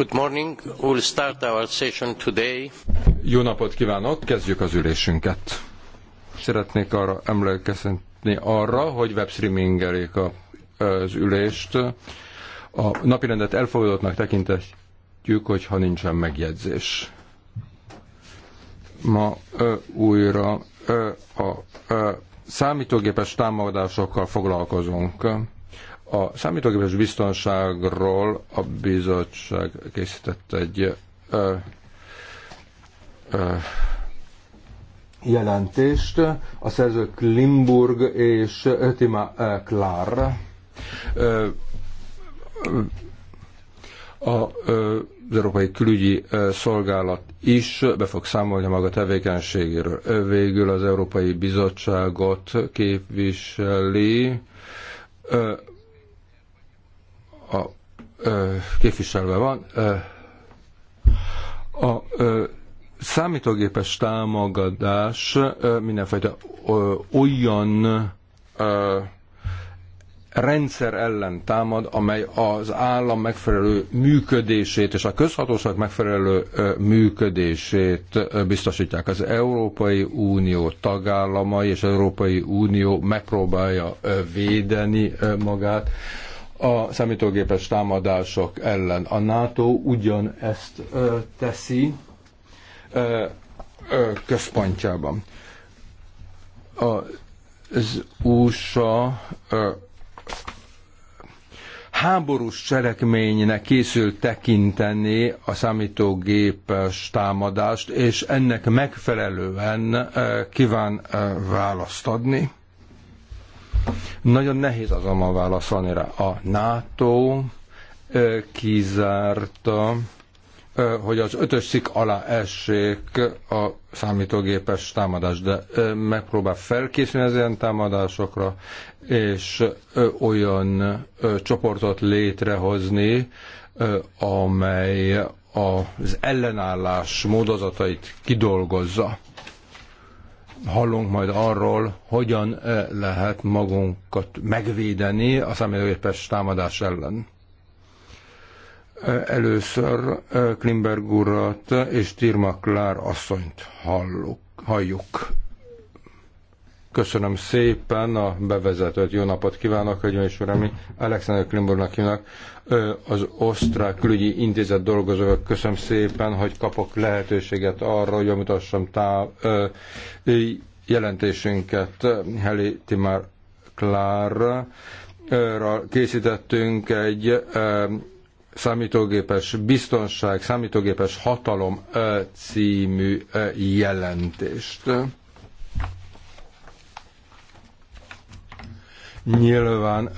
Good morning. We'll start our session today. Jó napot kívánok, kezdjük az ülésünket. Szeretnék arra emlékezni arra, hogy webstreamingelik a, az ülést. A napirendet elfogadottnak tekintetjük, hogyha nincsen megjegyzés. Ma ö, újra ö, a ö, számítógépes támadásokkal foglalkozunk. A számítógépes biztonságról a bizottság készített egy ö, ö, jelentést. A szerzők Limburg és Ötima Klár. Ö, a, ö, az Európai Külügyi Szolgálat is be fog számolni maga tevékenységéről. Végül az Európai Bizottságot képviseli a képviselve van. A számítógépes támogatás mindenfajta olyan rendszer ellen támad, amely az állam megfelelő működését és a közhatóság megfelelő működését biztosítják. Az Európai Unió tagállamai és az Európai Unió megpróbálja védeni magát a számítógépes támadások ellen. A NATO ugyan ezt ö, teszi ö, ö, központjában. A, az USA ö, háborús cselekménynek készül tekinteni a számítógépes támadást, és ennek megfelelően kíván választ adni. Nagyon nehéz azonban válaszolni rá. A NATO kizárta, hogy az ötös szik alá essék a számítógépes támadás, de megpróbál felkészülni az ilyen támadásokra, és olyan csoportot létrehozni, amely az ellenállás módozatait kidolgozza hallunk majd arról, hogyan eh, lehet magunkat megvédeni a számítógépes támadás ellen. Eh, először eh, Klimberg urat és Tirma Klár asszonyt halluk, halljuk. Köszönöm szépen a bevezetőt. Jó napot kívánok, hogy és uram, Alexander Klimbornak hívnak. Az osztrák külügyi intézet dolgozók. Köszönöm szépen, hogy kapok lehetőséget arra, hogy mutassam tá jelentésünket. Heli Timár Klárra, készítettünk egy számítógépes biztonság, számítógépes hatalom című jelentést Nyilván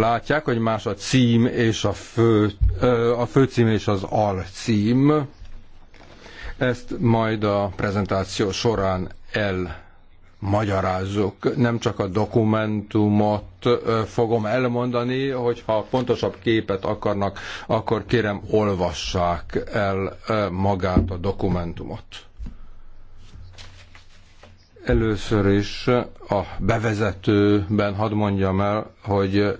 látják, hogy más a cím és a fő, a főcím és az alcím. Ezt majd a prezentáció során elmagyarázzuk. Nem csak a dokumentumot fogom elmondani, hogyha pontosabb képet akarnak, akkor kérem olvassák el magát a dokumentumot. Először is a bevezetőben hadd mondjam el, hogy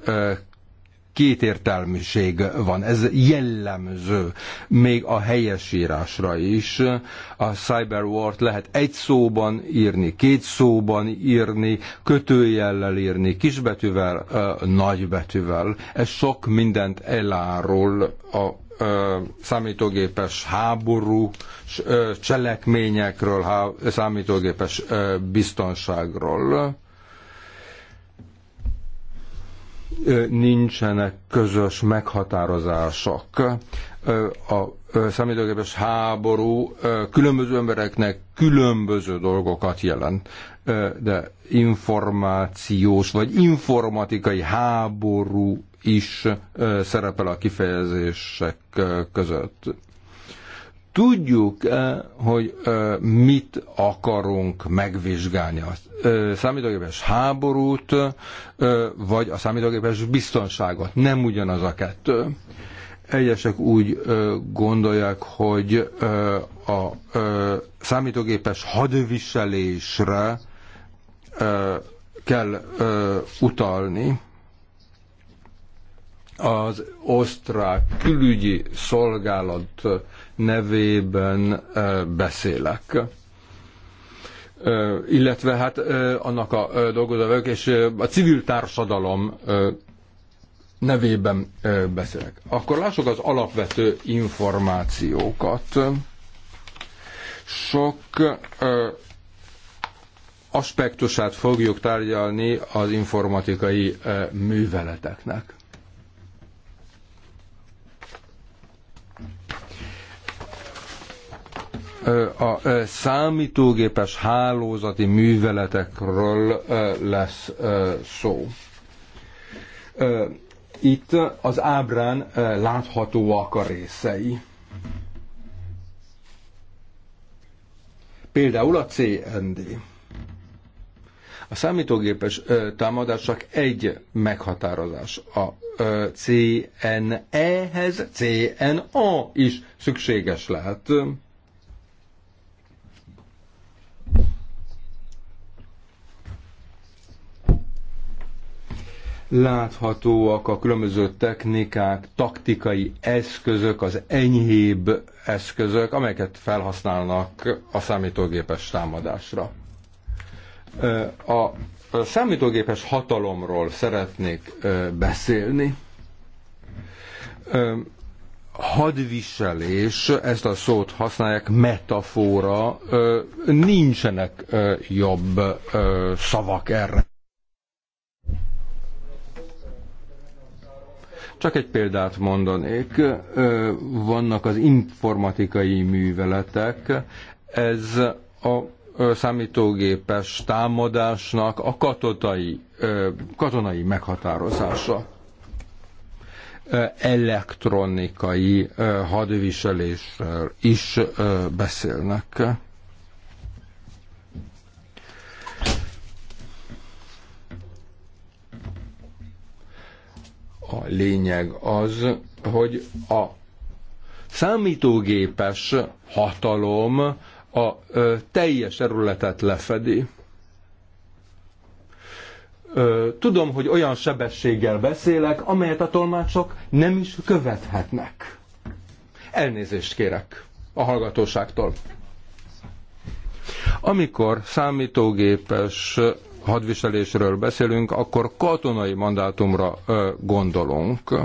kétértelműség van, ez jellemző még a helyesírásra is. A cyberwart lehet egy szóban írni, két szóban írni, kötőjellel írni, kisbetűvel, nagybetűvel. Ez sok mindent elárul a számítógépes háború cselekményekről, számítógépes biztonságról. Nincsenek közös meghatározások. A számítógépes háború különböző embereknek különböző dolgokat jelent, de információs vagy informatikai háború is szerepel a kifejezések között. Tudjuk, hogy mit akarunk megvizsgálni. A számítógépes háborút, vagy a számítógépes biztonságot. Nem ugyanaz a kettő egyesek úgy gondolják, hogy a számítógépes hadviselésre kell utalni. Az osztrák külügyi szolgálat nevében beszélek illetve hát annak a dolgozók és a civil társadalom nevében beszélek. Akkor lássuk az alapvető információkat. Sok aspektusát fogjuk tárgyalni az informatikai e, műveleteknek. E, a e, számítógépes hálózati műveletekről lesz szó. Itt az ábrán láthatóak a részei. Például a CND. A számítógépes támadás csak egy meghatározás. A CNE-hez CNA is szükséges lehet. láthatóak a különböző technikák, taktikai eszközök, az enyhébb eszközök, amelyeket felhasználnak a számítógépes támadásra. A számítógépes hatalomról szeretnék beszélni. Hadviselés, ezt a szót használják, metafora, nincsenek jobb szavak erre. Csak egy példát mondanék, vannak az informatikai műveletek, ez a számítógépes támadásnak a katotai, katonai meghatározása elektronikai hadviselésről is beszélnek. A lényeg az, hogy a számítógépes hatalom a teljes területet lefedi. Tudom, hogy olyan sebességgel beszélek, amelyet a tolmácsok nem is követhetnek. Elnézést kérek a hallgatóságtól. Amikor számítógépes hadviselésről beszélünk, akkor katonai mandátumra gondolunk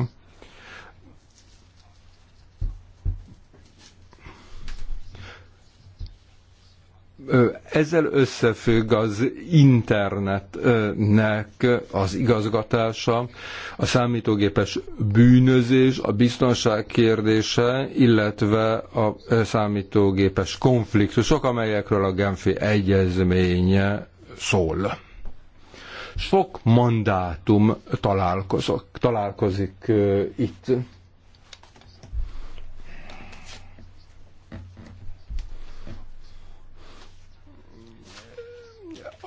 Ezzel összefügg az internetnek az igazgatása, a számítógépes bűnözés, a biztonság kérdése, illetve a számítógépes konfliktusok, amelyekről a Genfi egyezménye szól. Sok mandátum találkozok, találkozik itt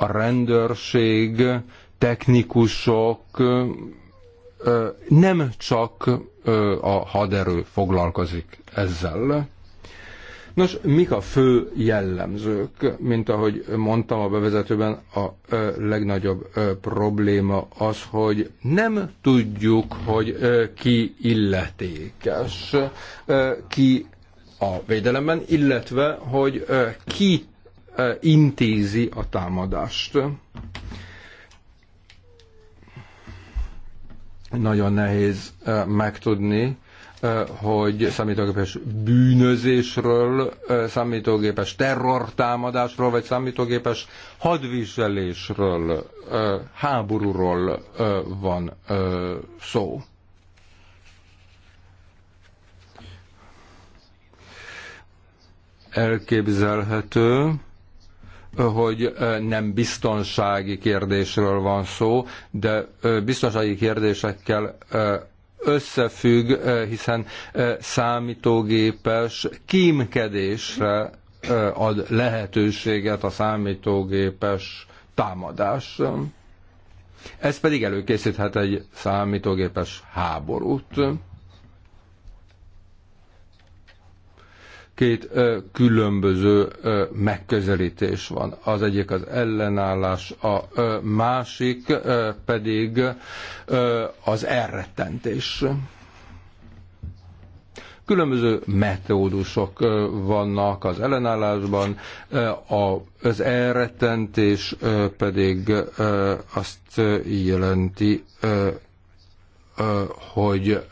a rendőrség, technikusok, nem csak a haderő foglalkozik ezzel. Nos, mik a fő jellemzők? Mint ahogy mondtam a bevezetőben, a legnagyobb probléma az, hogy nem tudjuk, hogy ki illetékes, ki a védelemben, illetve hogy ki intézi a támadást. Nagyon nehéz megtudni, hogy számítógépes bűnözésről, számítógépes terrortámadásról, vagy számítógépes hadviselésről, háborúról van szó. Elképzelhető, hogy nem biztonsági kérdésről van szó, de biztonsági kérdésekkel összefügg, hiszen számítógépes kímkedésre ad lehetőséget a számítógépes támadás. Ez pedig előkészíthet egy számítógépes háborút. két különböző megközelítés van. Az egyik az ellenállás, a másik pedig az elrettentés. Különböző metódusok vannak az ellenállásban, az elrettentés pedig azt jelenti, hogy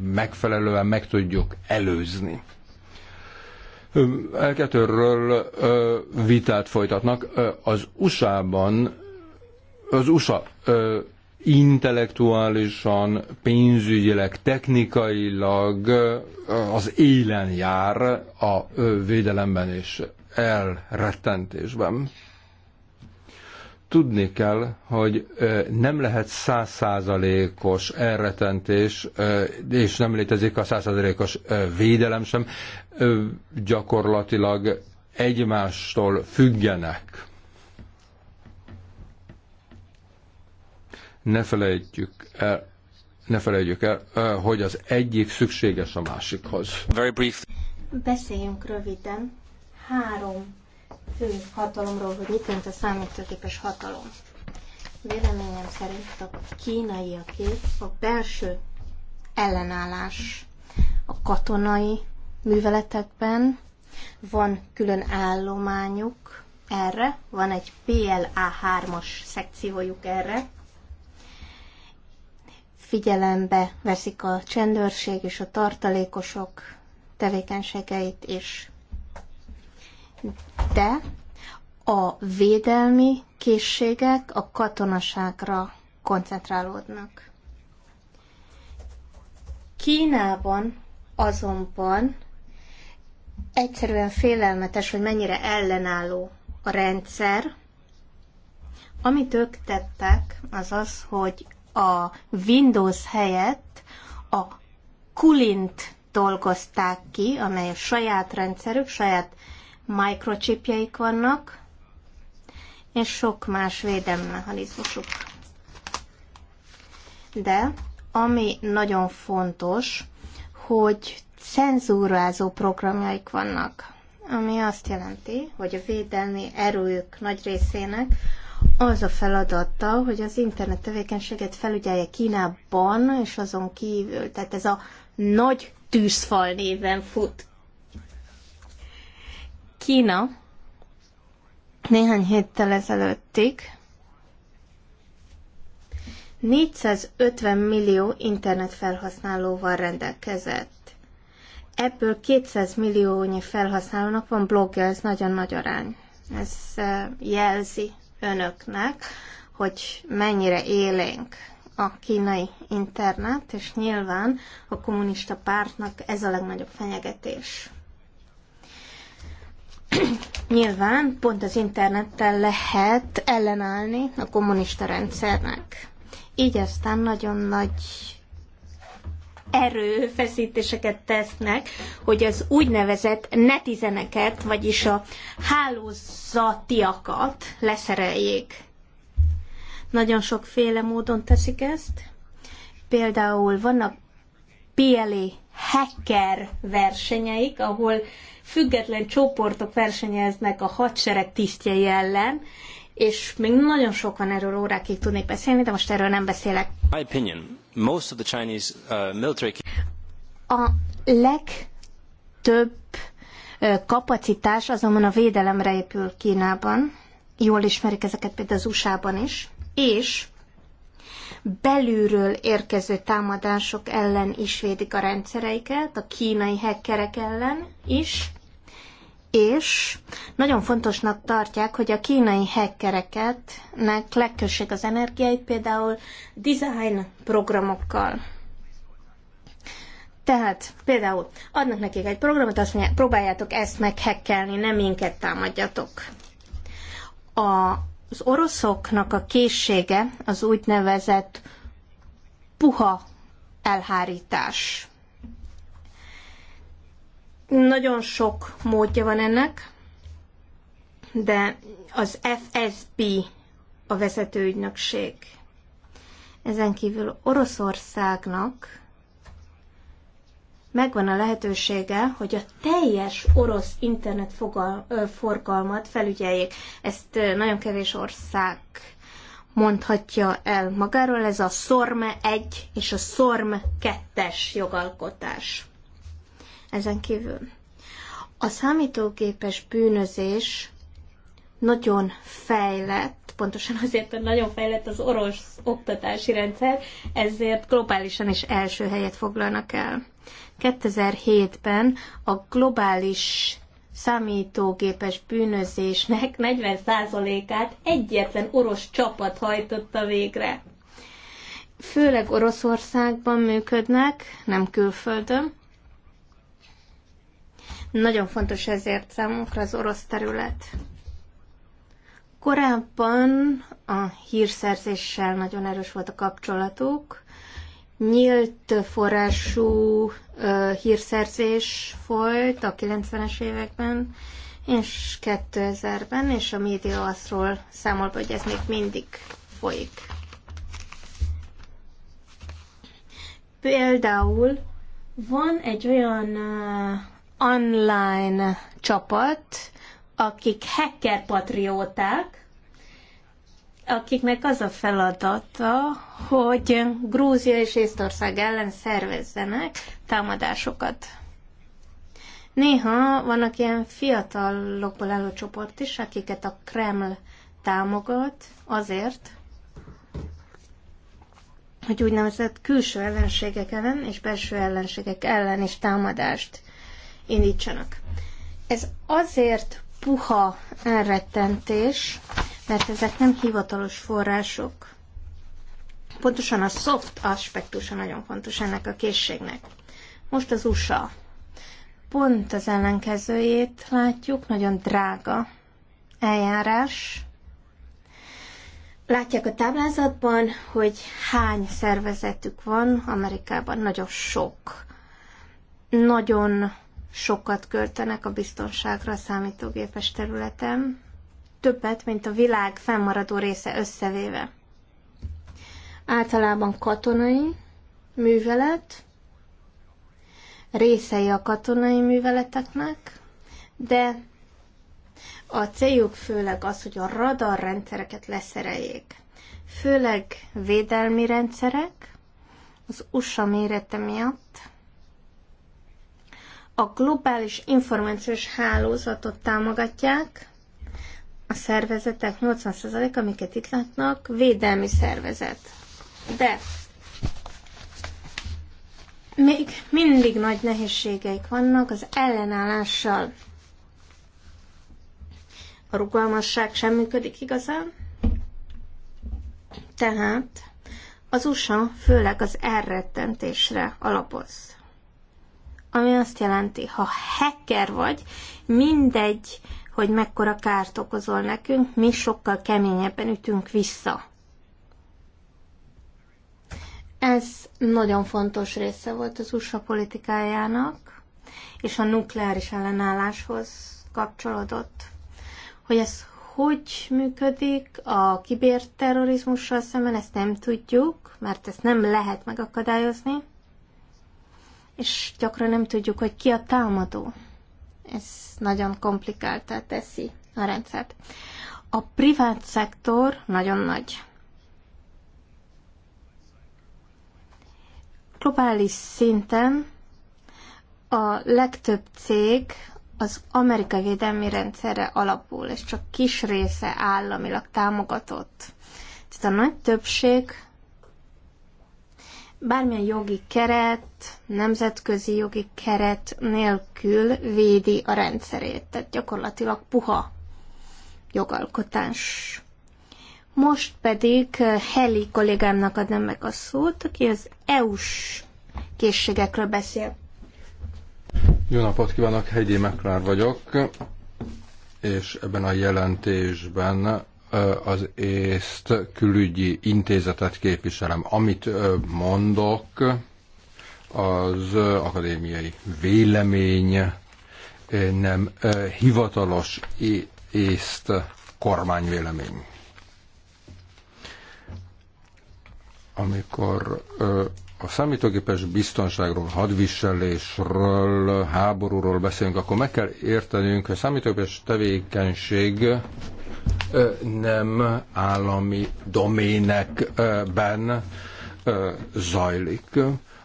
megfelelően meg tudjuk előzni. Elkettőről vitát folytatnak. Az USA-ban, az USA intellektuálisan, pénzügyileg, technikailag az élen jár a védelemben és elrettentésben. Tudni kell, hogy nem lehet százszázalékos elretentés, és nem létezik a százszázalékos védelem sem gyakorlatilag egymástól függenek. Ne felejtjük el, ne felejtjük el, hogy az egyik szükséges a másikhoz. Very brief. Beszéljünk röviden három fő hatalomról, hogy mit jelent a számítógépes hatalom. Véleményem szerint a kínaiaké a belső ellenállás, a katonai műveletekben van külön állományuk erre, van egy PLA3-as szekciójuk erre. Figyelembe veszik a csendőrség és a tartalékosok tevékenységeit is. De a védelmi készségek a katonaságra koncentrálódnak. Kínában azonban Egyszerűen félelmetes, hogy mennyire ellenálló a rendszer. Amit ők tettek, az az, hogy a Windows helyett a Kulint dolgozták ki, amely a saját rendszerük, saját microchipjeik vannak, és sok más védelmi mechanizmusuk. De ami nagyon fontos, hogy cenzúrázó programjaik vannak, ami azt jelenti, hogy a védelmi erőjük nagy részének az a feladata, hogy az internet tevékenységet felügyelje Kínában, és azon kívül, tehát ez a nagy tűzfal néven fut. Kína néhány héttel ezelőttig 450 millió internetfelhasználóval rendelkezett. Ebből 200 milliónyi felhasználónak van blogja, ez nagyon nagy arány. Ez jelzi önöknek, hogy mennyire élénk a kínai internet, és nyilván a kommunista pártnak ez a legnagyobb fenyegetés. nyilván pont az internettel lehet ellenállni a kommunista rendszernek. Így aztán nagyon nagy erőfeszítéseket tesznek, hogy az úgynevezett netizeneket, vagyis a hálózatiakat leszereljék. Nagyon sokféle módon teszik ezt. Például vannak PLA hacker versenyeik, ahol független csoportok versenyeznek a hadsereg tisztjei ellen, és még nagyon sokan erről órákig tudnék beszélni, de most erről nem beszélek. My opinion most of the Chinese uh, military... A legtöbb kapacitás azonban a védelemre épül Kínában. Jól ismerik ezeket például az USA-ban is. És belülről érkező támadások ellen is védik a rendszereiket, a kínai hekkerek ellen is, és nagyon fontosnak tartják, hogy a kínai hackereket legkössék az energiáit, például design programokkal. Tehát például adnak nekik egy programot, azt mondják, próbáljátok ezt meghekkelni, nem minket támadjatok. A, az oroszoknak a készsége az úgynevezett puha elhárítás. Nagyon sok módja van ennek, de az FSB a vezetőügynökség, Ezen kívül Oroszországnak megvan a lehetősége, hogy a teljes orosz internet fogal, ö, forgalmat felügyeljék. Ezt nagyon kevés ország mondhatja el magáról. Ez a SORM 1 és a SORM 2-es jogalkotás ezen kívül. A számítógépes bűnözés nagyon fejlett, pontosan azért, mert nagyon fejlett az orosz oktatási rendszer, ezért globálisan is első helyet foglalnak el. 2007-ben a globális számítógépes bűnözésnek 40%-át egyetlen orosz csapat hajtotta végre. Főleg Oroszországban működnek, nem külföldön, nagyon fontos ezért számunkra az orosz terület. Korábban a hírszerzéssel nagyon erős volt a kapcsolatuk, nyílt forrású hírszerzés folyt a 90-es években, és 2000-ben, és a média azról számol be, hogy ez még mindig folyik. Például van egy olyan online csapat, akik hacker patrióták, akiknek az a feladata, hogy Grúzia és Észtország ellen szervezzenek támadásokat. Néha vannak ilyen fiatalokból álló csoport is, akiket a Kreml támogat azért, hogy úgynevezett külső ellenségek ellen és belső ellenségek ellen is támadást indítsanak. Ez azért puha elrettentés, mert ezek nem hivatalos források. Pontosan a soft aspektusa nagyon fontos ennek a készségnek. Most az USA. Pont az ellenkezőjét látjuk, nagyon drága eljárás. Látják a táblázatban, hogy hány szervezetük van Amerikában, nagyon sok. Nagyon sokat költenek a biztonságra a számítógépes területen, többet, mint a világ fennmaradó része összevéve. Általában katonai művelet, részei a katonai műveleteknek, de a céljuk főleg az, hogy a radarrendszereket leszereljék. Főleg védelmi rendszerek, az USA mérete miatt a globális információs hálózatot támogatják, a szervezetek 80%, amiket itt látnak, védelmi szervezet. De még mindig nagy nehézségeik vannak az ellenállással. A rugalmasság sem működik igazán, tehát az USA főleg az elrettentésre alapoz ami azt jelenti, ha hacker vagy, mindegy, hogy mekkora kárt okozol nekünk, mi sokkal keményebben ütünk vissza. Ez nagyon fontos része volt az USA politikájának, és a nukleáris ellenálláshoz kapcsolódott. Hogy ez hogy működik a kibérterrorizmussal szemben, ezt nem tudjuk, mert ezt nem lehet megakadályozni, és gyakran nem tudjuk, hogy ki a támadó. Ez nagyon komplikáltá teszi a rendszert. A privát szektor nagyon nagy. Globális szinten a legtöbb cég az amerikai védelmi rendszerre alapul, és csak kis része államilag támogatott. Tehát a nagy többség bármilyen jogi keret, nemzetközi jogi keret nélkül védi a rendszerét. Tehát gyakorlatilag puha jogalkotás. Most pedig eh, Heli kollégámnak adnám meg a szót, aki az EU-s készségekről beszél. Jó napot kívánok, Hegyi Meklár vagyok, és ebben a jelentésben az észt külügyi intézetet képviselem. Amit mondok, az akadémiai vélemény nem hivatalos észt kormányvélemény. Amikor a számítógépes biztonságról, hadviselésről, háborúról beszélünk, akkor meg kell értenünk, hogy a számítógépes tevékenység nem állami doménekben zajlik.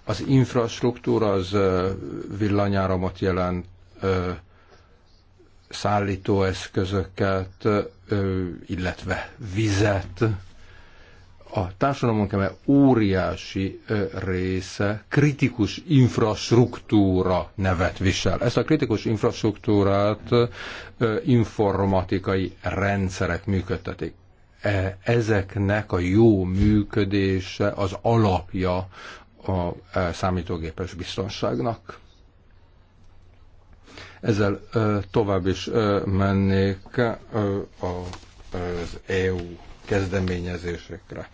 Az infrastruktúra az villanyáramot jelent, szállítóeszközöket, illetve vizet, a társadalomon kell, óriási része kritikus infrastruktúra nevet visel. Ezt a kritikus infrastruktúrát informatikai rendszerek működtetik. E, ezeknek a jó működése az alapja a e, számítógépes biztonságnak. Ezzel tovább is mennék az EU kezdeményezésekre.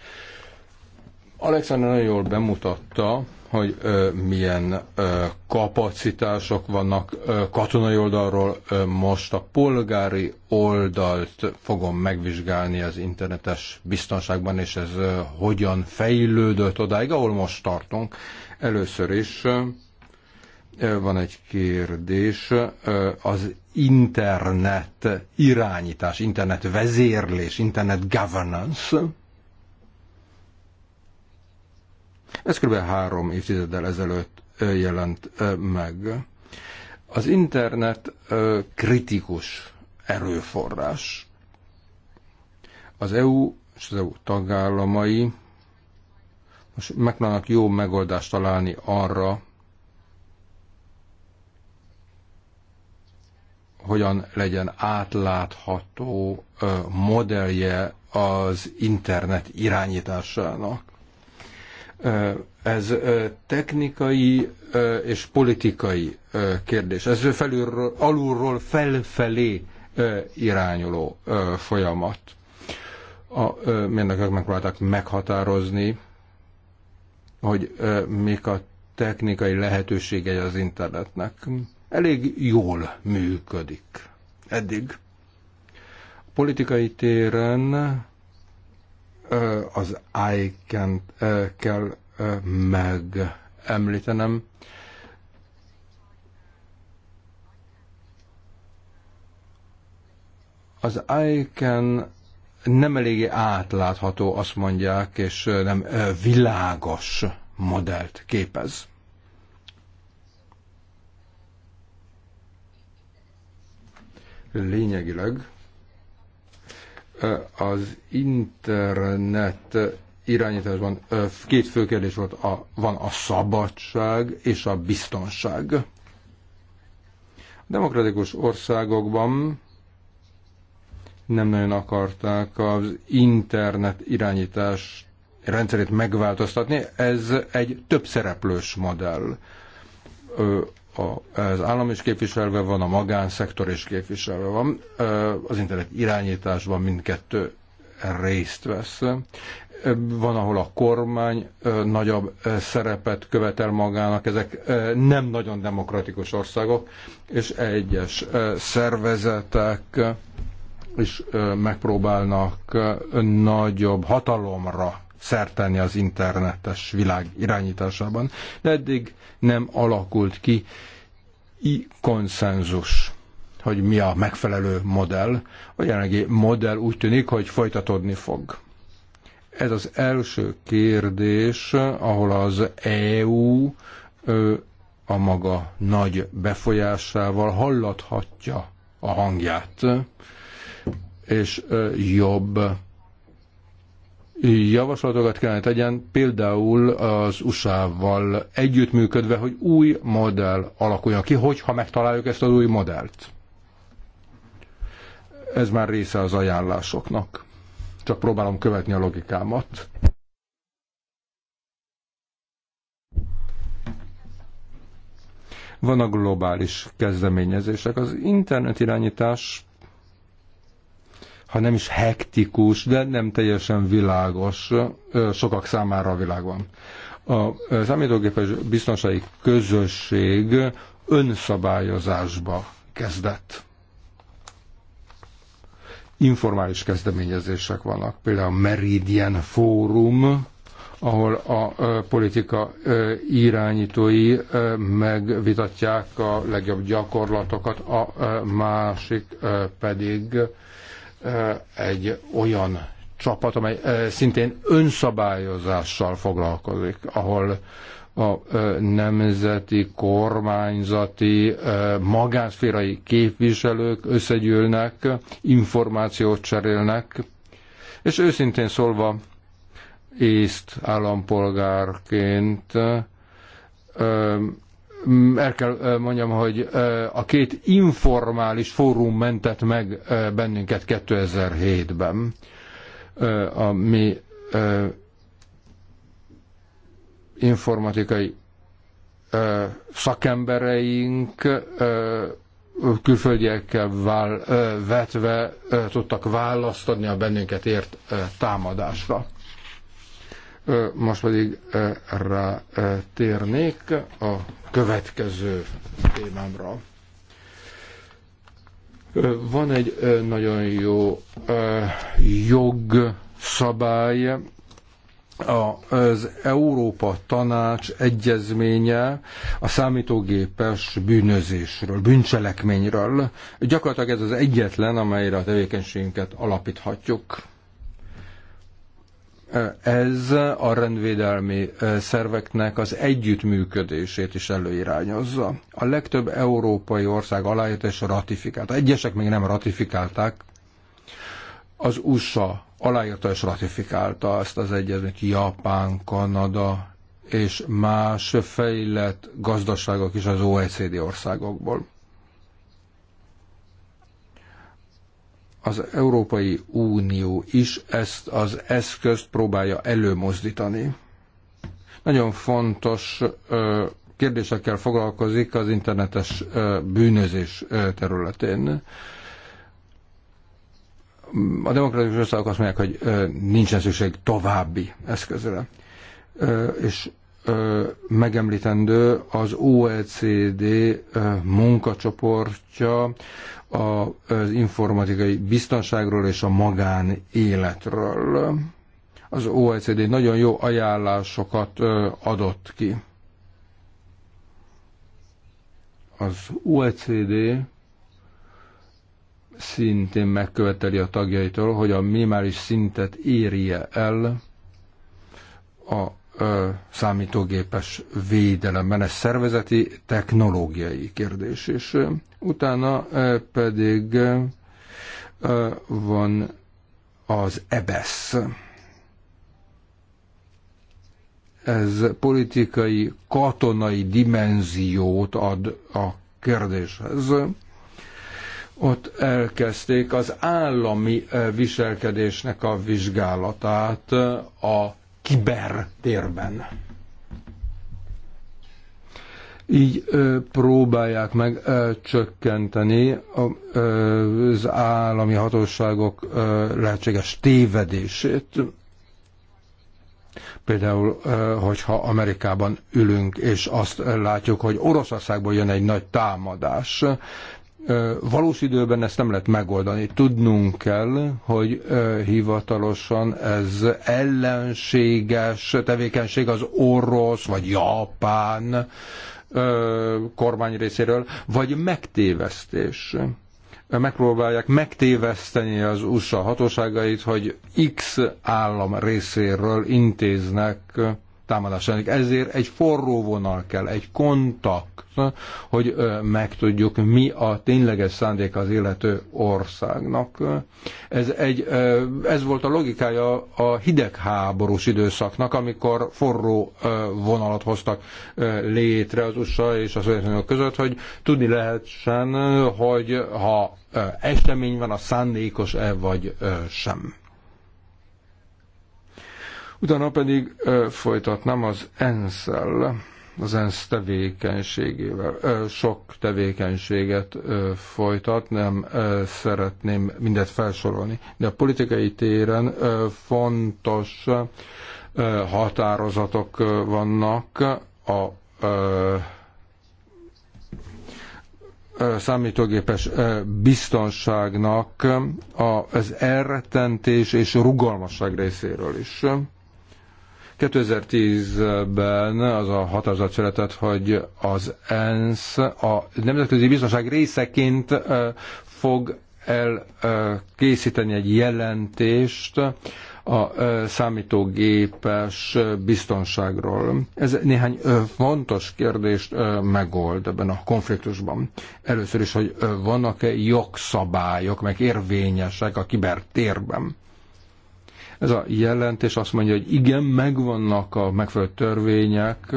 Alexander nagyon jól bemutatta, hogy ö, milyen ö, kapacitások vannak ö, katonai oldalról, ö, most a polgári oldalt fogom megvizsgálni az internetes biztonságban, és ez ö, hogyan fejlődött odáig, ahol most tartunk. Először is ö, van egy kérdés, az internet irányítás, internet vezérlés, internet governance. Ez kb. három évtizeddel ezelőtt jelent meg. Az internet kritikus erőforrás. Az EU és az EU tagállamai most megpróbálnak jó megoldást találni arra, hogyan legyen átlátható modellje az internet irányításának. Ez technikai és politikai kérdés. Ez felülről, alulról felfelé irányuló folyamat. A mérnökök megpróbálták meghatározni, hogy mik a technikai lehetőségei az internetnek elég jól működik eddig. A politikai téren az ICANN kell megemlítenem. Az ICANN nem eléggé átlátható, azt mondják, és nem világos modellt képez. lényegileg az internet irányításban két fő kérdés volt, a, van a szabadság és a biztonság. A demokratikus országokban nem nagyon akarták az internet irányítás rendszerét megváltoztatni, ez egy többszereplős modell az állam is képviselve van, a magánszektor is képviselve van, az internet irányításban mindkettő részt vesz. Van, ahol a kormány nagyobb szerepet követel magának, ezek nem nagyon demokratikus országok, és egyes szervezetek is megpróbálnak nagyobb hatalomra szertenni az internetes világ irányításában, de eddig nem alakult ki i konszenzus hogy mi a megfelelő modell. A jelenlegi modell úgy tűnik, hogy folytatódni fog. Ez az első kérdés, ahol az EU a maga nagy befolyásával hallathatja a hangját, és jobb javaslatokat kellene tegyen, például az USA-val együttműködve, hogy új modell alakuljon ki, hogyha megtaláljuk ezt az új modellt. Ez már része az ajánlásoknak. Csak próbálom követni a logikámat. Vannak globális kezdeményezések. Az internet irányítás ha nem is hektikus, de nem teljesen világos sokak számára a világban. A számítógépes biztonsági közösség önszabályozásba kezdett. Informális kezdeményezések vannak, például a Meridian Fórum, ahol a politika irányítói megvitatják a legjobb gyakorlatokat, a másik pedig egy olyan csapat, amely szintén önszabályozással foglalkozik, ahol a nemzeti, kormányzati, magánszférai képviselők összegyűlnek, információt cserélnek, és őszintén szólva, észt állampolgárként Mm, el kell mondjam, hogy a két informális fórum mentett meg bennünket 2007-ben, ami informatikai szakembereink külföldiekkel vál, vetve tudtak választ adni a bennünket ért támadásra. Most pedig térnék a következő témámra. Van egy nagyon jó jogszabály, az Európa Tanács egyezménye a számítógépes bűnözésről, bűncselekményről. Gyakorlatilag ez az egyetlen, amelyre a tevékenységünket alapíthatjuk. Ez a rendvédelmi szerveknek az együttműködését is előirányozza. A legtöbb európai ország aláírta és ratifikálta. Egyesek még nem ratifikálták. Az USA aláírta és ratifikálta ezt az egyezményt. Japán, Kanada és más fejlett gazdaságok is az OECD országokból. az Európai Unió is ezt az eszközt próbálja előmozdítani. Nagyon fontos kérdésekkel foglalkozik az internetes bűnözés területén. A demokratikus országok azt mondják, hogy nincsen szükség további eszközre. És megemlítendő az OECD munkacsoportja az informatikai biztonságról és a magánéletről. Az OECD nagyon jó ajánlásokat adott ki. Az OECD szintén megköveteli a tagjaitól, hogy a minimális szintet érje el a ö, számítógépes védelem, ez szervezeti technológiai kérdés, és ö, utána ö, pedig ö, van az EBESZ. Ez politikai, katonai dimenziót ad a kérdéshez ott elkezdték az állami viselkedésnek a vizsgálatát a térben. Így ö, próbálják meg ö, csökkenteni a, ö, az állami hatóságok ö, lehetséges tévedését. Például, ö, hogyha Amerikában ülünk, és azt látjuk, hogy Oroszországból jön egy nagy támadás, valós időben ezt nem lehet megoldani. Tudnunk kell, hogy hivatalosan ez ellenséges tevékenység az orosz vagy japán kormány részéről, vagy megtévesztés megpróbálják megtéveszteni az USA hatóságait, hogy X állam részéről intéznek támadásának. Ezért egy forró vonal kell, egy kontakt, hogy megtudjuk, mi a tényleges szándék az élető országnak. Ez, egy, ez volt a logikája a hidegháborús időszaknak, amikor forró vonalat hoztak létre az USA és a Szovjetunió között, hogy tudni lehessen, hogy ha esemény van, a szándékos-e vagy sem. Utána pedig folytatnám az ensz az ENSZ tevékenységével. Sok tevékenységet folytat, nem szeretném mindet felsorolni, de a politikai téren fontos határozatok vannak a számítógépes biztonságnak az elrettentés és rugalmasság részéről is. 2010-ben az a határozat született, hogy az ENSZ a nemzetközi biztonság részeként fog elkészíteni egy jelentést a számítógépes biztonságról. Ez néhány fontos kérdést megold ebben a konfliktusban. Először is, hogy vannak-e jogszabályok, meg érvényesek a kibertérben. Ez a jelentés azt mondja, hogy igen, megvannak a megfelelő törvények,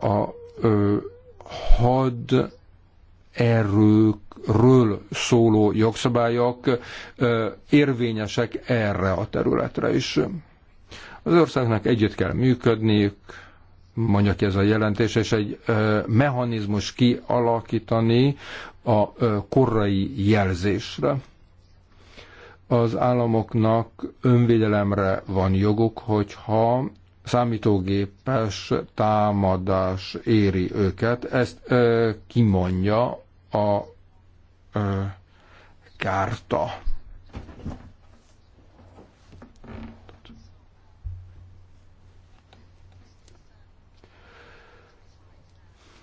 a had erőkről szóló jogszabályok érvényesek erre a területre is. Az országnak együtt kell működniük, mondja ki ez a jelentés, és egy mechanizmus kialakítani a korai jelzésre. Az államoknak önvédelemre van joguk, hogyha számítógépes támadás éri őket. Ezt ö, kimondja a ö, kárta.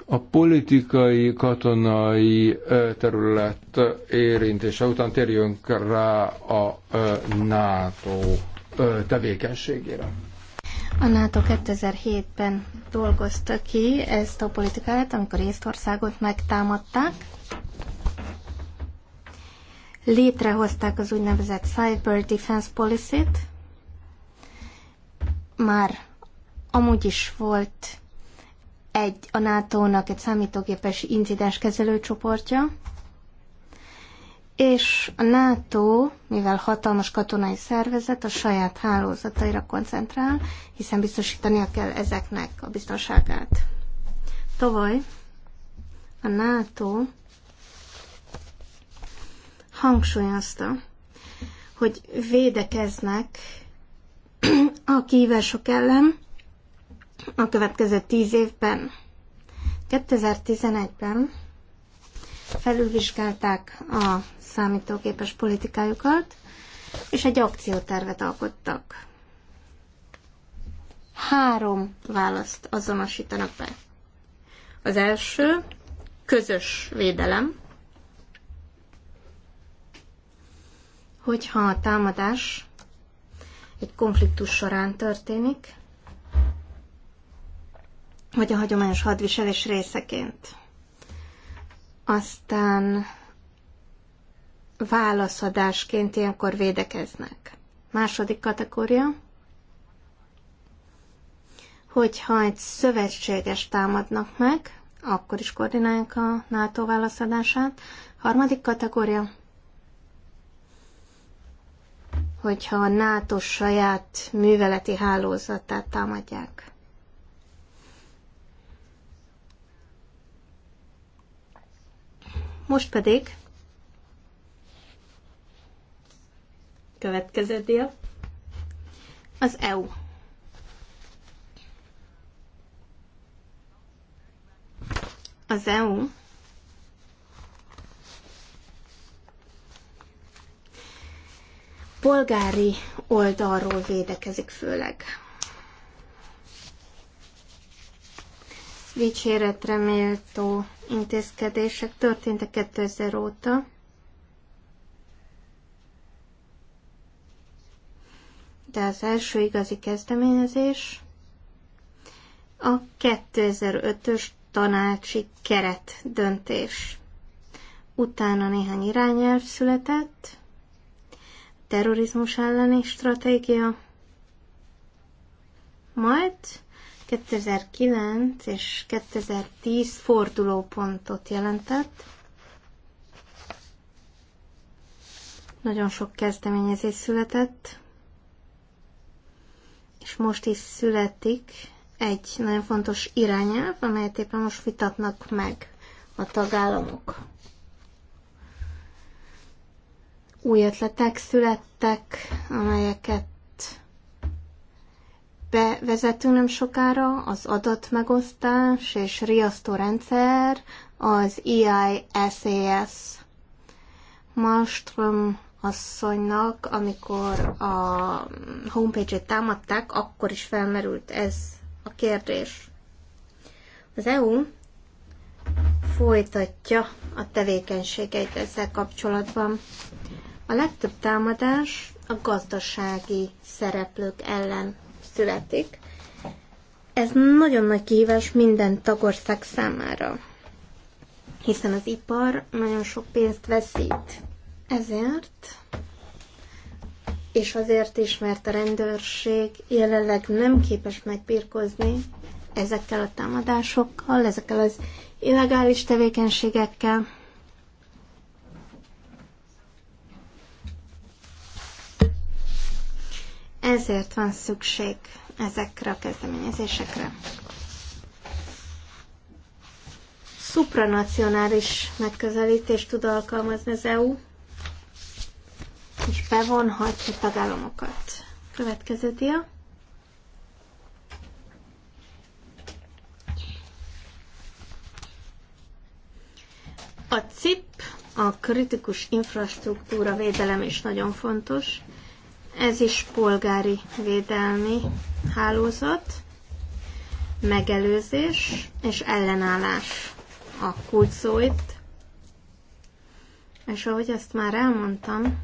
A politikai, katonai terület érintése után térjünk rá a NATO tevékenységére. A NATO 2007-ben dolgozta ki ezt a politikát, amikor Észtországot megtámadták. Létrehozták az úgynevezett Cyber Defense Policy-t. Már amúgy is volt egy, a NATO-nak egy számítógépes incidens kezelőcsoportja, csoportja, és a NATO, mivel hatalmas katonai szervezet, a saját hálózataira koncentrál, hiszen biztosítania kell ezeknek a biztonságát. Tavaly a NATO hangsúlyozta, hogy védekeznek a kihívások ellen, a következő tíz évben. 2011-ben felülvizsgálták a számítógépes politikájukat, és egy akciótervet alkottak. Három választ azonosítanak be. Az első közös védelem, hogyha a támadás egy konfliktus során történik, vagy a hagyományos hadviselés részeként. Aztán válaszadásként ilyenkor védekeznek. Második kategória, hogyha egy szövetséges támadnak meg, akkor is koordinálják a NATO válaszadását. Harmadik kategória, hogyha a NATO saját műveleti hálózatát támadják. Most pedig következő dél az EU. Az EU polgári oldalról védekezik főleg. dicséretre méltó intézkedések történtek 2000 óta. De az első igazi kezdeményezés a 2005-ös tanácsi keret döntés. Utána néhány irányelv született, terrorizmus elleni stratégia, majd 2009 és 2010 fordulópontot jelentett. Nagyon sok kezdeményezés született, és most is születik egy nagyon fontos irányelv, amelyet éppen most vitatnak meg a tagállamok. Új ötletek születtek, amelyeket bevezetünk nem sokára az adatmegosztás és riasztó rendszer, az EISAS. Malmström asszonynak, amikor a homepage-et támadták, akkor is felmerült ez a kérdés. Az EU folytatja a tevékenységeit ezzel kapcsolatban. A legtöbb támadás a gazdasági szereplők ellen születik. Ez nagyon nagy kihívás minden tagország számára, hiszen az ipar nagyon sok pénzt veszít. Ezért, és azért is, mert a rendőrség jelenleg nem képes megbírkozni ezekkel a támadásokkal, ezekkel az illegális tevékenységekkel, Ezért van szükség ezekre a kezdeményezésekre. Supranacionális megközelítést tud alkalmazni az EU, és bevonhatja tagállamokat. Következő dia. A CIP, a kritikus infrastruktúra védelem is nagyon fontos. Ez is polgári védelmi hálózat, megelőzés és ellenállás a kulcóit. És ahogy azt már elmondtam,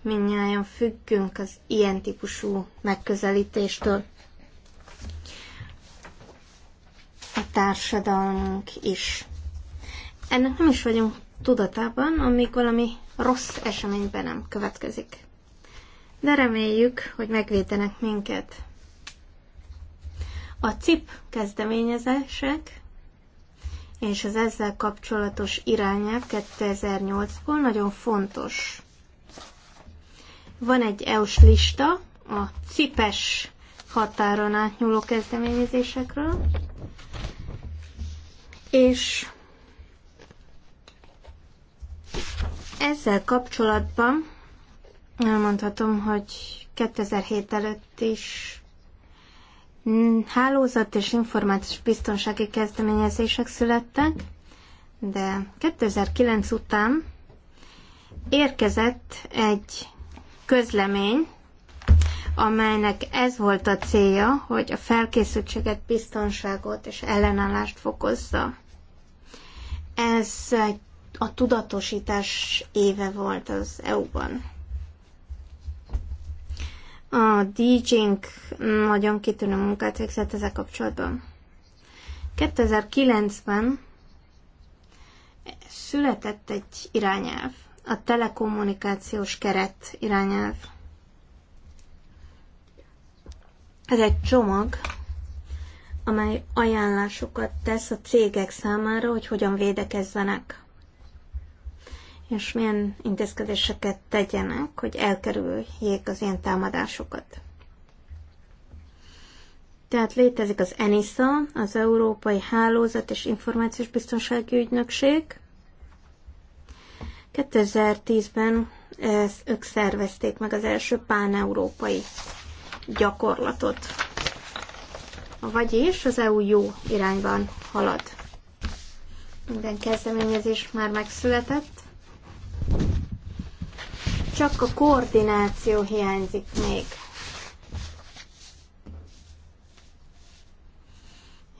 minnyáján függünk az ilyen típusú megközelítéstől. A társadalmunk is. Ennek nem is vagyunk tudatában, amíg valami rossz eseményben nem következik de reméljük, hogy megvédenek minket. A CIP kezdeményezések és az ezzel kapcsolatos irányelv 2008-ból nagyon fontos. Van egy EU-s lista a CIPES határon átnyúló kezdeményezésekről, és ezzel kapcsolatban elmondhatom, hogy 2007 előtt is hálózat és információs biztonsági kezdeményezések születtek, de 2009 után érkezett egy közlemény, amelynek ez volt a célja, hogy a felkészültséget, biztonságot és ellenállást fokozza. Ez a tudatosítás éve volt az EU-ban. A DJink nagyon kitűnő munkát végzett ezzel kapcsolatban. 2009-ben született egy irányelv, a telekommunikációs keret irányelv. Ez egy csomag, amely ajánlásokat tesz a cégek számára, hogy hogyan védekezzenek és milyen intézkedéseket tegyenek, hogy elkerüljék az ilyen támadásokat. Tehát létezik az ENISA, az Európai Hálózat és Információs Biztonsági Ügynökség. 2010-ben ők szervezték meg az első páneurópai gyakorlatot. Vagyis az EU jó irányban halad. Minden kezdeményezés már megszületett, csak a koordináció hiányzik még.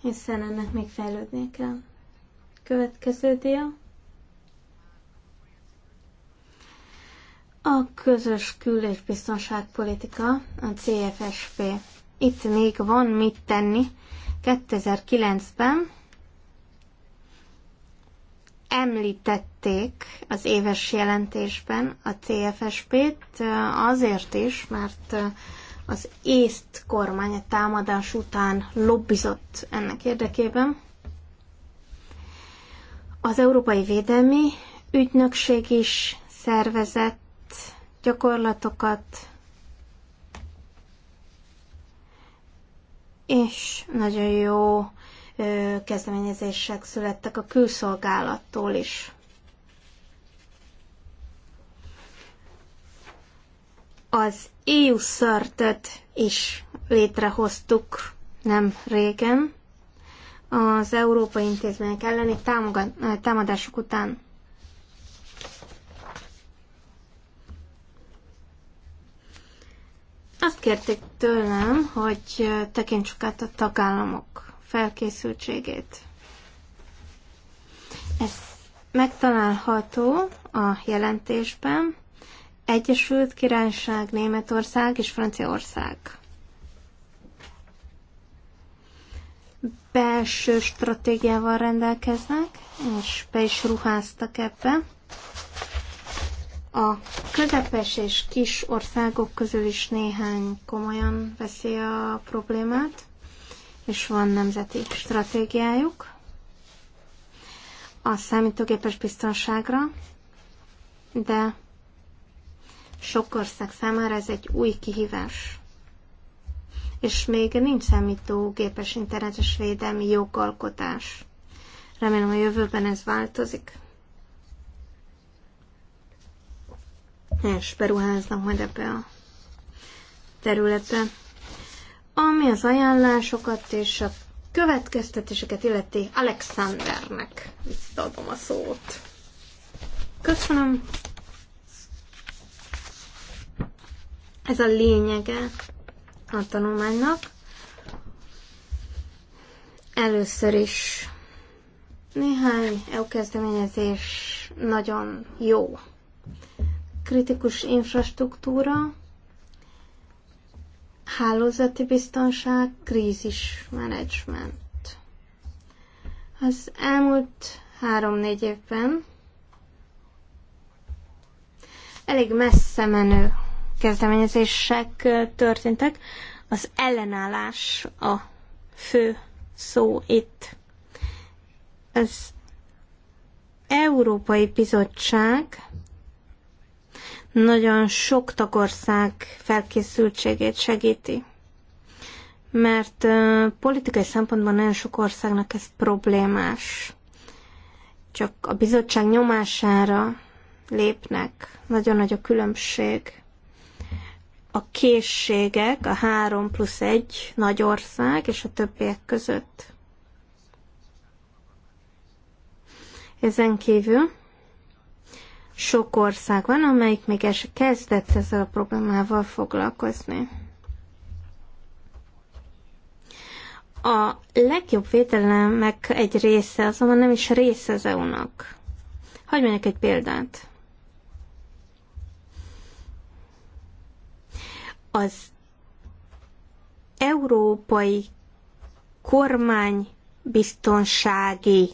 Hiszen ennek még fejlődnie kell. Következő dia. A közös kül- és biztonságpolitika, a CFSP. Itt még van mit tenni. 2009-ben említették az éves jelentésben a CFSP-t azért is, mert az észt kormány a támadás után lobbizott ennek érdekében. Az Európai Védelmi Ügynökség is szervezett gyakorlatokat, és nagyon jó kezdeményezések születtek a külszolgálattól is. Az EU szörtöt is létrehoztuk nem régen, az európai intézmények elleni támadások után. Azt kérték tőlem, hogy tekintsük át a tagállamok felkészültségét. Ez megtalálható a jelentésben Egyesült Királyság, Németország és Franciaország. Belső stratégiával rendelkeznek, és be is ruháztak ebbe. A közepes és kis országok közül is néhány komolyan veszi a problémát és van nemzeti stratégiájuk a számítógépes biztonságra, de sok ország számára ez egy új kihívás. És még nincs számítógépes internetes védelmi jogalkotás. Remélem a jövőben ez változik. És beruháznak majd ebbe a területbe ami az ajánlásokat és a következtetéseket illeti Alexandernek. Visszaadom a szót. Köszönöm. Ez a lényege a tanulmánynak. Először is néhány EU kezdeményezés nagyon jó. Kritikus infrastruktúra, hálózati biztonság, krízis menedzsment. Az elmúlt három-négy évben elég messze menő kezdeményezések történtek. Az ellenállás a fő szó itt. Az Európai Bizottság nagyon sok tagország felkészültségét segíti. Mert politikai szempontból nagyon sok országnak ez problémás. Csak a bizottság nyomására lépnek. Nagyon nagy a különbség. A készségek a három plusz egy nagy ország és a többiek között. Ezen kívül sok ország van, amelyik még el kezdett ezzel a problémával foglalkozni. A legjobb védelemek egy része azonban nem is része az EU-nak. Hagyj mondjak egy példát. Az európai kormány biztonsági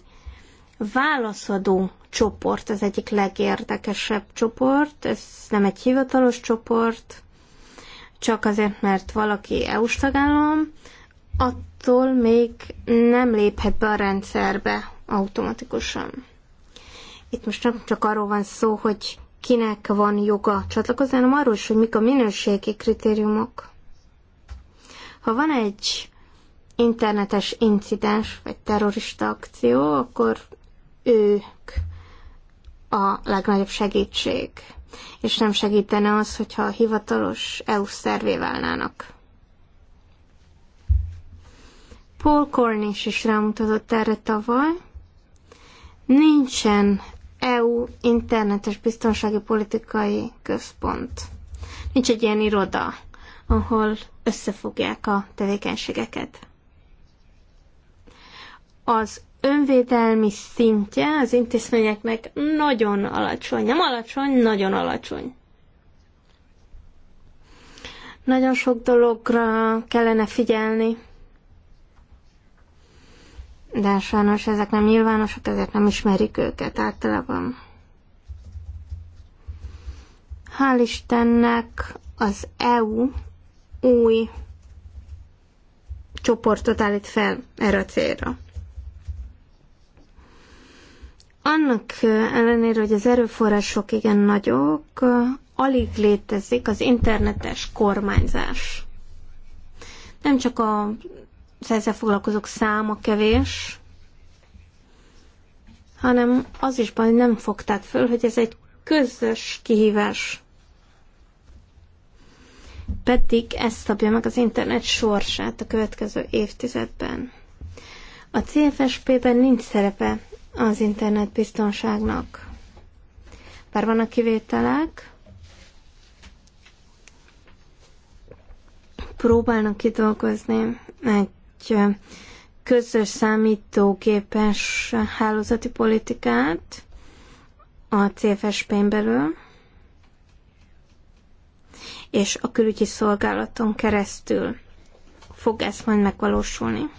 válaszadó csoport, az egyik legérdekesebb csoport, ez nem egy hivatalos csoport, csak azért, mert valaki EU-s tagállam, attól még nem léphet be a rendszerbe automatikusan. Itt most nem csak arról van szó, hogy kinek van joga csatlakozni, hanem arról is, hogy mik a minőségi kritériumok. Ha van egy internetes incidens vagy terrorista akció, akkor ő a legnagyobb segítség, és nem segítene az, hogyha a hivatalos EU szervé válnának. Paul Cornish is rámutatott erre tavaly. Nincsen EU internetes biztonsági politikai központ. Nincs egy ilyen iroda, ahol összefogják a tevékenységeket. Az önvédelmi szintje az intézményeknek nagyon alacsony. Nem alacsony, nagyon alacsony. Nagyon sok dologra kellene figyelni. De sajnos ezek nem nyilvánosak, ezért nem ismerik őket általában. Hál' Istennek az EU új csoportot állít fel erre a célra. Annak ellenére, hogy az erőforrások igen nagyok, alig létezik az internetes kormányzás. Nem csak a ezzel foglalkozók száma kevés, hanem az is baj, nem fogták föl, hogy ez egy közös kihívás. Pedig ezt szabja meg az internet sorsát a következő évtizedben. A CFSP-ben nincs szerepe az internetbiztonságnak. Bár vannak kivételek, próbálnak kidolgozni egy közös számítógépes hálózati politikát a CFSP-n belül, és a külügyi szolgálaton keresztül fog ez majd megvalósulni.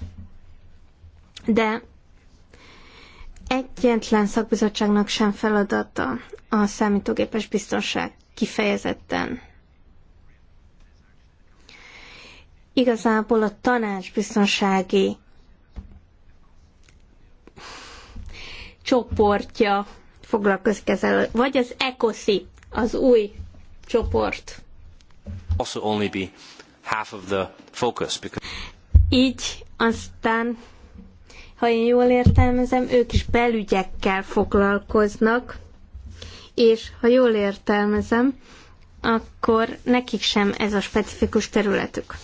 De egyetlen szakbizottságnak sem feladata a számítógépes biztonság kifejezetten. Igazából a tanács biztonsági csoportja foglalkozik ezzel, vagy az ECOSI, az új csoport. Also only be half of the focus, because... Így aztán ha én jól értelmezem, ők is belügyekkel foglalkoznak, és ha jól értelmezem, akkor nekik sem ez a specifikus területük.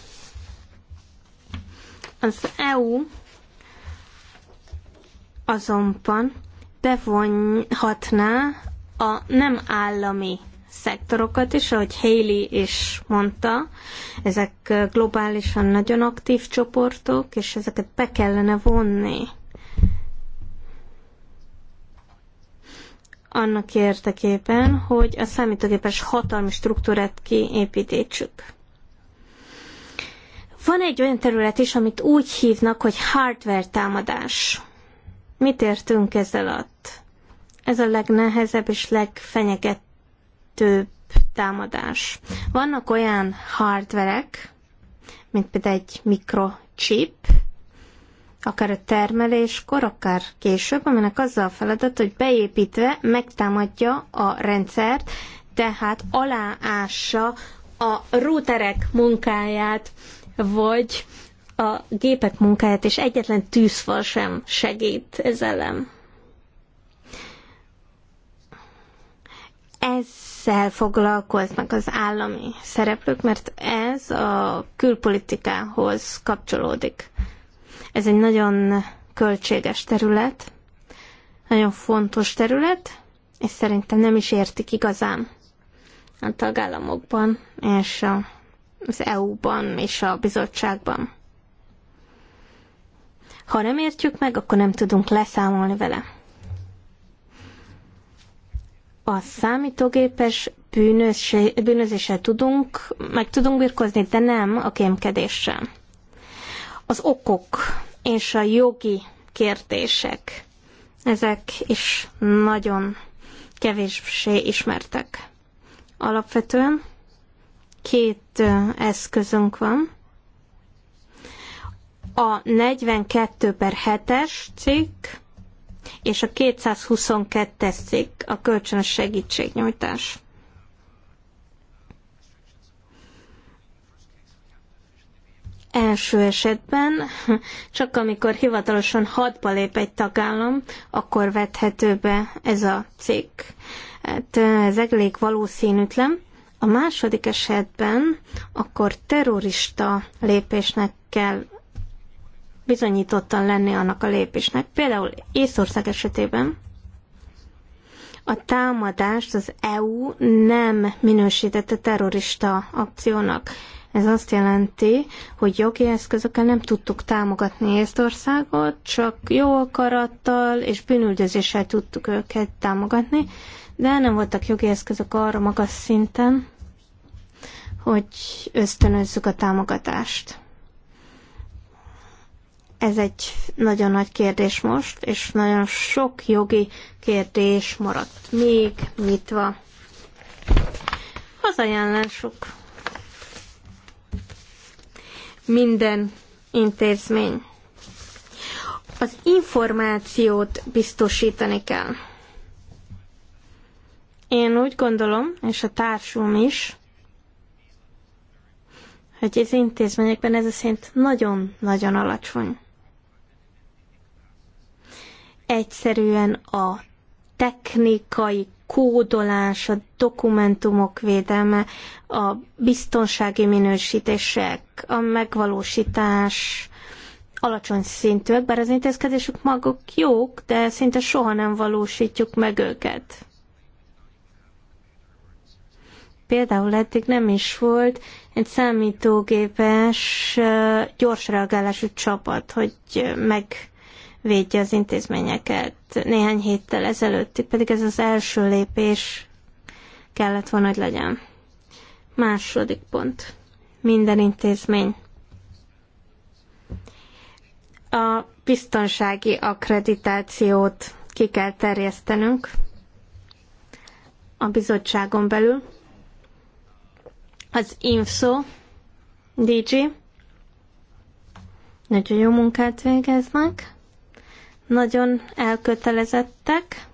Az EU azonban bevonhatná a nem állami szektorokat is, ahogy Haley is mondta, ezek globálisan nagyon aktív csoportok, és ezeket be kellene vonni. annak érdekében, hogy a számítógépes hatalmi struktúrát kiépítsük. Van egy olyan terület is, amit úgy hívnak, hogy hardware támadás. Mit értünk ezzel alatt? Ez a legnehezebb és legfenyegetett több támadás. Vannak olyan hardverek, mint például egy mikrochip, akár a termeléskor, akár később, aminek azzal a feladat, hogy beépítve megtámadja a rendszert, tehát aláássa a routerek munkáját, vagy a gépek munkáját, és egyetlen tűzfal sem segít ezzel. Ez ezzel foglalkoznak az állami szereplők, mert ez a külpolitikához kapcsolódik. Ez egy nagyon költséges terület, nagyon fontos terület, és szerintem nem is értik igazán a tagállamokban, és a, az EU-ban, és a bizottságban. Ha nem értjük meg, akkor nem tudunk leszámolni vele a számítógépes bűnözéssel tudunk, meg tudunk birkozni, de nem a kémkedéssel. Az okok és a jogi kérdések, ezek is nagyon kevéssé ismertek. Alapvetően két eszközünk van. A 42 per 7-es cikk, és a 222 cég cikk a kölcsönös segítségnyújtás. első esetben, csak amikor hivatalosan hadba lép egy tagállam, akkor vethető be ez a cikk. Hát ez elég valószínűtlen. A második esetben akkor terrorista lépésnek kell bizonyítottan lenni annak a lépésnek. Például Észország esetében a támadást az EU nem minősítette terrorista akciónak. Ez azt jelenti, hogy jogi eszközökkel nem tudtuk támogatni Észtországot, csak jó akarattal és bűnüldözéssel tudtuk őket támogatni, de nem voltak jogi eszközök arra magas szinten, hogy ösztönözzük a támogatást. Ez egy nagyon nagy kérdés most, és nagyon sok jogi kérdés maradt még nyitva. Az ajánlások. Minden intézmény. Az információt biztosítani kell. Én úgy gondolom, és a társum is, hogy az intézményekben ez a szint nagyon-nagyon alacsony egyszerűen a technikai kódolás, a dokumentumok védelme, a biztonsági minősítések, a megvalósítás alacsony szintűek, bár az intézkedésük maguk jók, de szinte soha nem valósítjuk meg őket. Például eddig nem is volt egy számítógépes gyors reagálású csapat, hogy meg védje az intézményeket. Néhány héttel ezelőtti, pedig ez az első lépés kellett volna, hogy legyen. Második pont. Minden intézmény. A biztonsági akkreditációt ki kell terjesztenünk a bizottságon belül. Az INFSO DG nagyon jó munkát végeznek nagyon elkötelezettek,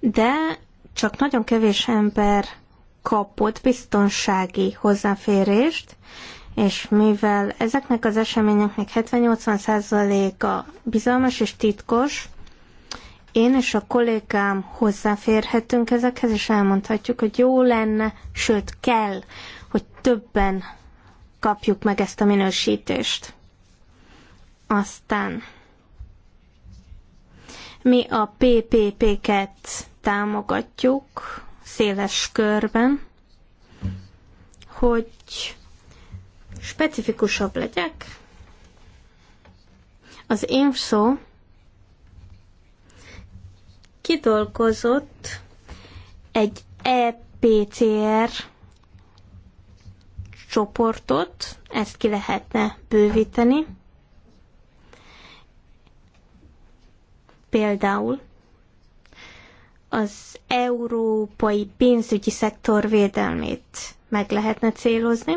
de csak nagyon kevés ember kapott biztonsági hozzáférést, és mivel ezeknek az eseményeknek 70-80%-a bizalmas és titkos, én és a kollégám hozzáférhetünk ezekhez, és elmondhatjuk, hogy jó lenne, sőt kell, hogy többen kapjuk meg ezt a minősítést. Aztán mi a PPP-ket támogatjuk széles körben, hogy specifikusabb legyek. Az szó kidolgozott egy EPCR csoportot, ezt ki lehetne bővíteni. Például az európai pénzügyi szektor védelmét meg lehetne célozni,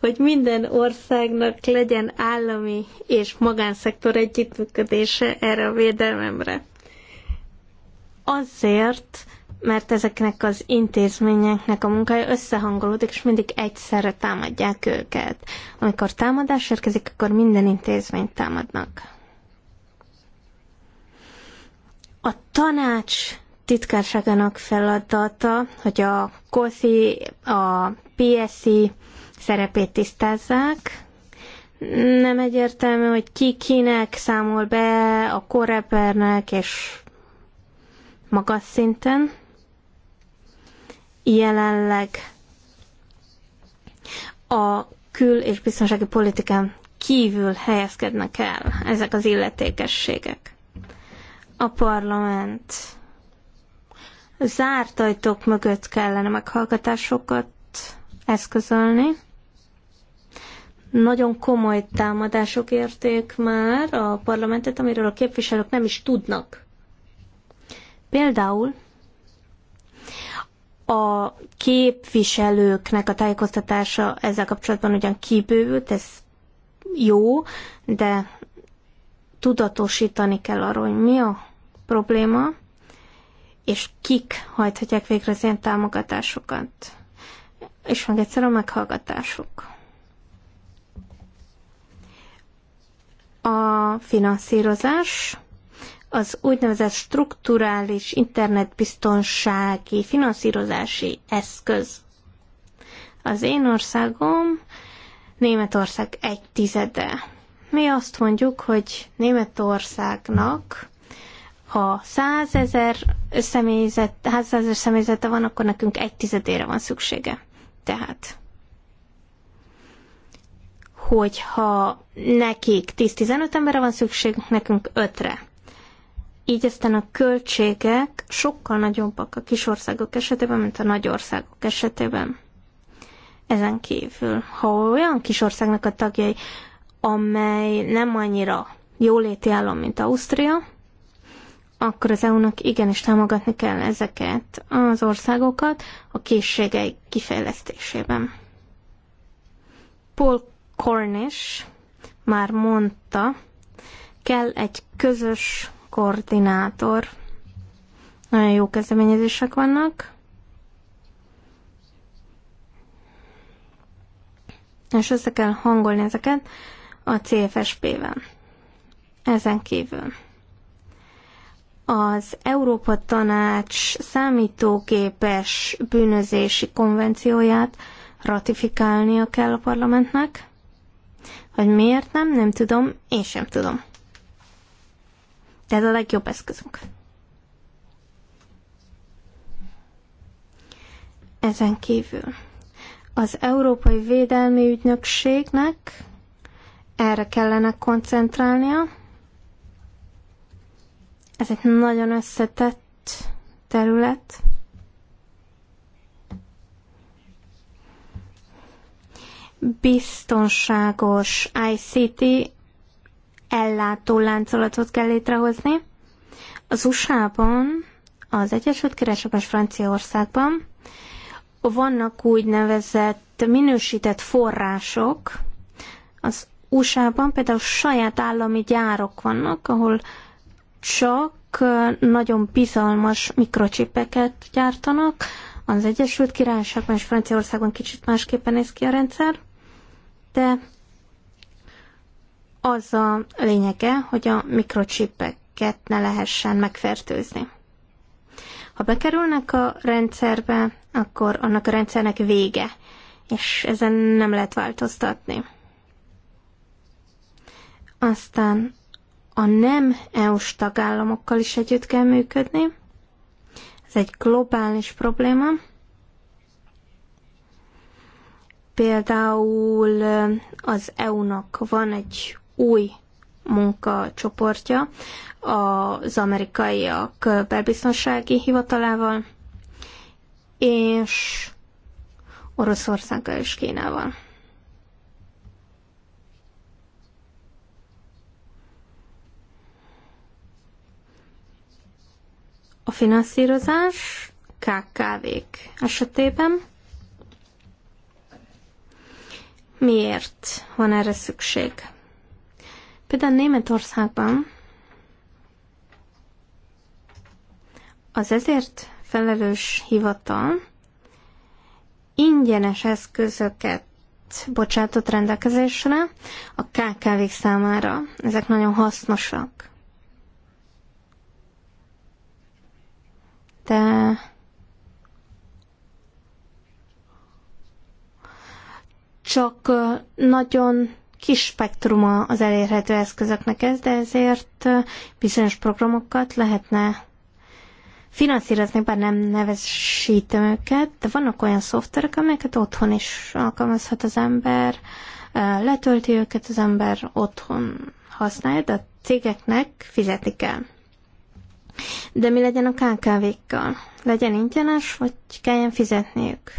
hogy minden országnak legyen állami és magánszektor együttműködése erre a védelmemre. Azért, mert ezeknek az intézményeknek a munkája összehangolódik, és mindig egyszerre támadják őket. Amikor támadás érkezik, akkor minden intézményt támadnak. A tanács titkárságának feladata, hogy a COSI, a PSI szerepét tisztázzák. Nem egyértelmű, hogy ki kinek számol be a korepernek és magas szinten jelenleg a kül- és biztonsági politikán kívül helyezkednek el ezek az illetékességek. A parlament zárt ajtók mögött kellene meghallgatásokat eszközölni. Nagyon komoly támadások érték már a parlamentet, amiről a képviselők nem is tudnak. Például a képviselőknek a tájékoztatása ezzel kapcsolatban ugyan kibővült, ez jó, de tudatosítani kell arról, hogy mi a probléma, és kik hajthatják végre az ilyen támogatásokat. És meg egyszer a meghallgatásuk. A finanszírozás az úgynevezett strukturális internetbiztonsági finanszírozási eszköz. Az én országom Németország egy tizede. Mi azt mondjuk, hogy Németországnak ha 100 ezer személyzet, 100 személyzete van, akkor nekünk egy tizedére van szüksége. Tehát, hogyha nekik 10-15 emberre van szükség, nekünk 5-re így aztán a költségek sokkal nagyobbak a kis országok esetében, mint a nagy országok esetében. Ezen kívül, ha olyan kis országnak a tagjai, amely nem annyira jóléti állam, mint Ausztria, akkor az EU-nak igenis támogatni kell ezeket az országokat a készségei kifejlesztésében. Paul Cornish már mondta, kell egy közös koordinátor. Nagyon jó kezdeményezések vannak. És össze kell hangolni ezeket a CFSP-vel. Ezen kívül az Európa Tanács számítógépes bűnözési konvencióját ratifikálnia kell a parlamentnek? Hogy miért nem, nem tudom, én sem tudom. De a legjobb eszközünk. Ezen kívül az Európai Védelmi Ügynökségnek erre kellene koncentrálnia. Ez egy nagyon összetett terület. Biztonságos ICT ellátó láncolatot kell létrehozni. Az USA-ban, az Egyesült Királyságban és Franciaországban vannak úgynevezett minősített források. Az USA-ban például saját állami gyárok vannak, ahol csak nagyon bizalmas mikrocsipeket gyártanak. Az Egyesült Királyságban és Franciaországban kicsit másképpen néz ki a rendszer, de az a lényege, hogy a mikrocsipeket ne lehessen megfertőzni. Ha bekerülnek a rendszerbe, akkor annak a rendszernek vége, és ezen nem lehet változtatni. Aztán a nem EU-s tagállamokkal is együtt kell működni. Ez egy globális probléma. Például az EU-nak van egy új munkacsoportja az amerikaiak belbiztonsági hivatalával és Oroszországgal és Kínával. A finanszírozás KKV-k esetében miért van erre szükség? Például Németországban az ezért felelős hivatal ingyenes eszközöket bocsátott rendelkezésre a kkv számára. Ezek nagyon hasznosak. De csak nagyon kis spektruma az elérhető eszközöknek ez, de ezért bizonyos programokat lehetne finanszírozni, bár nem nevesítem őket, de vannak olyan szoftverek, amelyeket otthon is alkalmazhat az ember, letölti őket az ember otthon használja, de a cégeknek fizetni kell. De mi legyen a KKV-kkal? Legyen ingyenes, vagy kelljen fizetniük?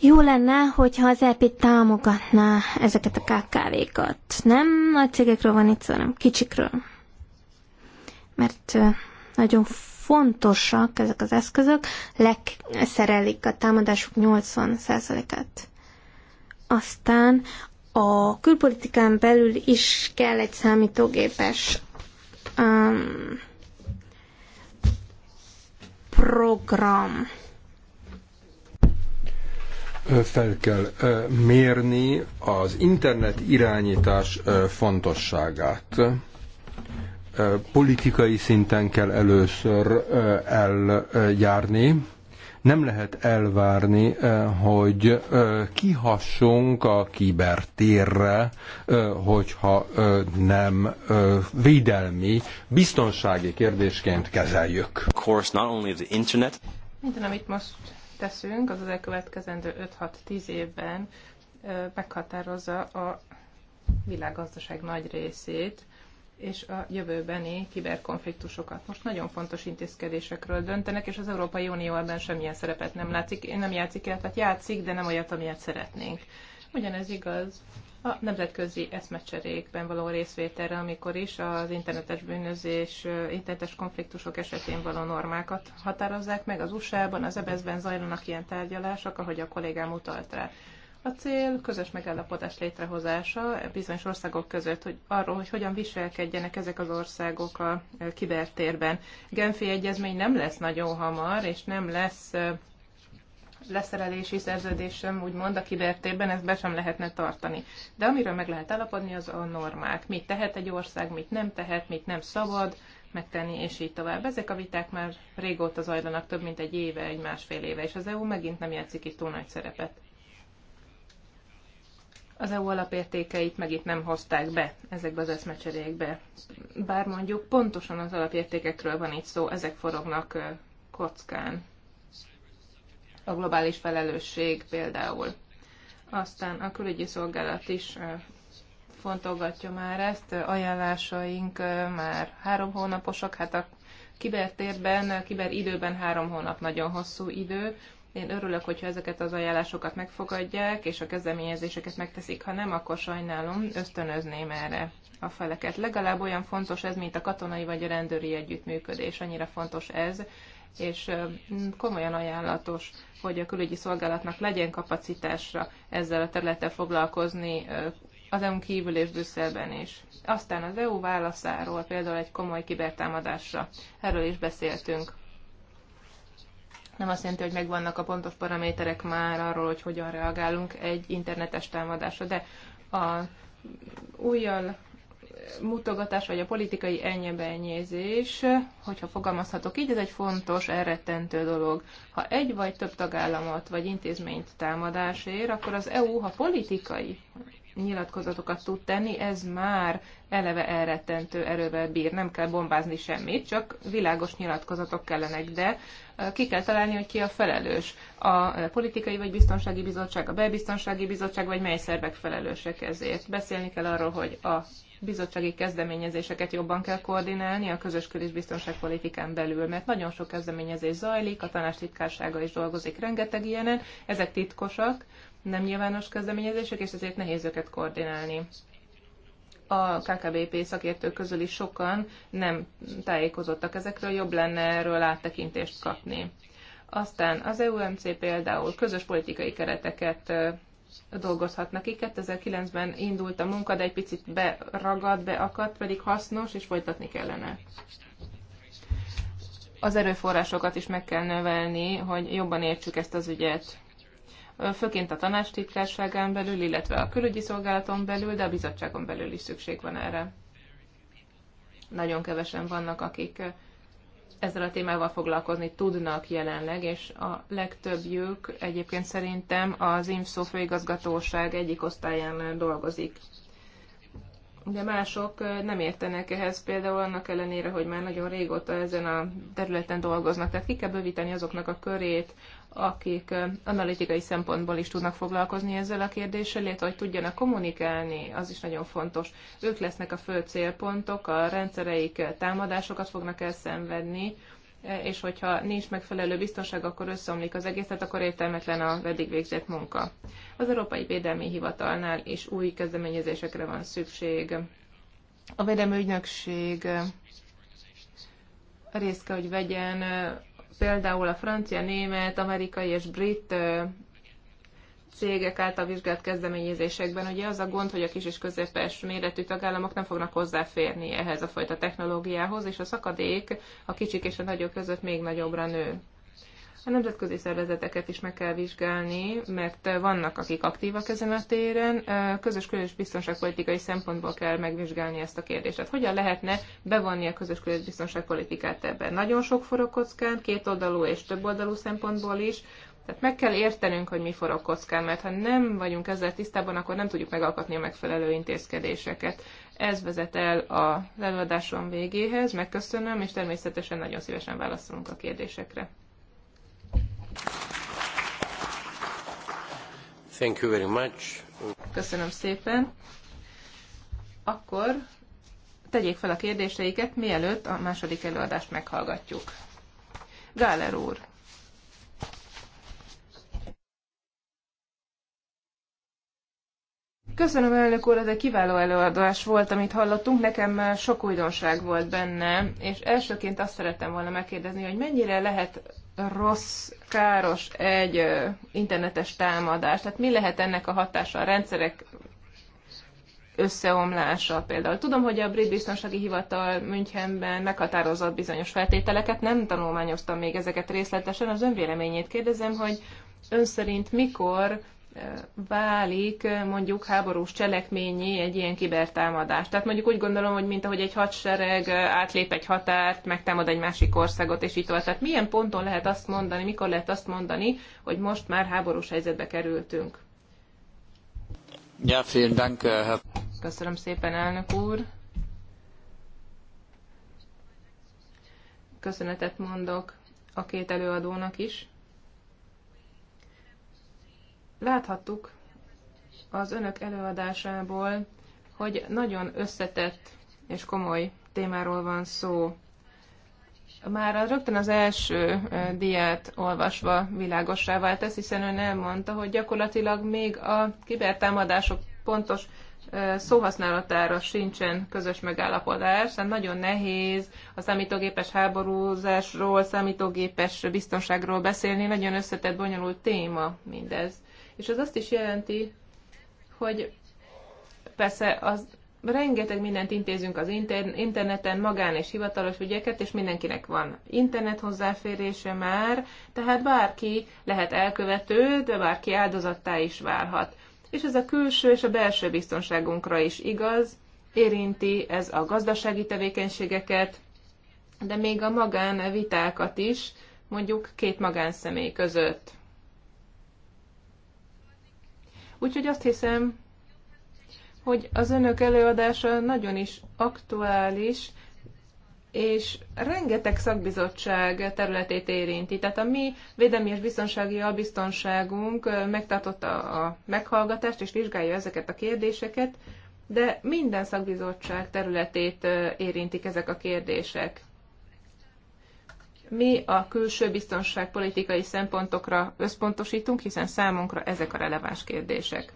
Jó lenne, hogyha az EP támogatná ezeket a KKV-kat. Nem nagy cégekről van itt szó, hanem kicsikről. Mert nagyon fontosak ezek az eszközök, legszerelik a támadásuk 80%-át. Aztán a külpolitikán belül is kell egy számítógépes um, program fel kell mérni az internet irányítás fontosságát. Politikai szinten kell először eljárni. Nem lehet elvárni, hogy kihassunk a kibertérre, hogyha nem védelmi, biztonsági kérdésként kezeljük. Of course, not only the internet. Minden, amit most teszünk, az az elkövetkezendő 5-6-10 évben meghatározza a világgazdaság nagy részét, és a jövőbeni kiberkonfliktusokat. Most nagyon fontos intézkedésekről döntenek, és az Európai Unió ebben semmilyen szerepet nem látszik, nem játszik, illetve játszik, de nem olyat, amilyet szeretnénk. Ugyanez igaz a nemzetközi eszmecserékben való részvételre, amikor is az internetes bűnözés, internetes konfliktusok esetén való normákat határozzák meg. Az USA-ban, az EBSZ-ben e zajlanak ilyen tárgyalások, ahogy a kollégám utalt rá. A cél közös megállapodás létrehozása bizonyos országok között, hogy arról, hogy hogyan viselkedjenek ezek az országok a kibertérben. Genfi egyezmény nem lesz nagyon hamar, és nem lesz leszerelési szerződés sem úgymond a kibertérben, ezt be sem lehetne tartani. De amiről meg lehet állapodni, az a normák. Mit tehet egy ország, mit nem tehet, mit nem szabad megtenni, és így tovább. Ezek a viták már régóta zajlanak, több mint egy éve, egy másfél éve, és az EU megint nem játszik itt túl nagy szerepet. Az EU alapértékeit meg itt nem hozták be ezekbe az eszmecserékbe. Bár mondjuk pontosan az alapértékekről van itt szó, ezek forognak kockán a globális felelősség például. Aztán a külügyi szolgálat is fontolgatja már ezt, ajánlásaink már három hónaposak, hát a kibertérben, kiberidőben három hónap nagyon hosszú idő, én örülök, hogyha ezeket az ajánlásokat megfogadják, és a kezdeményezéseket megteszik, ha nem, akkor sajnálom, ösztönözném erre a feleket. Legalább olyan fontos ez, mint a katonai vagy a rendőri együttműködés. Annyira fontos ez, és komolyan ajánlatos, hogy a külügyi szolgálatnak legyen kapacitásra ezzel a területtel foglalkozni az EU-n kívül és Brüsszelben is. Aztán az EU válaszáról, például egy komoly kibertámadásra, erről is beszéltünk. Nem azt jelenti, hogy megvannak a pontos paraméterek már arról, hogy hogyan reagálunk egy internetes támadásra, de a újjal mutogatás, vagy a politikai enyebenyézés, hogyha fogalmazhatok így, ez egy fontos, elrettentő dolog. Ha egy vagy több tagállamot, vagy intézményt támadás ér, akkor az EU, ha politikai nyilatkozatokat tud tenni, ez már eleve elrettentő erővel bír. Nem kell bombázni semmit, csak világos nyilatkozatok kellenek, de eh, ki kell találni, hogy ki a felelős. A eh, politikai vagy biztonsági bizottság, a belbiztonsági bizottság, vagy mely szervek felelősek ezért. Beszélni kell arról, hogy a bizottsági kezdeményezéseket jobban kell koordinálni a közös kül- és biztonságpolitikán belül, mert nagyon sok kezdeményezés zajlik, a tanács titkársága is dolgozik rengeteg ilyenen, ezek titkosak, nem nyilvános kezdeményezések, és ezért nehéz őket koordinálni. A KKBP szakértők közül is sokan nem tájékozottak ezekről, jobb lenne erről áttekintést kapni. Aztán az EUMC például közös politikai kereteket dolgozhatnak ki. 2009-ben indult a munka, de egy picit beragad, beakadt, pedig hasznos, és folytatni kellene. Az erőforrásokat is meg kell növelni, hogy jobban értsük ezt az ügyet főként a tanástitkárságán belül, illetve a külügyi szolgálaton belül, de a bizottságon belül is szükség van erre. Nagyon kevesen vannak, akik eh, ezzel a témával foglalkozni tudnak jelenleg, és a legtöbbjük egyébként szerintem az IMSZO főigazgatóság egyik osztályán dolgozik de mások nem értenek ehhez, például annak ellenére, hogy már nagyon régóta ezen a területen dolgoznak. Tehát ki kell bővíteni azoknak a körét, akik analitikai szempontból is tudnak foglalkozni ezzel a kérdéssel, illetve hogy tudjanak kommunikálni, az is nagyon fontos. Ők lesznek a fő célpontok, a rendszereik támadásokat fognak elszenvedni, és hogyha nincs megfelelő biztonság, akkor összeomlik az egész, tehát akkor értelmetlen a eddig végzett munka. Az Európai Védelmi Hivatalnál is új kezdeményezésekre van szükség. A Védelmi Ügynökség eh, részt kell, hogy vegyen eh, például a francia, német, amerikai és brit eh, cégek által vizsgált kezdeményezésekben ugye az a gond, hogy a kis és közepes méretű tagállamok nem fognak hozzáférni ehhez a fajta technológiához, és a szakadék a kicsik és a nagyok között még nagyobbra nő. A nemzetközi szervezeteket is meg kell vizsgálni, mert vannak, akik aktívak ezen a téren. Közös közös biztonságpolitikai szempontból kell megvizsgálni ezt a kérdést. Tehát hogyan lehetne bevonni a közös közös biztonságpolitikát ebben? Nagyon sok forog kockán, két oldalú és több oldalú szempontból is. Tehát meg kell értenünk, hogy mi forog kockán, mert ha nem vagyunk ezzel tisztában, akkor nem tudjuk megalkotni a megfelelő intézkedéseket. Ez vezet el a előadásom végéhez, megköszönöm, és természetesen nagyon szívesen válaszolunk a kérdésekre. Thank you very much. Köszönöm szépen. Akkor tegyék fel a kérdéseiket, mielőtt a második előadást meghallgatjuk. Gáler úr. Köszönöm, elnök úr, ez egy kiváló előadás volt, amit hallottunk. Nekem sok újdonság volt benne, és elsőként azt szerettem volna megkérdezni, hogy mennyire lehet rossz, káros egy internetes támadás? Tehát mi lehet ennek a hatása a rendszerek összeomlása például? Tudom, hogy a Brit Biztonsági Hivatal Münchenben meghatározott bizonyos feltételeket, nem tanulmányoztam még ezeket részletesen, az önvéleményét kérdezem, hogy ön szerint mikor válik mondjuk háborús cselekményi egy ilyen kibertámadás. Tehát mondjuk úgy gondolom, hogy mint ahogy egy hadsereg átlép egy határt, megtámad egy másik országot, és így tovább. Tehát milyen ponton lehet azt mondani, mikor lehet azt mondani, hogy most már háborús helyzetbe kerültünk? Ja, vielen Dank. Eh, Köszönöm szépen, elnök úr. Köszönetet mondok a két előadónak is. Láthattuk az önök előadásából, hogy nagyon összetett és komoly témáról van szó. Már rögtön az első diát olvasva világossá vált ez, hiszen ön elmondta, hogy gyakorlatilag még a kibertámadások pontos szóhasználatára sincsen közös megállapodás, hiszen nagyon nehéz a számítógépes háborúzásról, számítógépes biztonságról beszélni, nagyon összetett, bonyolult téma mindez. És az azt is jelenti, hogy persze az rengeteg mindent intézünk az interneten, magán és hivatalos ügyeket, és mindenkinek van internet hozzáférése már, tehát bárki lehet elkövető, de bárki áldozattá is válhat. És ez a külső és a belső biztonságunkra is igaz, érinti ez a gazdasági tevékenységeket, de még a magán vitákat is, mondjuk két magánszemély között. Úgyhogy azt hiszem, hogy az önök előadása nagyon is aktuális, és rengeteg szakbizottság területét érinti. Tehát a mi védelmi és biztonsági albiztonságunk megtartotta a meghallgatást és vizsgálja ezeket a kérdéseket, de minden szakbizottság területét érintik ezek a kérdések. Mi a külső biztonságpolitikai szempontokra összpontosítunk, hiszen számunkra ezek a releváns kérdések.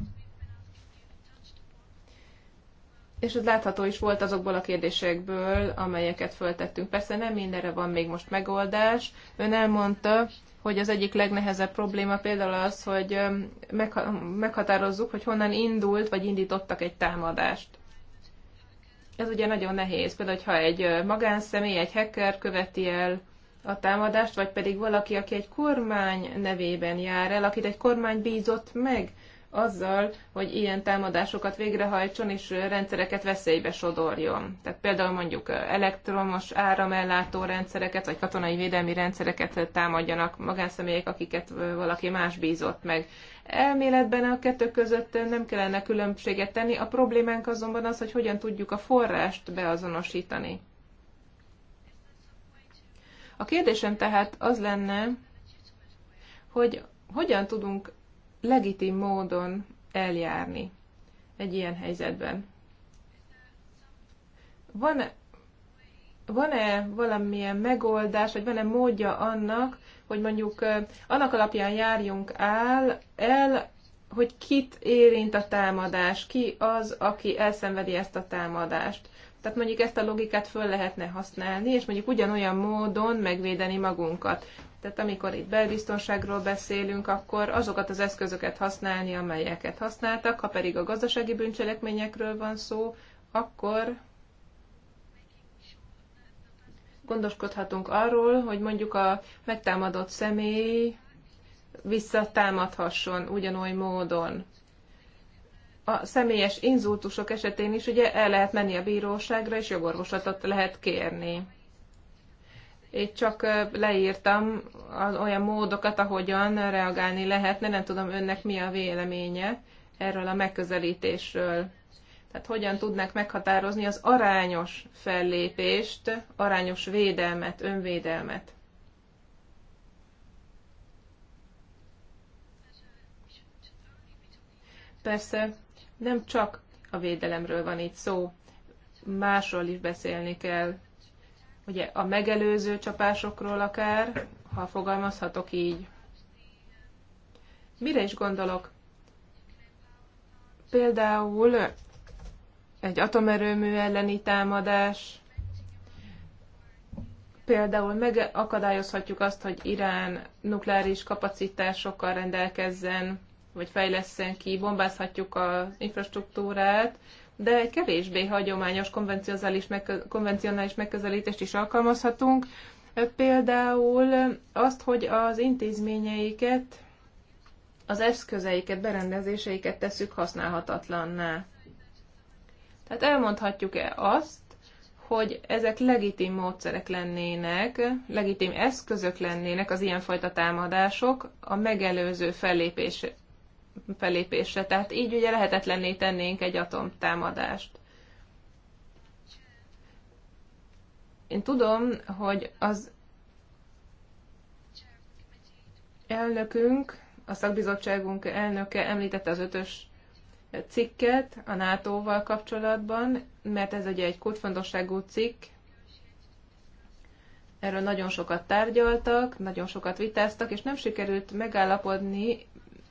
És ez látható is volt azokból a kérdésekből, amelyeket föltettünk. Persze nem mindenre van még most megoldás. Ön elmondta, hogy az egyik legnehezebb probléma például az, hogy meghatározzuk, hogy honnan indult vagy indítottak egy támadást. Ez ugye nagyon nehéz. Például, ha egy magánszemély, egy hacker követi el a támadást, vagy pedig valaki, aki egy kormány nevében jár el, akit egy kormány bízott meg azzal, hogy ilyen támadásokat végrehajtson és rendszereket veszélybe sodorjon. Tehát például mondjuk elektromos áramellátó rendszereket, vagy katonai védelmi rendszereket támadjanak magánszemélyek, akiket valaki más bízott meg. Elméletben a kettő között nem kellene különbséget tenni, a problémánk azonban az, hogy hogyan tudjuk a forrást beazonosítani. A kérdésem tehát az lenne, hogy hogyan tudunk legitim módon eljárni egy ilyen helyzetben. Van-e van-e valamilyen megoldás, vagy van-e módja annak, hogy mondjuk annak alapján járjunk el, el, hogy kit érint a támadás, ki az, aki elszenvedi ezt a támadást. Tehát mondjuk ezt a logikát föl lehetne használni, és mondjuk ugyanolyan módon megvédeni magunkat. Tehát amikor itt belbiztonságról beszélünk, akkor azokat az eszközöket használni, amelyeket használtak, ha pedig a gazdasági bűncselekményekről van szó, akkor gondoskodhatunk arról, hogy mondjuk a megtámadott személy visszatámadhasson ugyanoly módon a személyes inzultusok esetén is ugye el lehet menni a bíróságra, és jogorvoslatot lehet kérni. Én csak leírtam az olyan módokat, ahogyan reagálni lehetne, nem tudom önnek mi a véleménye erről a megközelítésről. Tehát hogyan tudnák meghatározni az arányos fellépést, arányos védelmet, önvédelmet. Persze nem csak a védelemről van itt szó, másról is beszélni kell. Ugye a megelőző csapásokról akár, ha fogalmazhatok így. Mire is gondolok? Például egy atomerőmű elleni támadás, például megakadályozhatjuk azt, hogy Irán nukleáris kapacitásokkal rendelkezzen, vagy fejleszten ki, bombázhatjuk az infrastruktúrát, de egy kevésbé hagyományos konvencionális, konvencionális megközelítést is alkalmazhatunk. Például azt, hogy az intézményeiket, az eszközeiket, berendezéseiket tesszük használhatatlanná. Tehát elmondhatjuk-e azt, hogy ezek legitim módszerek lennének, legitim eszközök lennének az ilyenfajta támadások a megelőző fellépés felépésre. Tehát így ugye lehetetlenné tennénk egy atomtámadást. Én tudom, hogy az elnökünk, a szakbizottságunk elnöke említette az ötös cikket a NATO-val kapcsolatban, mert ez ugye egy kulcsfontosságú cikk, erről nagyon sokat tárgyaltak, nagyon sokat vitáztak, és nem sikerült megállapodni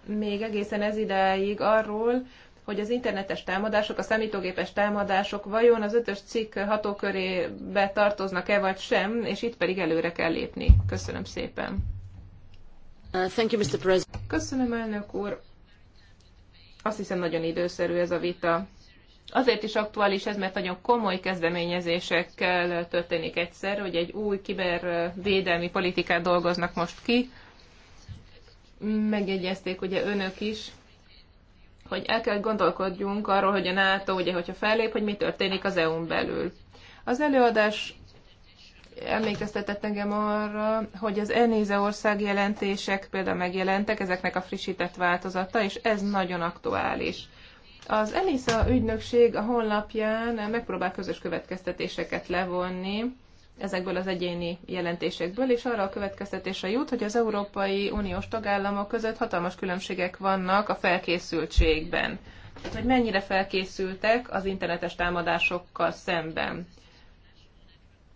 még egészen ez idáig arról, hogy az internetes támadások, a számítógépes támadások vajon az ötös cikk hatókörébe tartoznak-e vagy sem, és itt pedig előre kell lépni. Köszönöm szépen. Uh, thank you, Mr. President. Köszönöm, elnök úr. Azt hiszem nagyon időszerű ez a vita. Azért is aktuális ez, mert nagyon komoly kezdeményezésekkel történik egyszer, hogy egy új kibervédelmi politikát dolgoznak most ki, megjegyezték ugye önök is, hogy el kell gondolkodjunk arról, hogy a NATO, ugye, hogyha fellép, hogy mi történik az EU-n belül. Az előadás emlékeztetett engem arra, hogy az ENISA ország jelentések például megjelentek, ezeknek a frissített változata, és ez nagyon aktuális. Az ENISA ügynökség a honlapján megpróbál közös következtetéseket levonni, ezekből az egyéni jelentésekből, és arra a következtetésre jut, hogy az Európai Uniós tagállamok között hatalmas különbségek vannak a felkészültségben. Tehát, hogy mennyire felkészültek az internetes támadásokkal szemben.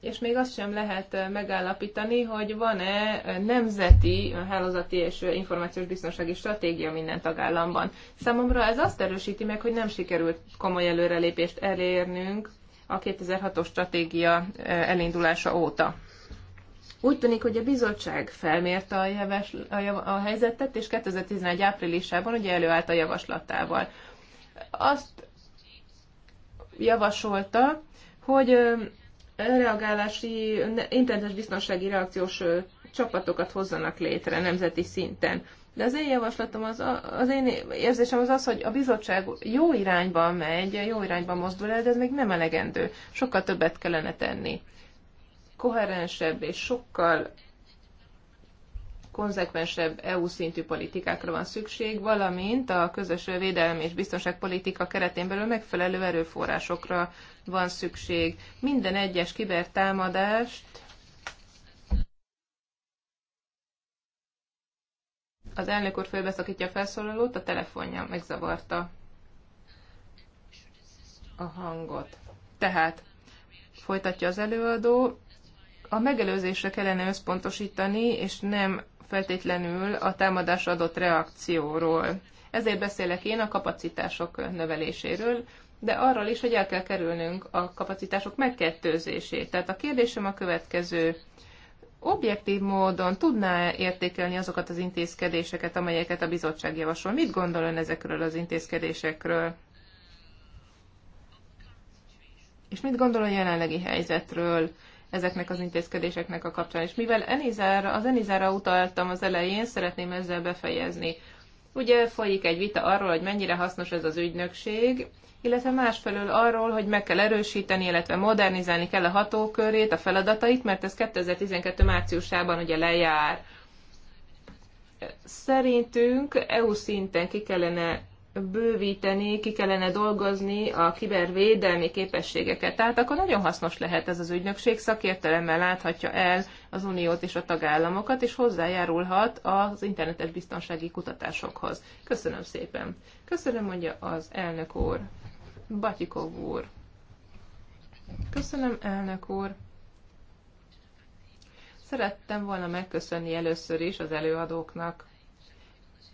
És még azt sem lehet eh, megállapítani, hogy van-e eh, nemzeti eh, hálózati és információs biztonsági stratégia minden tagállamban. Számomra ez azt erősíti meg, hogy nem sikerült komoly előrelépést elérnünk a 2006-os stratégia elindulása óta. Úgy tűnik, hogy a bizottság felmérte a, javas, a, jav, a helyzetet, és 2011 áprilisában ugye előállt a javaslatával. Azt javasolta, hogy reagálási, internetes biztonsági reakciós csapatokat hozzanak létre nemzeti szinten. De az én javaslatom, az, az én érzésem az az, hogy a bizottság jó irányba megy, jó irányba mozdul el, de ez még nem elegendő. Sokkal többet kellene tenni. Koherensebb és sokkal konzekvensebb EU szintű politikákra van szükség, valamint a közös védelmi és biztonságpolitika keretén belül megfelelő erőforrásokra van szükség. Minden egyes kibertámadást Az elnök úr félbeszakítja a felszólalót, a telefonja megzavarta a hangot. Tehát folytatja az előadó, a megelőzésre kellene összpontosítani, és nem feltétlenül a támadás adott reakcióról. Ezért beszélek én a kapacitások növeléséről, de arról is, hogy el kell kerülnünk a kapacitások megkettőzését. Tehát a kérdésem a következő objektív módon tudná -e értékelni azokat az intézkedéseket, amelyeket a bizottság javasol? Mit gondol ön ezekről az intézkedésekről? És mit gondol a jelenlegi helyzetről ezeknek az intézkedéseknek a kapcsán? És mivel Enizára, az Enizára utaltam az elején, szeretném ezzel befejezni. Ugye folyik egy vita arról, hogy mennyire hasznos ez az ügynökség, illetve másfelől arról, hogy meg kell erősíteni, illetve modernizálni kell a hatókörét, a feladatait, mert ez 2012. márciusában ugye lejár. Szerintünk EU szinten ki kellene bővíteni, ki kellene dolgozni a kibervédelmi képességeket. Tehát akkor nagyon hasznos lehet ez az ügynökség, szakértelemmel láthatja el az uniót és a tagállamokat, és hozzájárulhat az internetes biztonsági kutatásokhoz. Köszönöm szépen. Köszönöm, mondja az elnök úr. Batyikov úr. Köszönöm, elnök úr. Szerettem volna megköszönni először is az előadóknak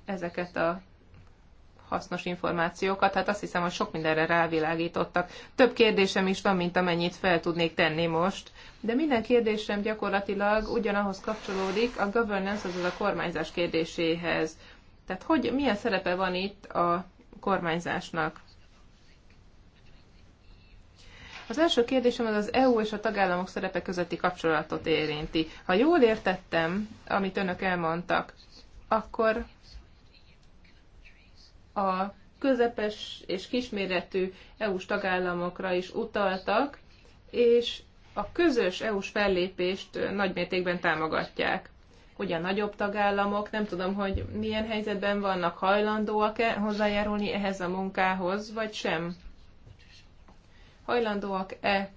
ezeket a hasznos információkat. Hát azt hiszem, hogy sok mindenre rávilágítottak. Több kérdésem is van, mint amennyit fel tudnék tenni most. De minden kérdésem gyakorlatilag ugyanahhoz kapcsolódik a governance, azaz a kormányzás kérdéséhez. Tehát hogy milyen szerepe van itt a kormányzásnak? Az első kérdésem az az EU és a tagállamok szerepe közötti kapcsolatot érinti. Ha jól értettem, amit önök elmondtak, akkor a közepes és kisméretű EU-s tagállamokra is utaltak, és a közös EU-s fellépést nagymértékben támogatják hogy a nagyobb tagállamok, nem tudom, hogy milyen helyzetben vannak, hajlandóak-e hozzájárulni ehhez a munkához, vagy sem hajlandóak-e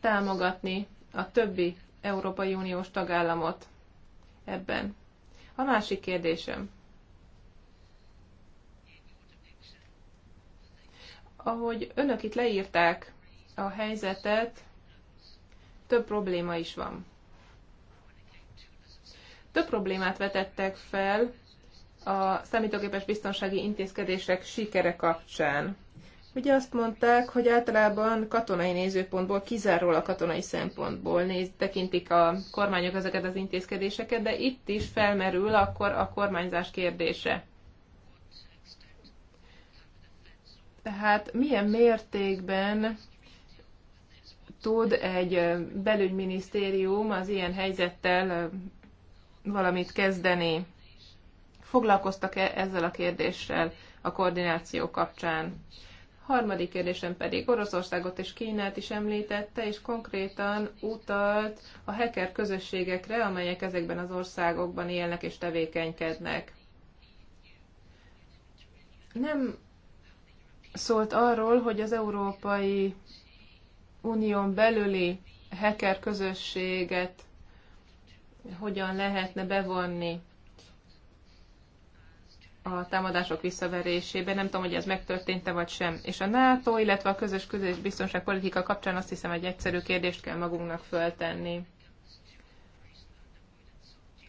támogatni a többi Európai Uniós tagállamot ebben. A másik kérdésem. Ahogy önök itt leírták a helyzetet, több probléma is van. Több problémát vetettek fel a számítógépes biztonsági intézkedések sikere kapcsán. Ugye azt mondták, hogy általában katonai nézőpontból, kizárólag katonai szempontból néz, tekintik a kormányok ezeket az intézkedéseket, de itt is felmerül akkor a kormányzás kérdése. Tehát milyen mértékben tud egy belügyminisztérium az ilyen helyzettel valamit kezdeni? Foglalkoztak-e ezzel a kérdéssel a koordináció kapcsán? Harmadik kérdésem pedig Oroszországot és Kínát is említette, és konkrétan utalt a hacker közösségekre, amelyek ezekben az országokban élnek és tevékenykednek. Nem szólt arról, hogy az Európai Unión belüli hacker közösséget hogyan lehetne bevonni a támadások visszaverésében. Nem tudom, hogy ez megtörtént-e vagy sem. És a NATO, illetve a közös közös biztonságpolitika kapcsán azt hiszem egy egyszerű kérdést kell magunknak föltenni.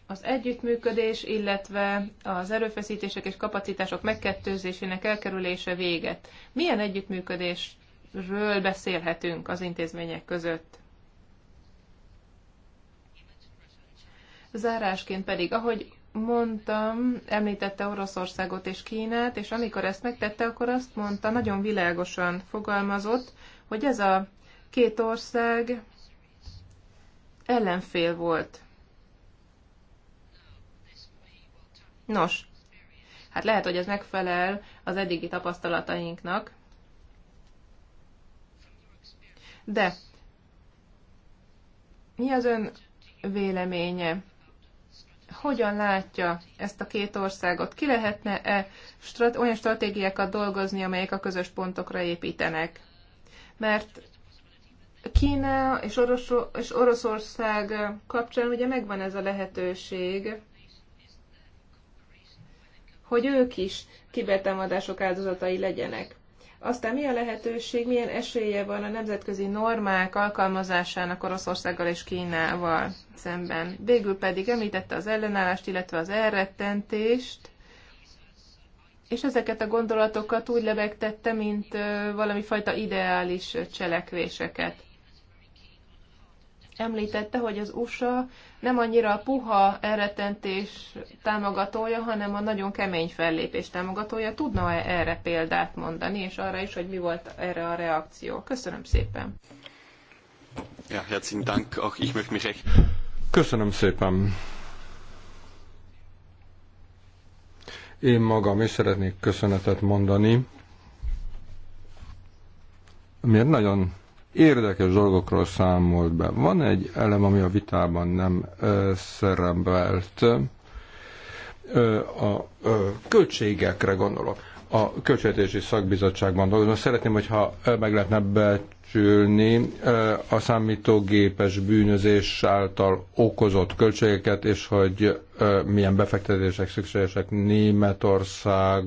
Az együttműködés, illetve az erőfeszítések és kapacitások megkettőzésének elkerülése véget. Milyen együttműködésről beszélhetünk az intézmények között? Zárásként pedig, ahogy mondtam, említette Oroszországot és Kínát, és amikor ezt megtette, akkor azt mondta, nagyon világosan fogalmazott, hogy ez a két ország ellenfél volt. Nos, hát lehet, hogy ez megfelel az eddigi tapasztalatainknak, de mi az ön véleménye? hogyan látja ezt a két országot? Ki lehetne-e strat- olyan stratégiákat dolgozni, amelyek a közös pontokra építenek? Mert Kína és, Orosz- és Oroszország kapcsán ugye megvan ez a lehetőség, hogy ők is kibertámadások áldozatai legyenek. Aztán milyen lehetőség, milyen esélye van a nemzetközi normák alkalmazásának Oroszországgal és Kínával szemben. Végül pedig említette az ellenállást, illetve az elrettentést, és ezeket a gondolatokat úgy lebegtette, mint valami fajta ideális cselekvéseket említette, hogy az USA nem annyira a puha elretentés támogatója, hanem a nagyon kemény fellépés támogatója. Tudna-e erre példát mondani, és arra is, hogy mi volt erre a reakció? Köszönöm szépen. Ja, herzlichen Dank. Auch ich möchte mich recht. Köszönöm szépen. Én magam is szeretnék köszönetet mondani. Miért nagyon érdekes dolgokról számolt be. Van egy elem, ami a vitában nem szerepelt. A költségekre gondolok. A költségetési Szakbizottságban dolgozom. Szeretném, hogyha meg lehetne becsülni a számítógépes bűnözés által okozott költségeket, és hogy milyen befektetések szükségesek Németország,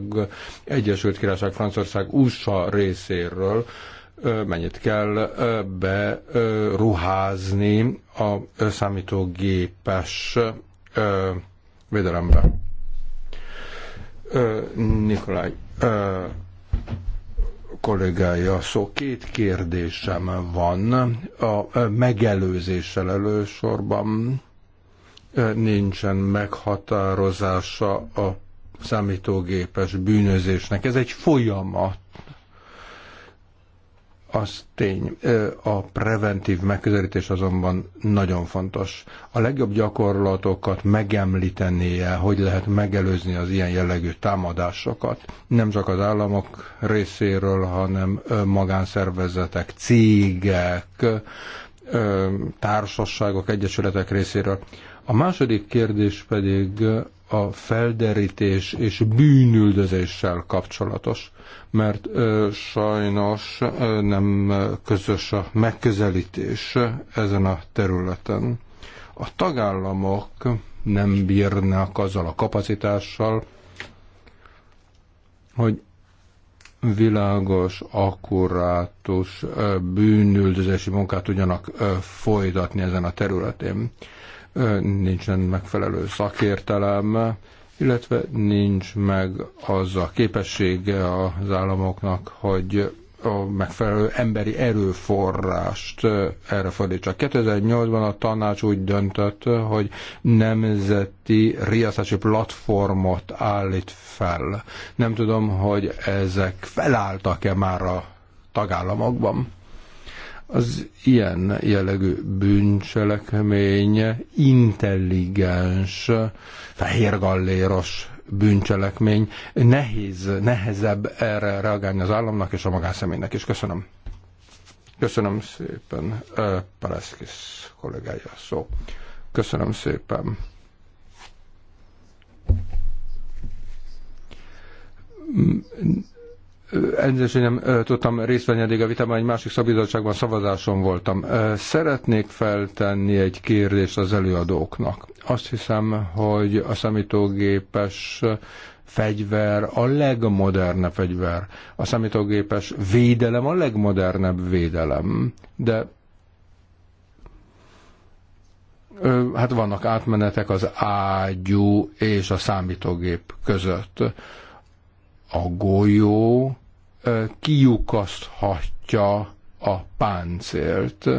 Egyesült Királyság, Franciaország, USA részéről, mennyit kell beruházni a számítógépes védelembe. Nikolaj kollégája szó. Két kérdésem van. A megelőzéssel elősorban nincsen meghatározása a számítógépes bűnözésnek. Ez egy folyamat az tény, a preventív megközelítés azonban nagyon fontos. A legjobb gyakorlatokat megemlítenie, hogy lehet megelőzni az ilyen jellegű támadásokat, nem csak az államok részéről, hanem magánszervezetek, cégek, társaságok, egyesületek részéről. A második kérdés pedig a felderítés és bűnüldözéssel kapcsolatos mert sajnos nem közös a megközelítés ezen a területen. A tagállamok nem bírnak azzal a kapacitással, hogy világos, akkurátus bűnüldözési munkát tudjanak folytatni ezen a területén. Nincsen megfelelő szakértelem, illetve nincs meg az a képessége az államoknak, hogy a megfelelő emberi erőforrást eh, erre fordítsa. 2008-ban a tanács úgy döntött, hogy nemzeti riasztási platformot állít fel. Nem tudom, hogy ezek felálltak-e már a tagállamokban. Az ilyen jellegű bűncselekmény intelligens, fehérgalléros bűncselekmény. Nehéz, nehezebb erre reagálni az államnak és a magánszemélynek is. Köszönöm. Köszönöm szépen, Paleszkis kollégája szó. Köszönöm szépen. Elnézést, hogy nem tudtam részt venni eddig a vitában, egy másik szabizottságban szavazáson voltam. Szeretnék feltenni egy kérdést az előadóknak. Azt hiszem, hogy a számítógépes fegyver a legmodernebb fegyver. A számítógépes védelem a legmodernebb védelem. De hát vannak átmenetek az ágyú és a számítógép között a golyó kiukaszthatja a páncélt.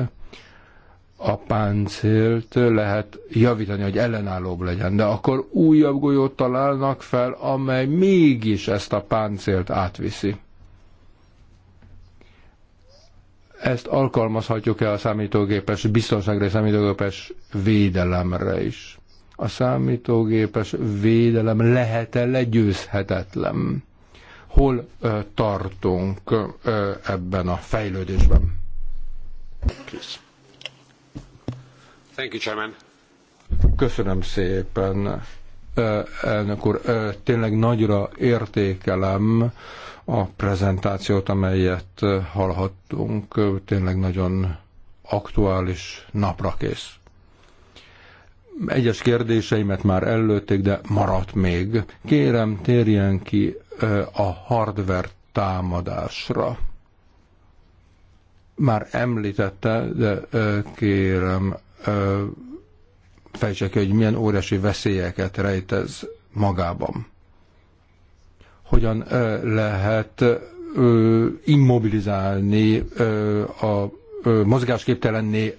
A páncélt lehet javítani, hogy ellenállóbb legyen, de akkor újabb golyót találnak fel, amely mégis ezt a páncélt átviszi. Ezt alkalmazhatjuk-e a számítógépes biztonságra és számítógépes védelemre is? A számítógépes védelem lehet-e legyőzhetetlen? hol tartunk ebben a fejlődésben. Thank you, Chairman. Köszönöm szépen, elnök úr. Tényleg nagyra értékelem a prezentációt, amelyet hallhattunk. Tényleg nagyon aktuális, napra kész. Egyes kérdéseimet már előtték, de maradt még. Kérem, térjen ki a hardware támadásra. Már említette, de kérem, fejtse ki, hogy milyen óriási veszélyeket rejt ez magában. Hogyan lehet immobilizálni a mozgásképtelenné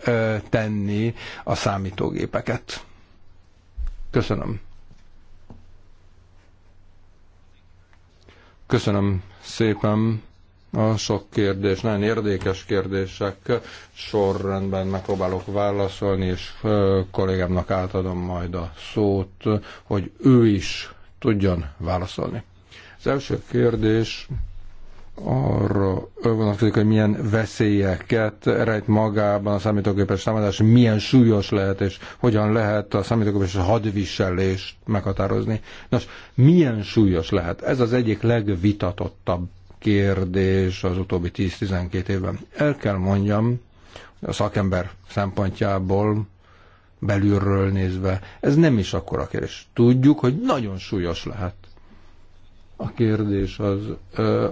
tenni a számítógépeket. Köszönöm. Köszönöm szépen a sok kérdés, nagyon érdekes kérdések. Sorrendben megpróbálok válaszolni, és kollégámnak átadom majd a szót, hogy ő is tudjon válaszolni. Az első kérdés arra vonatkozik, hogy milyen veszélyeket rejt magában a számítógépes támadás, milyen súlyos lehet, és hogyan lehet a számítógépes hadviselést meghatározni. Nos, milyen súlyos lehet? Ez az egyik legvitatottabb kérdés az utóbbi 10-12 évben. El kell mondjam, a szakember szempontjából belülről nézve, ez nem is akkora kérdés. Tudjuk, hogy nagyon súlyos lehet a kérdés az,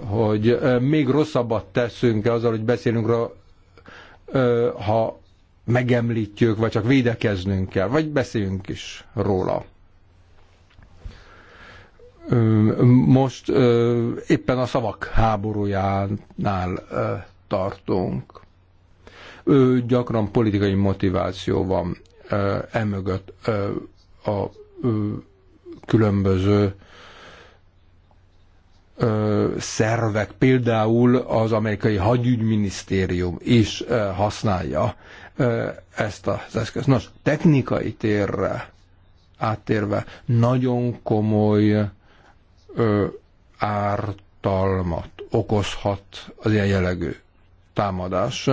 hogy még rosszabbat teszünk-e azzal, hogy beszélünk rá, ha megemlítjük, vagy csak védekeznünk kell, vagy beszéljünk is róla. Most éppen a szavak háborújánál tartunk. Gyakran politikai motiváció van emögött a különböző szervek, például az amerikai hadügyminisztérium is használja ezt az eszközt. Nos, technikai térre áttérve nagyon komoly ártalmat okozhat az ilyen jellegű támadás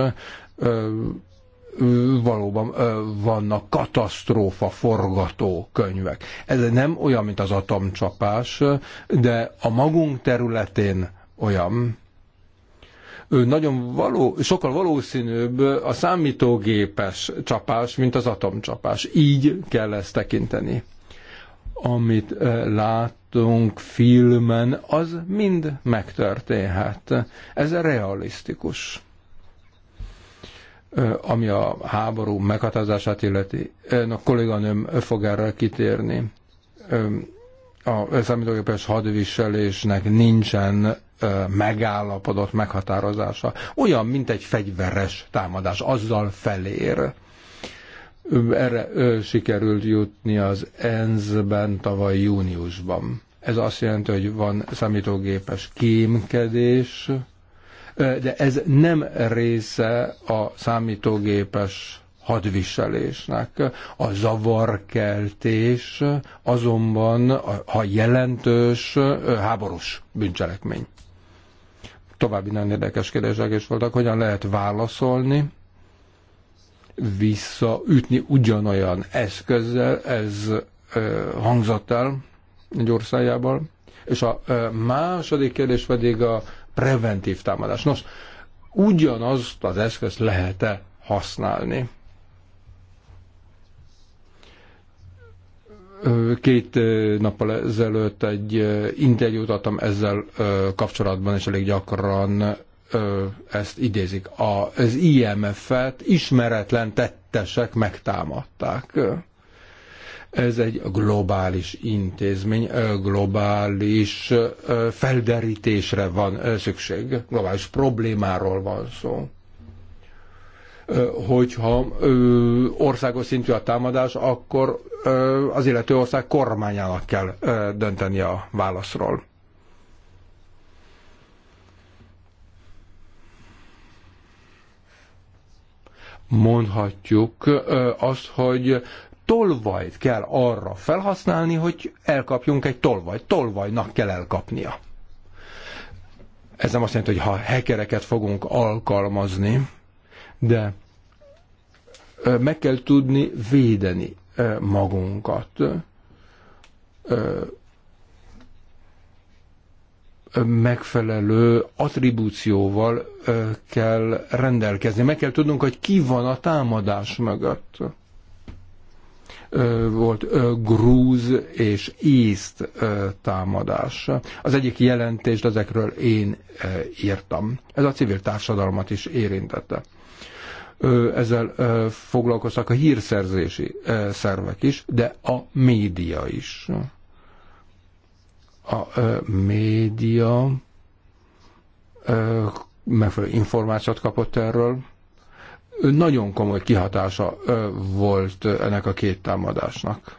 valóban vannak katasztrófa forgatókönyvek. Ez nem olyan, mint az atomcsapás, de a magunk területén olyan, nagyon való, sokkal valószínűbb a számítógépes csapás, mint az atomcsapás. Így kell ezt tekinteni. Amit látunk filmen, az mind megtörténhet. Ez realisztikus ami a háború meghatározását illeti. A kolléganőm fog erre kitérni. A számítógépes hadviselésnek nincsen megállapodott meghatározása. Olyan, mint egy fegyveres támadás, azzal felér. Erre sikerült jutni az ENSZ-ben tavaly júniusban. Ez azt jelenti, hogy van számítógépes kémkedés, de ez nem része a számítógépes hadviselésnek. A zavarkeltés azonban, ha jelentős, háborús bűncselekmény. További nagyon érdekes kérdések is voltak, hogyan lehet válaszolni, visszaütni ugyanolyan eszközzel, ez hangzott el egy országjából. És a második kérdés pedig a preventív támadás. Nos, ugyanazt az eszközt lehet-e használni? Két nappal ezelőtt egy interjút adtam ezzel kapcsolatban, és elég gyakran ezt idézik. Az IMF-et ismeretlen tettesek megtámadták. Ez egy globális intézmény, globális felderítésre van szükség, globális problémáról van szó hogyha országos szintű a támadás, akkor az illető ország kormányának kell dönteni a válaszról. Mondhatjuk azt, hogy tolvajt kell arra felhasználni, hogy elkapjunk egy tolvajt. Tolvajnak kell elkapnia. Ez nem azt jelenti, hogy ha hekereket fogunk alkalmazni, de meg kell tudni védeni magunkat. Megfelelő attribúcióval kell rendelkezni. Meg kell tudnunk, hogy ki van a támadás mögött volt grúz és ízt támadás. Az egyik jelentést ezekről én írtam. Ez a civil társadalmat is érintette ezzel foglalkoztak a hírszerzési szervek is, de a média is. A média megfelelő információt kapott erről, nagyon komoly kihatása volt ennek a két támadásnak.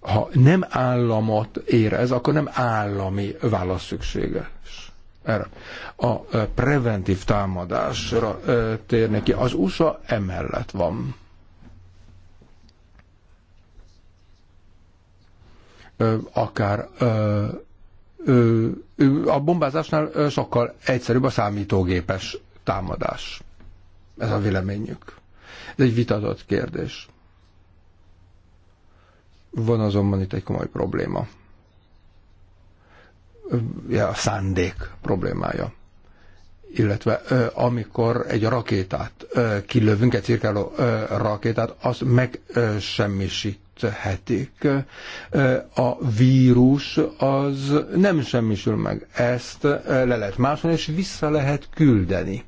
Ha nem államot ér ez, akkor nem állami válasz szükséges. Erre. A preventív támadásra térnek ki. Az USA emellett van. Akár a bombázásnál sokkal egyszerűbb a számítógépes támadás. Ez a véleményük. Ez egy vitatott kérdés. Van azonban itt egy komoly probléma. Ja, a szándék problémája. Illetve amikor egy rakétát kilövünk, egy cirkáló rakétát, azt megsemmisíthetik. A vírus az nem semmisül meg. Ezt le lehet másolni, és vissza lehet küldeni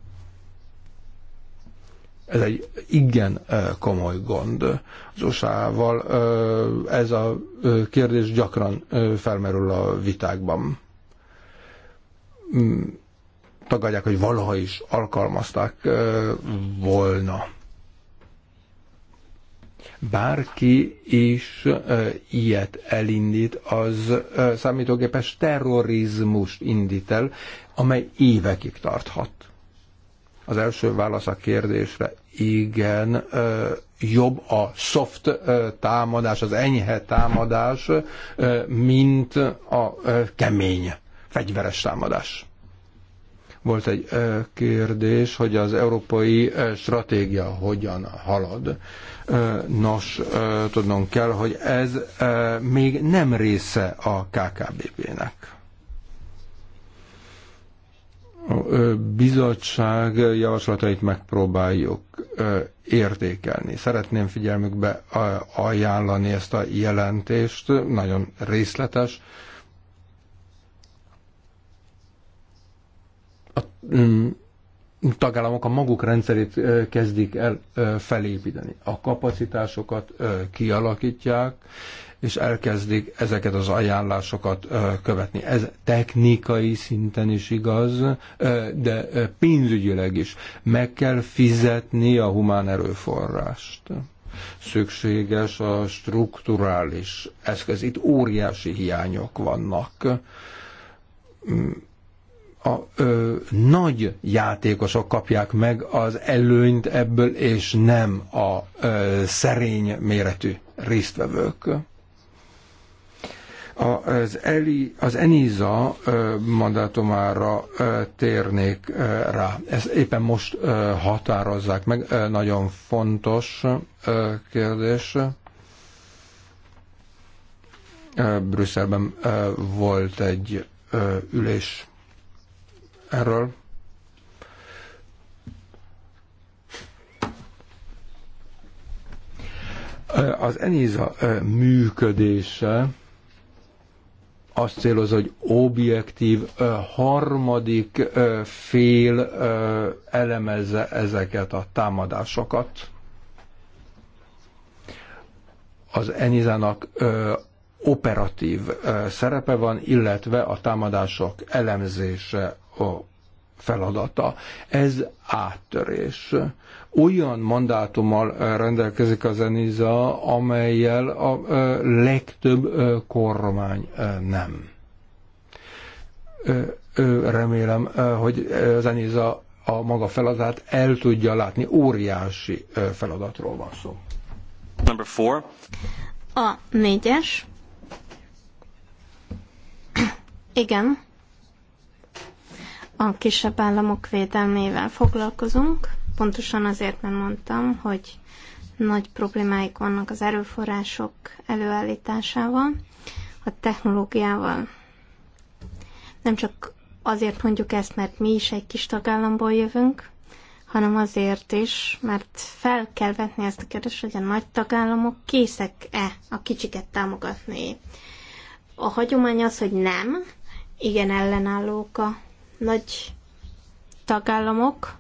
ez egy igen komoly gond. Az USA-val ez a kérdés gyakran felmerül a vitákban. Mm, tagadják, hogy valaha is alkalmazták volna bárki is ilyet elindít, az számítógépes terrorizmust indít el, amely évekig tarthat. Az első válasz a kérdésre igen, jobb a soft támadás, az enyhe támadás, mint a kemény, fegyveres támadás. Volt egy kérdés, hogy az európai stratégia hogyan halad. Nos, tudnom kell, hogy ez még nem része a KKBP-nek a bizottság javaslatait megpróbáljuk értékelni. Szeretném figyelmükbe ajánlani ezt a jelentést, nagyon részletes. A tagállamok a maguk rendszerét kezdik el felépíteni. A kapacitásokat kialakítják, és elkezdik ezeket az ajánlásokat követni. Ez technikai szinten is igaz, de pénzügyileg is. Meg kell fizetni a humán erőforrást. Szükséges a strukturális eszköz. Itt óriási hiányok vannak mm, a ö, nagy játékosok kapják meg az előnyt ebből, és nem a ö, szerény méretű résztvevők. Az, ELI, az ENISA mandátumára térnék rá. Ezt éppen most határozzák meg. Nagyon fontos kérdés. Brüsszelben volt egy ülés erről. Az ENISA működése azt céloz, hogy objektív harmadik fél elemezze ezeket a támadásokat. Az Enizának operatív szerepe van, illetve a támadások elemzése a feladata. Ez áttörés. Olyan mandátummal rendelkezik az Zeniza, amelyel a legtöbb kormány nem. Remélem, hogy az a maga feladatát el tudja látni. Óriási feladatról van szó. Number four. A négyes. Igen a kisebb államok védelmével foglalkozunk. Pontosan azért, mert mondtam, hogy nagy problémáik vannak az erőforrások előállításával, a technológiával. Nem csak azért mondjuk ezt, mert mi is egy kis tagállamból jövünk, hanem azért is, mert fel kell vetni ezt a kérdést, hogy a nagy tagállamok készek-e a kicsiket támogatni. A hagyomány az, hogy nem, igen ellenállók a nagy tagállamok,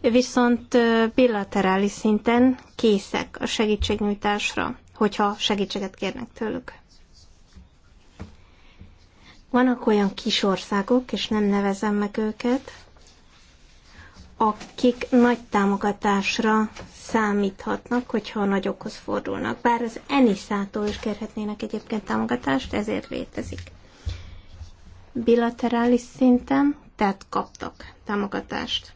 viszont bilaterális szinten készek a segítségnyújtásra, hogyha segítséget kérnek tőlük. Vannak olyan kis országok, és nem nevezem meg őket, akik nagy támogatásra számíthatnak, hogyha a nagyokhoz fordulnak. Bár az Enisától is kérhetnének egyébként támogatást, ezért létezik bilaterális szinten, tehát kaptak támogatást.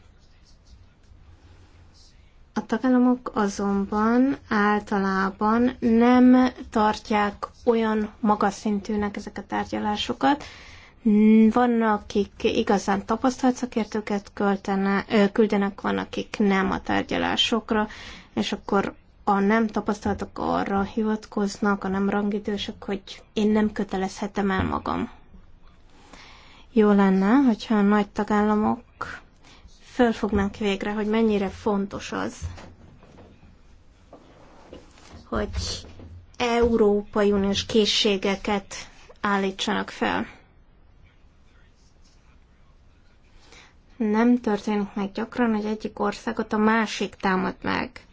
A tagállamok azonban általában nem tartják olyan magas szintűnek ezeket a tárgyalásokat. Vannak, akik igazán tapasztalt szakértőket küldenek, van, akik nem a tárgyalásokra, és akkor a nem tapasztaltak arra hivatkoznak, a nem rangidősök, hogy én nem kötelezhetem el magam. Jó lenne, hogyha a nagy tagállamok fölfognak végre, hogy mennyire fontos az, hogy Európai Uniós készségeket állítsanak fel. Nem történik meg gyakran, hogy egyik országot a másik támad meg.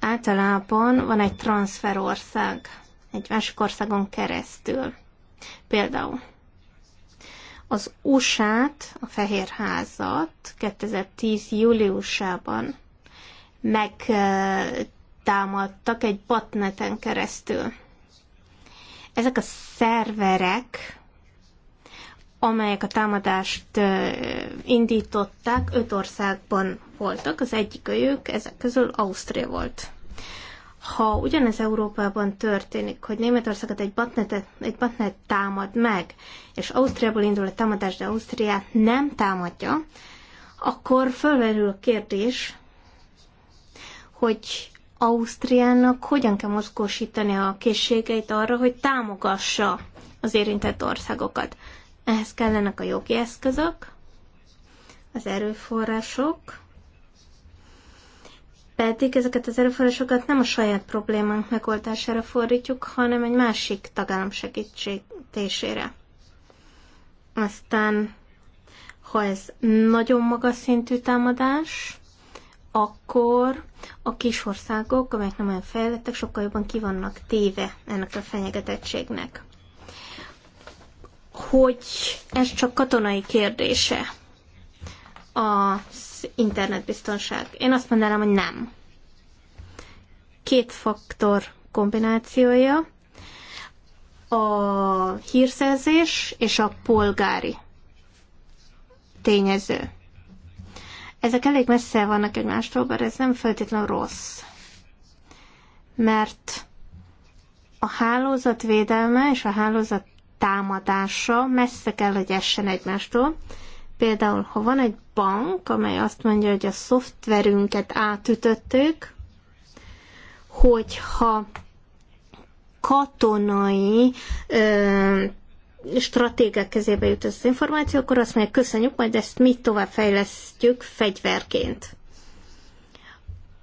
Általában van egy transferország egy másik országon keresztül. Például az USA-t, a Fehér Házat 2010. júliusában megtámadtak egy botneten keresztül. Ezek a szerverek, amelyek a támadást indították, öt országban voltak, az egyik ők, ezek közül Ausztria volt ha ugyanez Európában történik, hogy Németországot egy batnet egy batnet támad meg, és Ausztriából indul a támadás, de Ausztriát nem támadja, akkor fölmerül a kérdés, hogy Ausztriának hogyan kell mozgósítani a készségeit arra, hogy támogassa az érintett országokat. Ehhez kellenek a jogi eszközök, az erőforrások, pedig ezeket az erőforrásokat nem a saját problémánk megoldására fordítjuk, hanem egy másik tagállam segítségtésére. Aztán, ha ez nagyon magas szintű támadás, akkor a kis országok, amelyek nem olyan fejlettek, sokkal jobban kivannak téve ennek a fenyegetettségnek. Hogy ez csak katonai kérdése. Az internetbiztonság? Én azt mondanám, hogy nem. Két faktor kombinációja, a hírszerzés és a polgári tényező. Ezek elég messze vannak egymástól, bár ez nem feltétlenül rossz. Mert a hálózat védelme és a hálózat támadása messze kell, hogy essen egymástól, Például, ha van egy bank, amely azt mondja, hogy a szoftverünket átütöttük, hogyha katonai ö, stratégek kezébe jut az információ, akkor azt mondja, köszönjük, majd ezt mi továbbfejlesztjük fegyverként.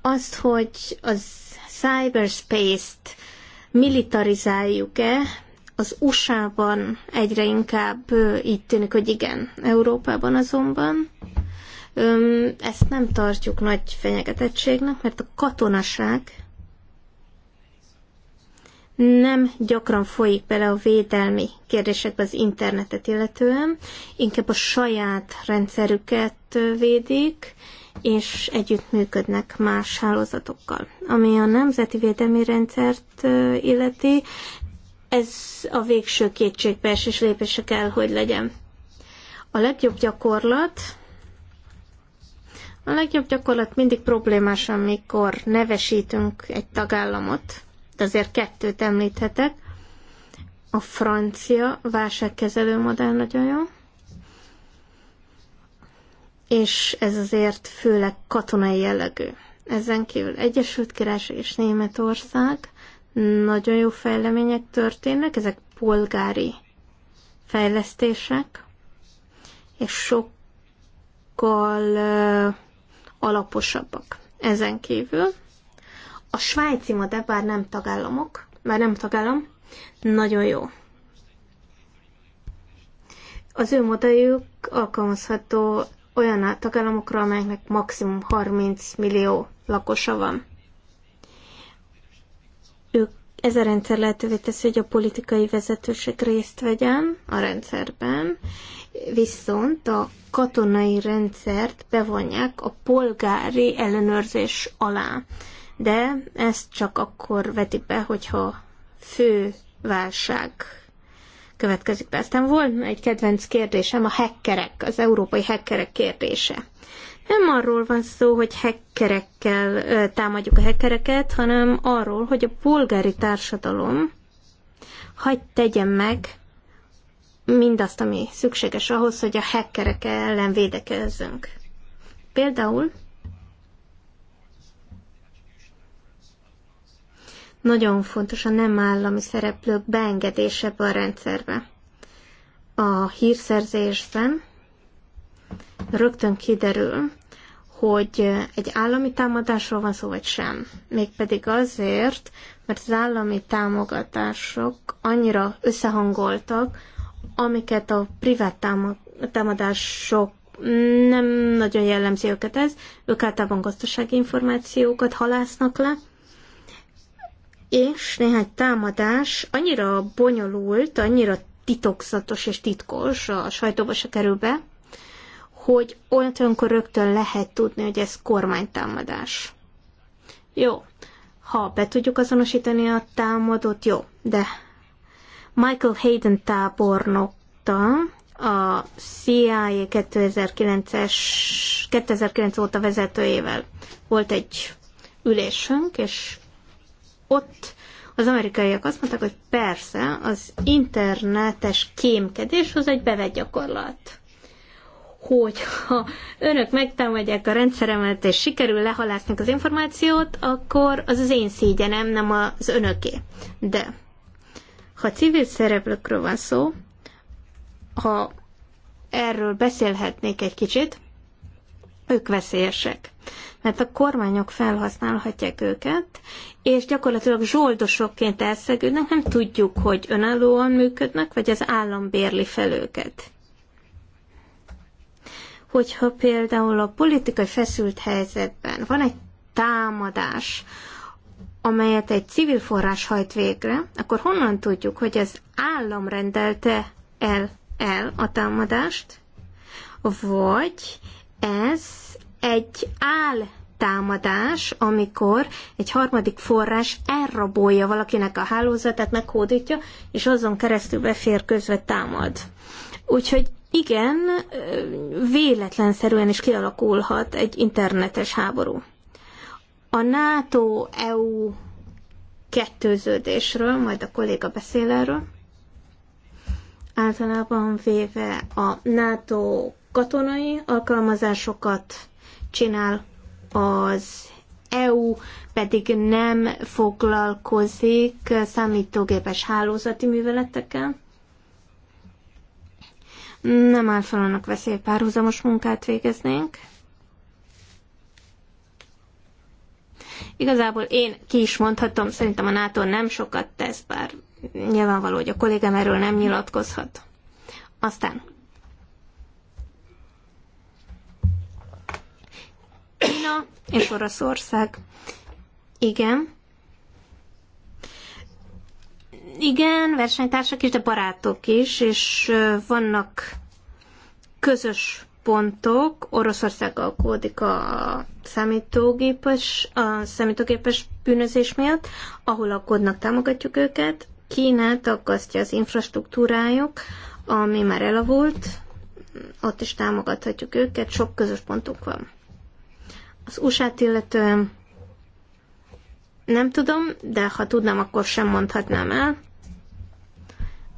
Azt, hogy az cyberspace-t militarizáljuk-e, az USA-ban egyre inkább így tűnik, hogy igen. Európában azonban ezt nem tartjuk nagy fenyegetettségnek, mert a katonaság nem gyakran folyik bele a védelmi kérdésekbe az internetet illetően, inkább a saját rendszerüket védik, és együttműködnek más hálózatokkal. Ami a nemzeti védelmi rendszert illeti, ez a végső kétségbeesés lépése kell, hogy legyen. A legjobb gyakorlat, a legjobb gyakorlat mindig problémás, amikor nevesítünk egy tagállamot, de azért kettőt említhetek. A francia válságkezelő modell nagyon jó, és ez azért főleg katonai jellegű. Ezen kívül Egyesült Királyság és Németország nagyon jó fejlemények történnek, ezek polgári fejlesztések, és sokkal alaposabbak. Ezen kívül a svájci modell, bár nem tagállamok, már nem tagállam, nagyon jó. Az ő modelljük alkalmazható olyan tagállamokra, amelyeknek maximum 30 millió lakosa van ez a rendszer lehetővé teszi, hogy a politikai vezetőség részt vegyen a rendszerben, viszont a katonai rendszert bevonják a polgári ellenőrzés alá. De ezt csak akkor veti be, hogyha fő válság következik be. Aztán volt egy kedvenc kérdésem, a hackerek, az európai hackerek kérdése. Nem arról van szó, hogy hekkerekkel támadjuk a hekkereket, hanem arról, hogy a polgári társadalom hagy tegyen meg mindazt, ami szükséges ahhoz, hogy a hekkerek ellen védekezzünk. Például nagyon fontos a nem állami szereplők beengedése ebbe a rendszerbe. A hírszerzésben rögtön kiderül, hogy egy állami támadásról van szó, vagy sem. Mégpedig azért, mert az állami támogatások annyira összehangoltak, amiket a privát támadások nem nagyon jellemzi őket ez, ők általában gazdasági információkat halásznak le, és néhány támadás annyira bonyolult, annyira titokzatos és titkos, a sajtóba se kerül be, hogy olyankor rögtön lehet tudni, hogy ez kormánytámadás. Jó, ha be tudjuk azonosítani a támadót, jó, de Michael Hayden tábornokta a CIA 2009-es, 2009 óta vezetőjével volt egy ülésünk, és ott az amerikaiak azt mondták, hogy persze, az internetes kémkedés az egy bevett gyakorlat hogy ha önök megtámadják a rendszeremet, és sikerül lehalászni az információt, akkor az az én szígyenem, nem az önöké. De ha civil szereplőkről van szó, ha erről beszélhetnék egy kicsit, ők veszélyesek. Mert a kormányok felhasználhatják őket, és gyakorlatilag zsoldosokként elszegődnek, nem tudjuk, hogy önállóan működnek, vagy az állam bérli fel őket hogyha például a politikai feszült helyzetben van egy támadás, amelyet egy civil forrás hajt végre, akkor honnan tudjuk, hogy az állam rendelte el, el a támadást, vagy ez egy áll támadás, amikor egy harmadik forrás elrabolja valakinek a hálózatát, meghódítja, és azon keresztül beférközve támad. Úgyhogy igen, véletlenszerűen is kialakulhat egy internetes háború. A NATO-EU kettőződésről, majd a kolléga beszél erről. Általában véve a NATO katonai alkalmazásokat csinál, az EU pedig nem foglalkozik számítógépes hálózati műveletekkel nem áll fel annak veszély, párhuzamos munkát végeznénk. Igazából én ki is mondhatom, szerintem a NATO nem sokat tesz, bár nyilvánvaló, hogy a kollégám erről nem nyilatkozhat. Aztán Kína és Oroszország. Igen, igen, versenytársak is, de barátok is, és vannak közös pontok. Oroszország aggódik a számítógépes, a számítógépes bűnözés miatt, ahol aggódnak, támogatjuk őket. Kínát aggasztja az infrastruktúrájuk, ami már elavult, ott is támogathatjuk őket, sok közös pontunk van. Az USA-t illetően nem tudom, de ha tudnám, akkor sem mondhatnám el.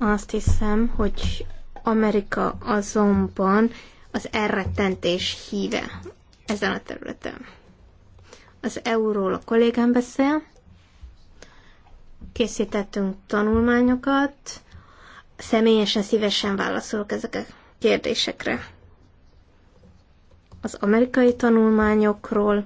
Azt hiszem, hogy Amerika azonban az elrettentés híve ezen a területen. Az EU-ról a kollégám beszél, készítettünk tanulmányokat, személyesen szívesen válaszolok ezek a kérdésekre. Az amerikai tanulmányokról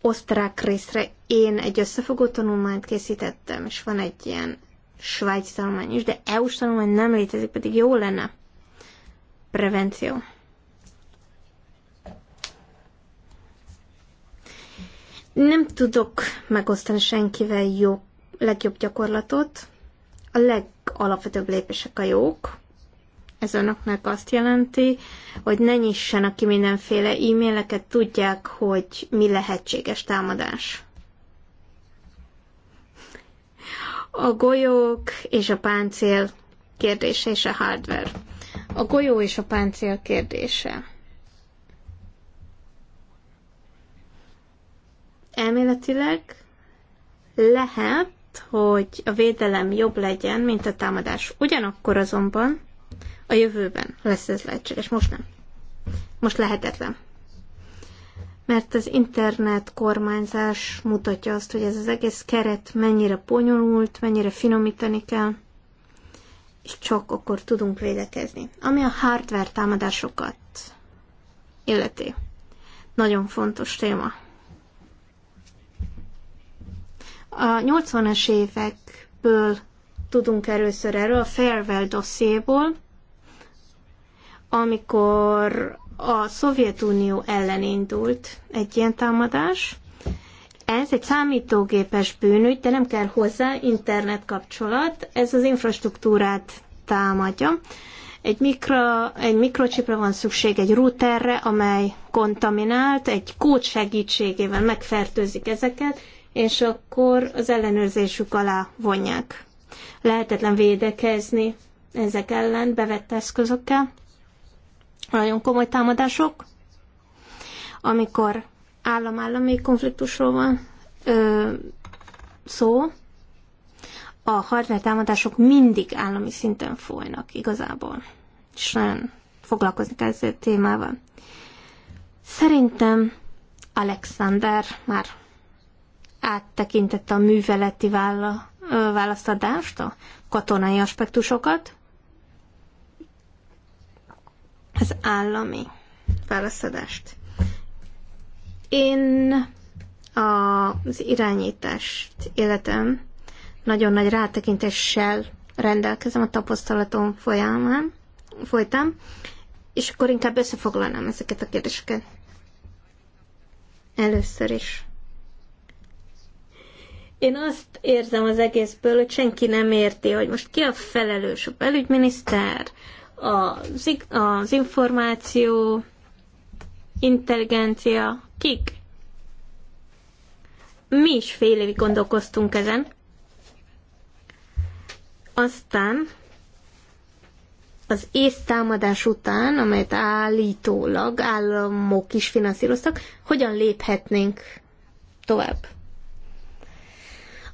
osztrák részre én egy összefogó tanulmányt készítettem, és van egy ilyen svájci tanulmány is, de EU-s tanulmány nem létezik, pedig jó lenne. Prevenció. Nem tudok megosztani senkivel jó, legjobb gyakorlatot. A legalapvetőbb lépések a jók. Ez önöknek azt jelenti, hogy ne nyissanak ki mindenféle e-maileket, tudják, hogy mi lehetséges támadás. A golyók és a páncél kérdése és a hardware. A golyó és a páncél kérdése. Elméletileg lehet, hogy a védelem jobb legyen, mint a támadás. Ugyanakkor azonban a jövőben lesz ez lehetséges. Most nem. Most lehetetlen mert az internet kormányzás mutatja azt, hogy ez az egész keret mennyire bonyolult, mennyire finomítani kell, és csak akkor tudunk védekezni. Ami a hardware támadásokat illeti. Nagyon fontos téma. A 80-as évekből tudunk először erről, a Farewell dossziéból, amikor a Szovjetunió ellen indult egy ilyen támadás. Ez egy számítógépes bűnügy, de nem kell hozzá internetkapcsolat. Ez az infrastruktúrát támadja. Egy, mikro, egy mikrocsipre van szükség, egy routerre, amely kontaminált, egy kód segítségével megfertőzik ezeket, és akkor az ellenőrzésük alá vonják. Lehetetlen védekezni ezek ellen bevett eszközökkel nagyon komoly támadások, amikor állam-állami konfliktusról van ö, szó, a hardware támadások mindig állami szinten folynak igazából. És nagyon foglalkozni kell ezzel a témával. Szerintem Alexander már áttekintette a műveleti vála, választadást, a katonai aspektusokat, az állami válaszadást. Én a, az irányítást életem nagyon nagy rátekintéssel rendelkezem a tapasztalatom folyamán, folytam és akkor inkább összefoglalnám ezeket a kérdéseket. Először is. Én azt érzem az egészből, hogy senki nem érti, hogy most ki a felelős, a belügyminiszter, az, az információ, intelligencia, kik? Mi is fél évig gondolkoztunk ezen. Aztán az észtámadás után, amelyet állítólag államok is finanszíroztak, hogyan léphetnénk tovább?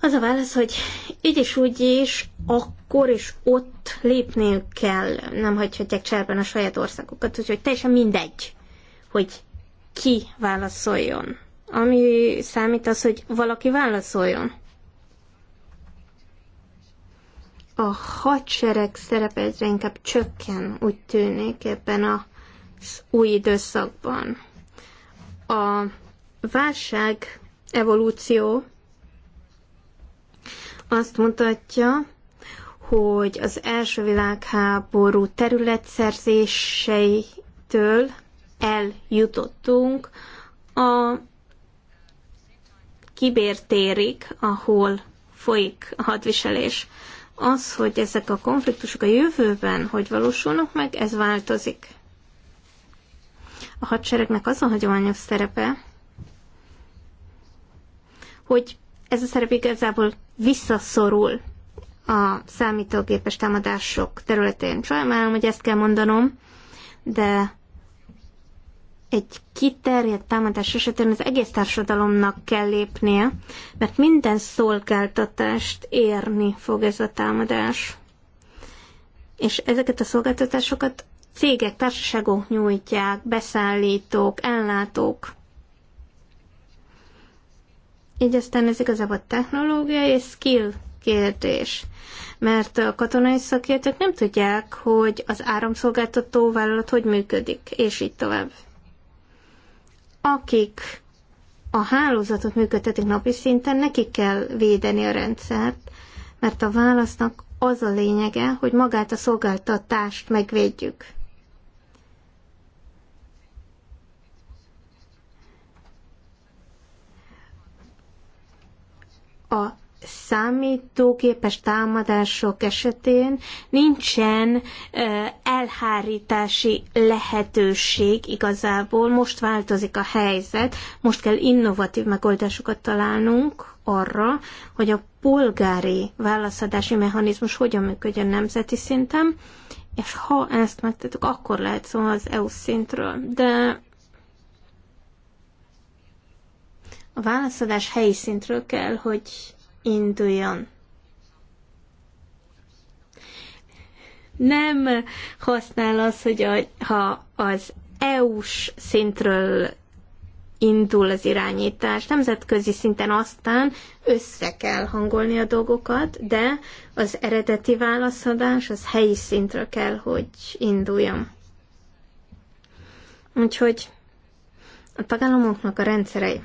Az a válasz, hogy így is úgy is, akkor is ott lépniük kell, nem hagyhatják cserben a saját országokat, úgyhogy teljesen mindegy, hogy ki válaszoljon. Ami számít az, hogy valaki válaszoljon. A hadsereg szerepe egyre inkább csökken, úgy tűnik ebben az új időszakban. A válság evolúció azt mutatja, hogy az első világháború területszerzéseitől eljutottunk a kibértérig, ahol folyik a hadviselés. Az, hogy ezek a konfliktusok a jövőben hogy valósulnak meg, ez változik. A hadseregnek az a hagyományos szerepe, hogy ez a szerep igazából visszaszorul a számítógépes támadások területén. Sajnálom, hogy ezt kell mondanom, de egy kiterjedt támadás esetén az egész társadalomnak kell lépnie, mert minden szolgáltatást érni fog ez a támadás. És ezeket a szolgáltatásokat cégek, társaságok nyújtják, beszállítók, ellátók. Így aztán ez igazából technológia és skill kérdés. Mert a katonai szakértők nem tudják, hogy az áramszolgáltató vállalat hogy működik, és így tovább. Akik a hálózatot működtetik napi szinten, neki kell védeni a rendszert, mert a válasznak az a lényege, hogy magát a szolgáltatást megvédjük. a számítógépes támadások esetén nincsen elhárítási lehetőség igazából. Most változik a helyzet, most kell innovatív megoldásokat találnunk arra, hogy a polgári válaszadási mechanizmus hogyan működjön nemzeti szinten, és ha ezt megtettük, akkor lehet szó az EU szintről. De a válaszadás helyi szintről kell, hogy induljon. Nem használ az, hogy a, ha az EU-s szintről indul az irányítás. Nemzetközi szinten aztán össze kell hangolni a dolgokat, de az eredeti válaszadás az helyi szintről kell, hogy induljon. Úgyhogy a tagállamoknak a rendszerei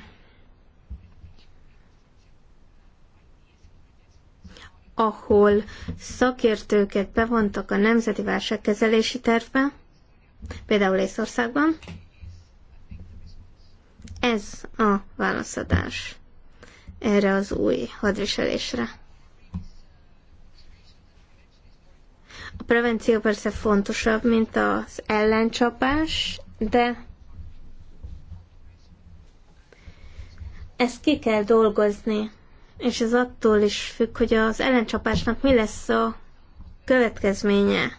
ahol szakértőket bevontak a Nemzeti Válságkezelési Tervbe, például Észországban. Ez a válaszadás erre az új hadviselésre. A prevenció persze fontosabb, mint az ellencsapás, de ezt ki kell dolgozni és ez attól is függ, hogy az ellencsapásnak mi lesz a következménye.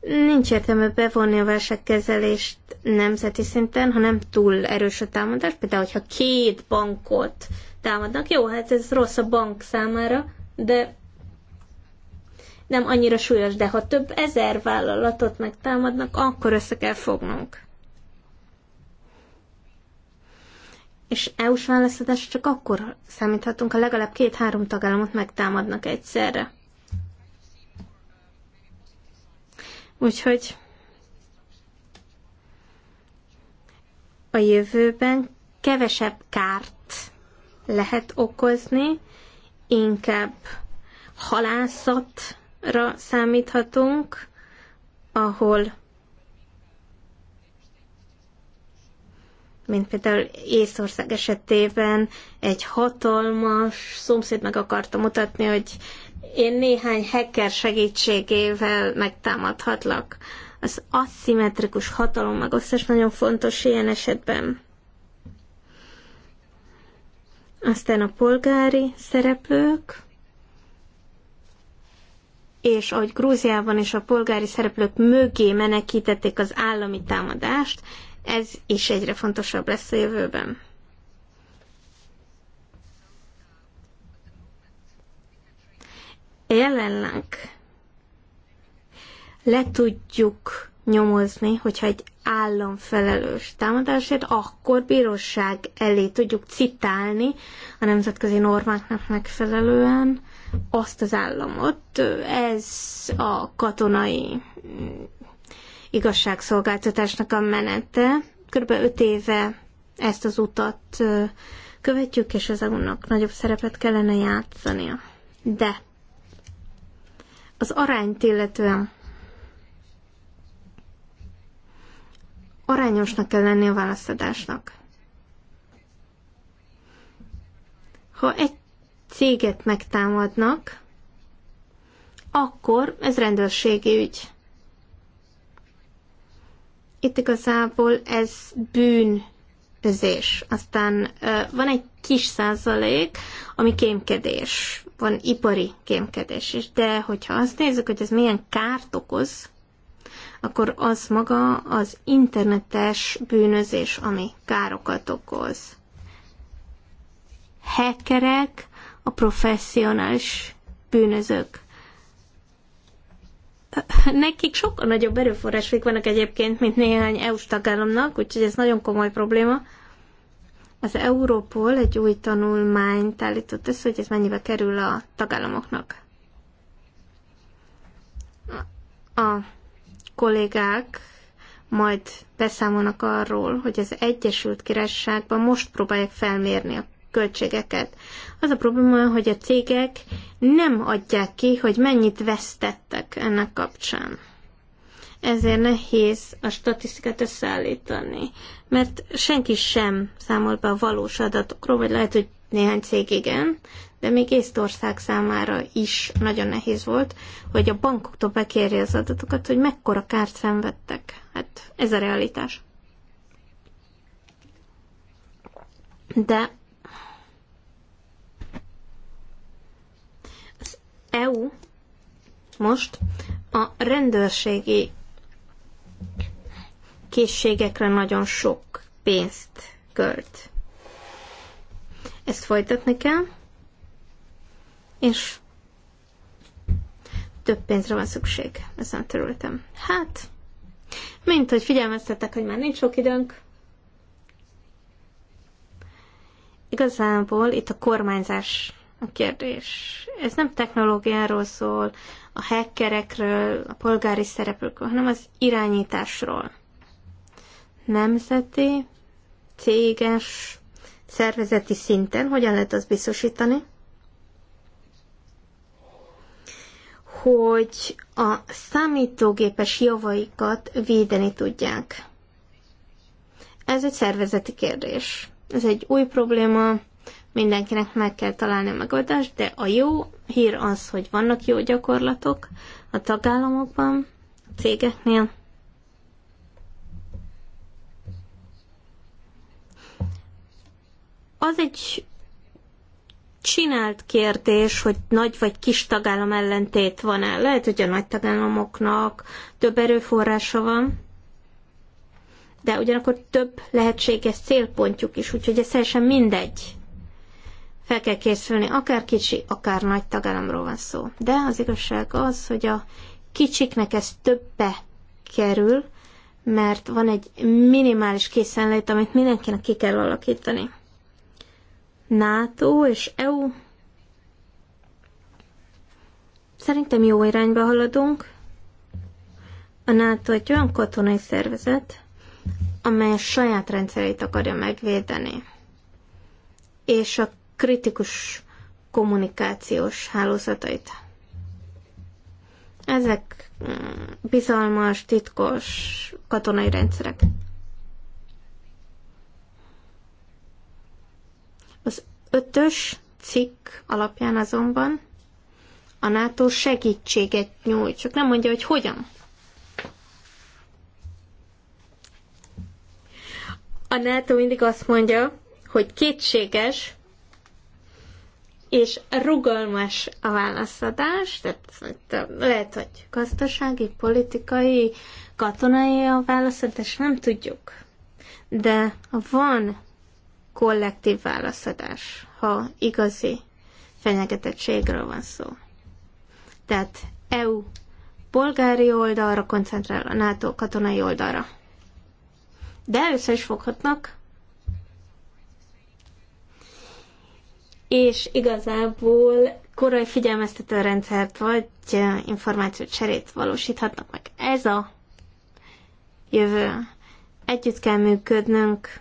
Nincs értelme bevonni a válságkezelést nemzeti szinten, ha nem túl erős a támadás. Például, hogyha két bankot támadnak, jó, hát ez rossz a bank számára, de nem annyira súlyos, de ha több ezer vállalatot megtámadnak, akkor össze kell fognunk. és EU-s választás csak akkor számíthatunk, ha legalább két-három tagállamot megtámadnak egyszerre. Úgyhogy a jövőben kevesebb kárt lehet okozni, inkább halászatra számíthatunk, ahol mint például Észország esetében egy hatalmas szomszéd meg akarta mutatni, hogy én néhány hacker segítségével megtámadhatlak. Az aszimmetrikus hatalom megosztás nagyon fontos ilyen esetben. Aztán a polgári szereplők, és ahogy Grúziában és a polgári szereplők mögé menekítették az állami támadást, ez is egyre fontosabb lesz a jövőben. Jelenleg le tudjuk nyomozni, hogyha egy államfelelős támadásért, akkor bíróság elé tudjuk citálni a nemzetközi normáknak megfelelően azt az államot. Ez a katonai igazságszolgáltatásnak a menete. Körülbelül öt éve ezt az utat követjük, és az EU-nak nagyobb szerepet kellene játszania. De az arányt illetően arányosnak kell lenni a választadásnak. Ha egy céget megtámadnak, akkor ez rendőrségi ügy itt igazából ez bűnözés. Aztán van egy kis százalék, ami kémkedés, van ipari kémkedés is, de hogyha azt nézzük, hogy ez milyen kárt okoz, akkor az maga az internetes bűnözés, ami károkat okoz. Hackerek, a professzionális bűnözők nekik sokkal nagyobb erőforrások vannak egyébként, mint néhány EU-s tagállamnak, úgyhogy ez nagyon komoly probléma. Az Európol egy új tanulmányt állított össze, hogy ez mennyibe kerül a tagállamoknak. A kollégák majd beszámolnak arról, hogy az Egyesült Királyságban most próbálják felmérni a költségeket. Az a probléma, hogy a cégek nem adják ki, hogy mennyit vesztettek ennek kapcsán. Ezért nehéz a statisztikát összeállítani, mert senki sem számol be a valós adatokról, vagy lehet, hogy néhány cég igen, de még Észtország számára is nagyon nehéz volt, hogy a bankoktól bekérje az adatokat, hogy mekkora kárt szenvedtek. Hát ez a realitás. De EU most a rendőrségi készségekre nagyon sok pénzt költ. Ezt folytatni kell, és több pénzre van szükség ezen a területen. Hát, mint hogy figyelmeztetek, hogy már nincs sok időnk. Igazából itt a kormányzás a kérdés. Ez nem technológiáról szól, a hackerekről, a polgári szereplőkről, hanem az irányításról. Nemzeti, céges, szervezeti szinten hogyan lehet azt biztosítani, hogy a számítógépes javaikat védeni tudják. Ez egy szervezeti kérdés. Ez egy új probléma, mindenkinek meg kell találni a megoldást, de a jó hír az, hogy vannak jó gyakorlatok a tagállamokban, a cégeknél. Az egy csinált kérdés, hogy nagy vagy kis tagállam ellentét van-e. Lehet, hogy a nagy tagállamoknak több erőforrása van, de ugyanakkor több lehetséges célpontjuk is, úgyhogy ez teljesen mindegy fel kell készülni, akár kicsi, akár nagy tagállamról van szó. De az igazság az, hogy a kicsiknek ez többe kerül, mert van egy minimális készenlét, amit mindenkinek ki kell alakítani. NATO és EU szerintem jó irányba haladunk. A NATO egy olyan katonai szervezet, amely a saját rendszereit akarja megvédeni. És a kritikus kommunikációs hálózatait. Ezek mm, bizalmas, titkos katonai rendszerek. Az ötös cikk alapján azonban a NATO segítséget nyújt, csak nem mondja, hogy hogyan. A NATO mindig azt mondja, hogy kétséges, és rugalmas a válaszadás, tehát lehet, hogy gazdasági, politikai, katonai a válaszadás, nem tudjuk. De van kollektív válaszadás, ha igazi fenyegetettségről van szó. Tehát EU polgári oldalra koncentrál, a NATO katonai oldalra. De össze is foghatnak és igazából korai figyelmeztető rendszert vagy információt cserét valósíthatnak meg. Ez a jövő. Együtt kell működnünk,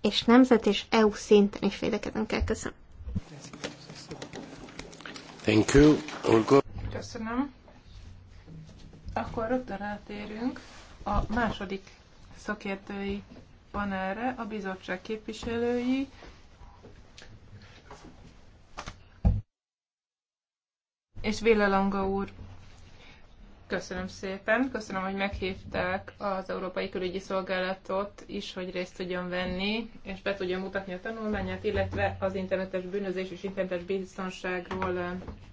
és nemzet és EU szinten is védekeznünk kell. Köszönöm. Thank you. Olga. Köszönöm. Akkor rögtön rátérünk a második szakértői panelre, a bizottság képviselői, és Langa úr. Köszönöm szépen, köszönöm, hogy meghívták az Európai Külügyi Szolgálatot is, hogy részt tudjon venni, és be tudjon mutatni a tanulmányát, illetve az internetes bűnözés és internetes biztonságról eh,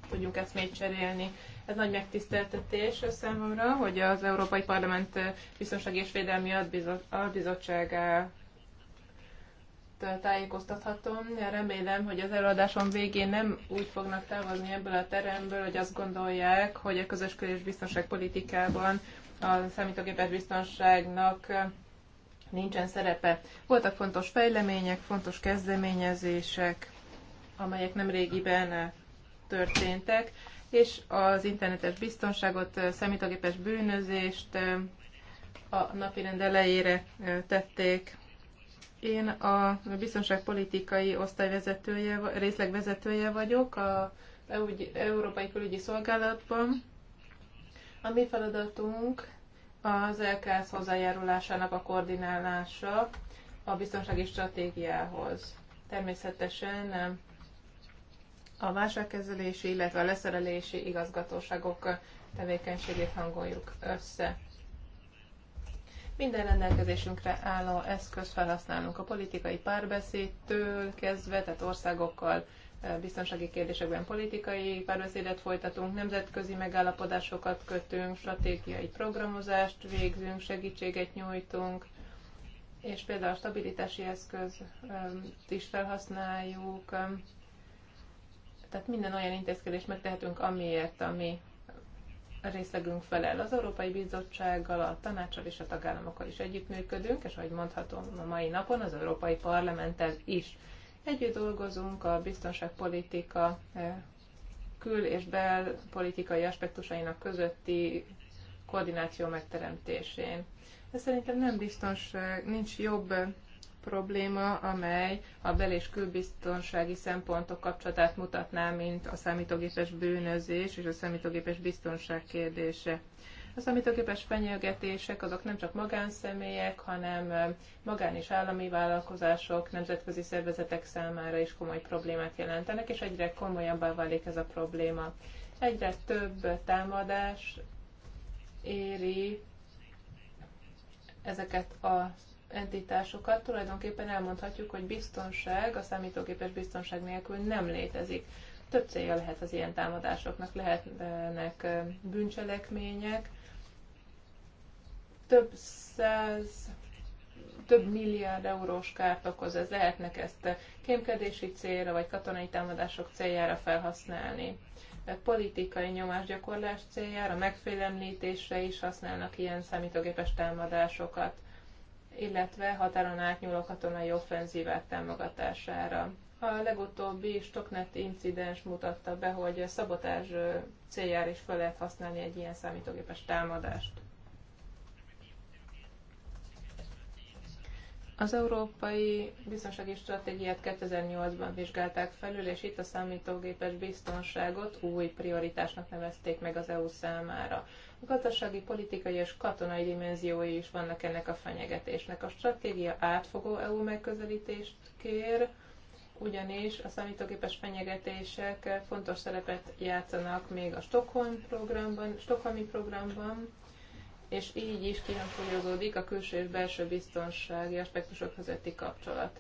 tudjunk még cserélni. Ez nagy megtiszteltetés számomra, hogy az Európai Parlament eh, Biztonsági és Védelmi Albizottságához tájékoztathatom. Remélem, hogy az előadásom végén nem úgy fognak távozni ebből a teremből, hogy azt gondolják, hogy a közös kör és politikában a számítógépes biztonságnak nincsen szerepe. Voltak fontos fejlemények, fontos kezdeményezések, amelyek nem régiben történtek, és az internetes biztonságot, számítógépes bűnözést a napirend elejére tették én a biztonságpolitikai osztály vezetője, részleg vezetője vagyok a Európai Külügyi Szolgálatban. A mi feladatunk az LKS hozzájárulásának a koordinálása a biztonsági stratégiához. Természetesen a válságkezelési, illetve a leszerelési igazgatóságok tevékenységét hangoljuk össze. Minden rendelkezésünkre álló eszközt felhasználunk a politikai párbeszédtől kezdve, tehát országokkal eh, biztonsági kérdésekben politikai párbeszédet folytatunk, nemzetközi megállapodásokat kötünk, stratégiai programozást végzünk, segítséget nyújtunk, és például a stabilitási eszköz is felhasználjuk. Tehát minden olyan intézkedést megtehetünk, amiért, ami részlegünk felel. Az Európai Bizottsággal, a tanácsal és a tagállamokkal is együttműködünk, és ahogy mondhatom a mai napon, az Európai Parlamenttel is. Együtt dolgozunk a biztonságpolitika eh, kül- és belpolitikai aspektusainak közötti koordináció megteremtésén. De szerintem nem biztonság, nincs jobb eh, probléma, amely a bel- és külbiztonsági szempontok kapcsolatát mutatná, mint a számítógépes bűnözés és a számítógépes biztonság kérdése. A számítógépes fenyegetések azok nem csak magánszemélyek, hanem magán és állami vállalkozások, nemzetközi szervezetek számára is komoly problémát jelentenek, és egyre komolyabbá válik ez a probléma. Egyre több támadás éri ezeket a entitásokat, tulajdonképpen elmondhatjuk, hogy biztonság, a számítógépes biztonság nélkül nem létezik. Több célja lehet az ilyen támadásoknak, lehetnek bűncselekmények, több száz, több milliárd eurós kárt okoz, ez lehetnek ezt kémkedési célra vagy katonai támadások céljára felhasználni. Politikai nyomásgyakorlás céljára, megfélemlítésre is használnak ilyen számítógépes támadásokat illetve határon átnyúló katonai offenzívák támogatására. A legutóbbi Stocknet incidens mutatta be, hogy szabotázs céljára is fel lehet használni egy ilyen számítógépes támadást. Az Európai Biztonsági Stratégiát 2008-ban vizsgálták felül, és itt a számítógépes biztonságot új prioritásnak nevezték meg az EU számára. A gazdasági, politikai és katonai dimenziói is vannak ennek a fenyegetésnek. A stratégia átfogó EU megközelítést kér, ugyanis a számítógépes fenyegetések fontos szerepet játszanak még a Stockholm programban, Stockholmi programban, és így is kihangsúlyozódik a külső és belső biztonsági aspektusok közötti kapcsolat.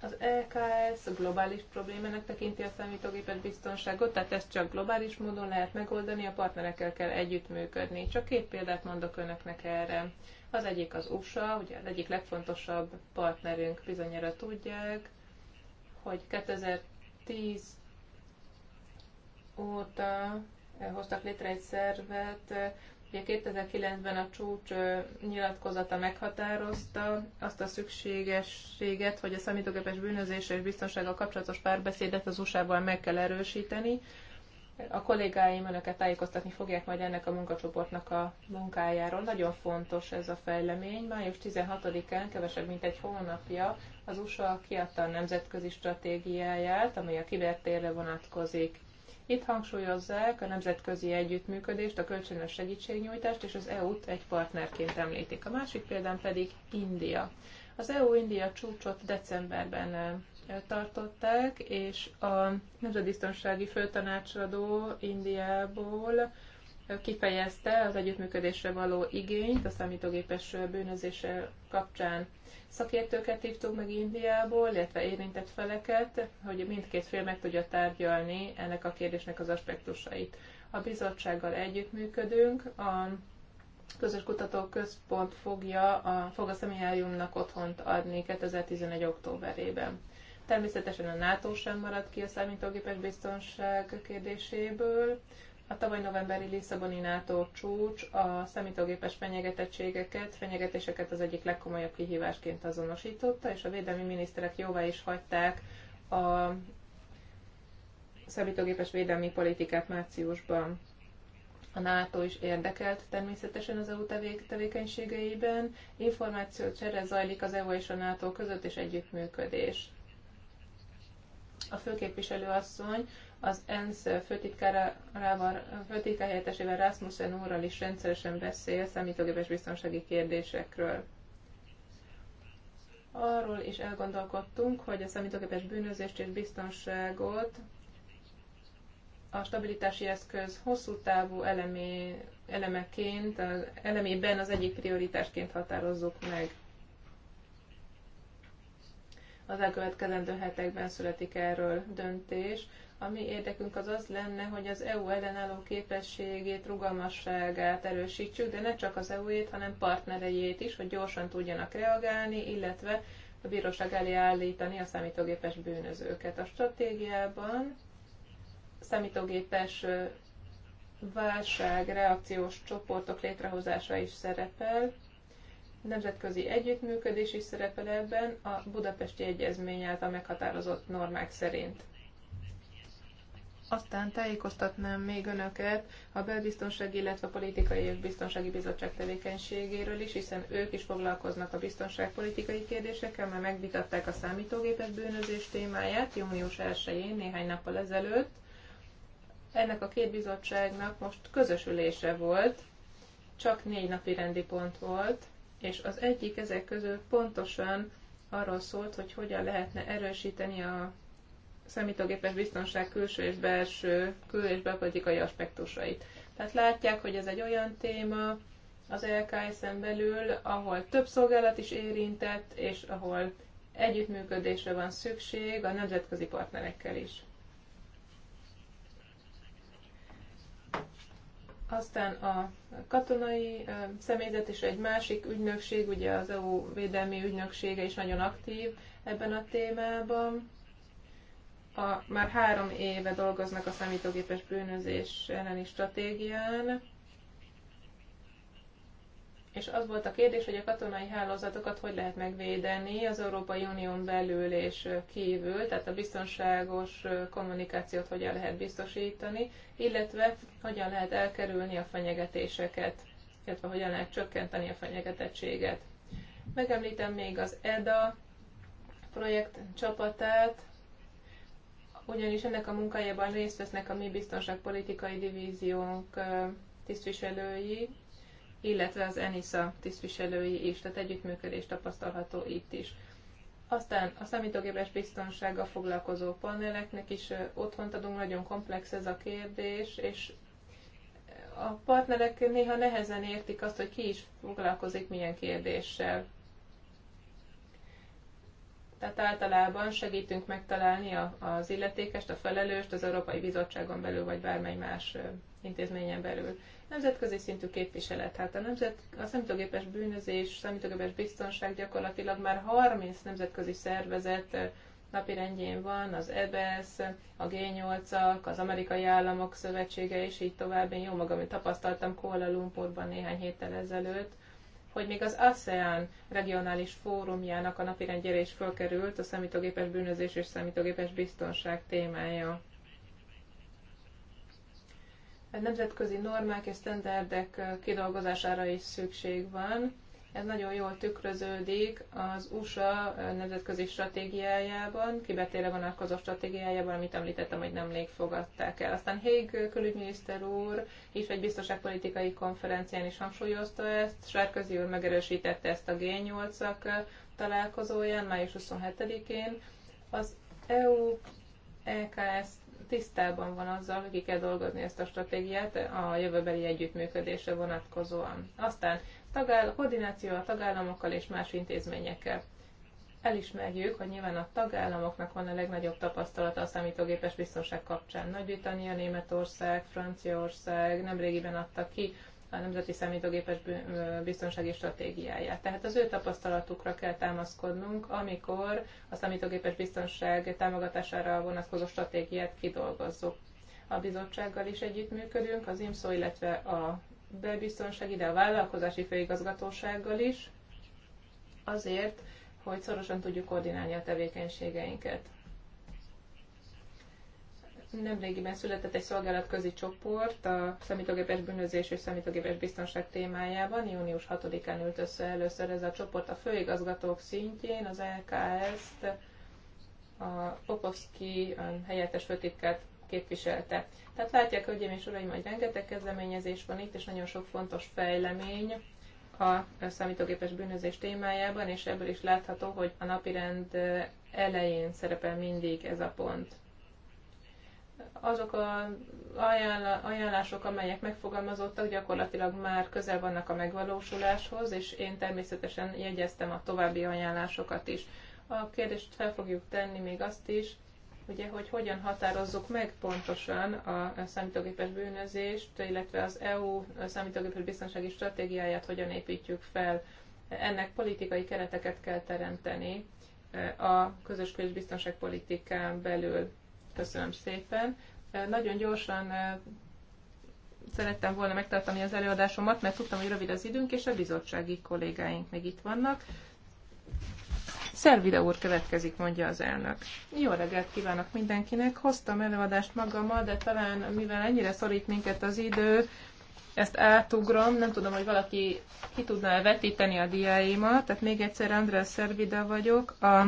Az EKS globális problémának tekinti a számítógépes biztonságot, tehát ezt csak globális módon lehet megoldani, a partnerekkel kell együttműködni. Csak két példát mondok önöknek erre. Az egyik az USA, ugye az egyik legfontosabb partnerünk, bizonyára tudják, hogy 2010 óta hoztak létre egy szervet. Ugye 2009-ben a csúcs nyilatkozata meghatározta azt a szükségességet, hogy a számítógépes bűnözés és biztonsággal kapcsolatos párbeszédet az USA-ban meg kell erősíteni. A kollégáim önöket tájékoztatni fogják majd ennek a munkacsoportnak a munkájáról. Nagyon fontos ez a fejlemény. Május 16-án, kevesebb mint egy hónapja, az USA kiadta a nemzetközi stratégiáját, amely a kibertérre vonatkozik. Itt hangsúlyozzák a nemzetközi együttműködést, a kölcsönös segítségnyújtást és az EU-t egy partnerként említik. A másik példán pedig India. Az EU-India csúcsot decemberben eh, tartották, és a nemzetbiztonsági főtanácsadó Indiából eh, kifejezte az együttműködésre való igényt a számítógépes bűnözése kapcsán szakértőket hívtunk meg Indiából, illetve érintett feleket, hogy mindkét fél meg tudja tárgyalni ennek a kérdésnek az aspektusait. A bizottsággal együttműködünk, a közös kutatóközpont fogja a, fog a szemináriumnak otthont adni 2011. októberében. Természetesen a NATO sem maradt ki a számítógépes biztonság kérdéséből, a tavaly novemberi Lisszaboni NATO csúcs a számítógépes fenyegetettségeket, fenyegetéseket az egyik legkomolyabb kihívásként azonosította, és a védelmi miniszterek jóvá is hagyták a számítógépes védelmi politikát márciusban. A NATO is érdekelt természetesen az EU tevé- tevékenységeiben. Információ csere zajlik az EU és a NATO között, és együttműködés a főképviselő asszony az ENSZ főtitkárhelyettesével Rasmussen úrral is rendszeresen beszél számítógépes biztonsági kérdésekről. Arról is elgondolkodtunk, hogy a számítógépes bűnözést és biztonságot a stabilitási eszköz hosszú távú elemé, elemeként, elemében az egyik prioritásként határozzuk meg. Az elkövetkezendő hetekben születik erről döntés. A mi érdekünk az az lenne, hogy az EU ellenálló képességét, rugalmasságát erősítsük, de ne csak az EU-ét, hanem partnerejét is, hogy gyorsan tudjanak reagálni, illetve a bíróság elé állítani a számítógépes bűnözőket. A stratégiában számítógépes válság reakciós csoportok létrehozása is szerepel, nemzetközi együttműködés is szerepel ebben a budapesti egyezmény által meghatározott normák szerint. Aztán tájékoztatnám még Önöket a Belbiztonsági, illetve a Politikai és Biztonsági Bizottság tevékenységéről is, hiszen ők is foglalkoznak a biztonságpolitikai kérdésekkel, mert megvitatták a számítógépes bűnözés témáját június 1-én, néhány nappal ezelőtt. Ennek a két bizottságnak most közös ülése volt, csak négy napi rendi pont volt, és az egyik ezek közül pontosan arról szólt, hogy hogyan lehetne erősíteni a számítógépes biztonság külső és belső, kül- és belpolitikai aspektusait. Tehát látják, hogy ez egy olyan téma az LKS-en belül, ahol több szolgálat is érintett, és ahol együttműködésre van szükség a nemzetközi partnerekkel is. Aztán a katonai személyzet és egy másik ügynökség, ugye az EU védelmi ügynöksége is nagyon aktív ebben a témában. A, már három éve dolgoznak a számítógépes bűnözés elleni stratégián és az volt a kérdés, hogy a katonai hálózatokat hogy lehet megvédeni az Európai Unión belül és kívül, tehát a biztonságos kommunikációt hogyan lehet biztosítani, illetve hogyan lehet elkerülni a fenyegetéseket, illetve hogyan lehet csökkenteni a fenyegetettséget. Megemlítem még az EDA projekt csapatát, ugyanis ennek a munkájában részt vesznek a mi biztonságpolitikai divíziónk tisztviselői, illetve az ENISA tisztviselői is, tehát együttműködés tapasztalható itt is. Aztán a számítógépes biztonsággal foglalkozó paneleknek is otthont adunk, nagyon komplex ez a kérdés, és a partnerek néha nehezen értik azt, hogy ki is foglalkozik milyen kérdéssel. Tehát általában segítünk megtalálni az illetékest, a felelőst az Európai Bizottságon belül, vagy bármely más intézményen belül. Nemzetközi szintű képviselet. tehát a, nemzet, a számítógépes bűnözés, számítógépes biztonság gyakorlatilag már 30 nemzetközi szervezet eh, napirendjén van, az EBS, e a G8-ak, az Amerikai Államok Szövetsége, és így tovább. Én jó magam, hogy tapasztaltam Kuala Lumpurban néhány héttel ezelőtt, hogy még az ASEAN regionális fórumjának a napirendjére is fölkerült a számítógépes bűnözés és számítógépes biztonság témája nemzetközi normák és sztenderdek kidolgozására is szükség van. Ez nagyon jól tükröződik az USA nemzetközi stratégiájában, kibetér vonatkozó stratégiájában, amit említettem, hogy nemrég fogadták el. Aztán Hég külügyminiszter úr is egy biztonságpolitikai konferencián is hangsúlyozta ezt, Sárközi úr megerősítette ezt a G8-ak találkozóján, május 27-én. Az EU EKS tisztában van azzal, hogy ki kell dolgozni ezt a stratégiát a jövőbeli együttműködésre vonatkozóan. Aztán tagáll- koordináció a tagállamokkal és más intézményekkel. Elismerjük, hogy nyilván a tagállamoknak van a legnagyobb tapasztalata a számítógépes biztonság kapcsán. Nagy-Britannia, Németország, Franciaország nemrégiben adta ki a Nemzeti Számítógépes Biztonsági Stratégiáját. Tehát az ő tapasztalatukra kell támaszkodnunk, amikor a számítógépes biztonság támogatására vonatkozó stratégiát kidolgozzuk. A bizottsággal is együttműködünk, az IMSZO, illetve a belbiztonság, ide a vállalkozási főigazgatósággal is, azért, hogy szorosan tudjuk koordinálni a tevékenységeinket. Nemrégiben született egy szolgálatközi csoport a számítógépes bűnözés és számítógépes biztonság témájában. Június 6-án ült össze először ez a csoport a főigazgatók szintjén, az LKS-t, a Popovski helyettes főtitkát képviselte. Tehát látják, hölgyeim és uraim, hogy rengeteg kezdeményezés van itt, és nagyon sok fontos fejlemény a számítógépes bűnözés témájában, és ebből is látható, hogy a napirend elején szerepel mindig ez a pont azok a ajánlások, amelyek megfogalmazottak, gyakorlatilag már közel vannak a megvalósuláshoz, és én természetesen jegyeztem a további ajánlásokat is. A kérdést fel fogjuk tenni még azt is, ugye, hogy hogyan határozzuk meg pontosan a számítógépes bűnözést, illetve az EU számítógépes biztonsági stratégiáját hogyan építjük fel. Ennek politikai kereteket kell teremteni eh, a közös külbiztonságpolitikán belül. Köszönöm szépen. Nagyon gyorsan szerettem volna megtartani az előadásomat, mert tudtam, hogy rövid az időnk, és a bizottsági kollégáink még itt vannak. Szervide úr következik, mondja az elnök. Jó reggelt kívánok mindenkinek. Hoztam előadást magammal, de talán mivel ennyire szorít minket az idő, ezt átugrom, nem tudom, hogy valaki ki tudná vetíteni a diáimat. Tehát még egyszer András Szervida vagyok, a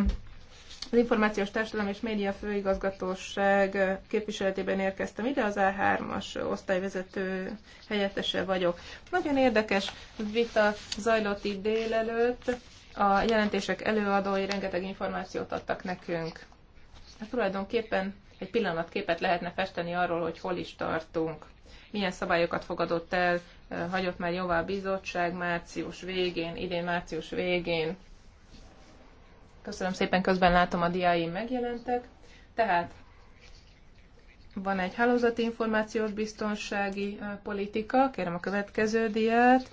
az Információs Társadalom és Média Főigazgatóság képviseletében érkeztem ide, az A3-as osztályvezető helyettese vagyok. Nagyon érdekes vita zajlott itt délelőtt, a jelentések előadói rengeteg információt adtak nekünk. Hát tulajdonképpen egy pillanatképet lehetne festeni arról, hogy hol is tartunk, milyen szabályokat fogadott el, hagyott már jóvá a bizottság március végén, idén március végén, Köszönöm szépen, közben látom a diáim megjelentek. Tehát van egy hálózati információs biztonsági politika, kérem a következő diát.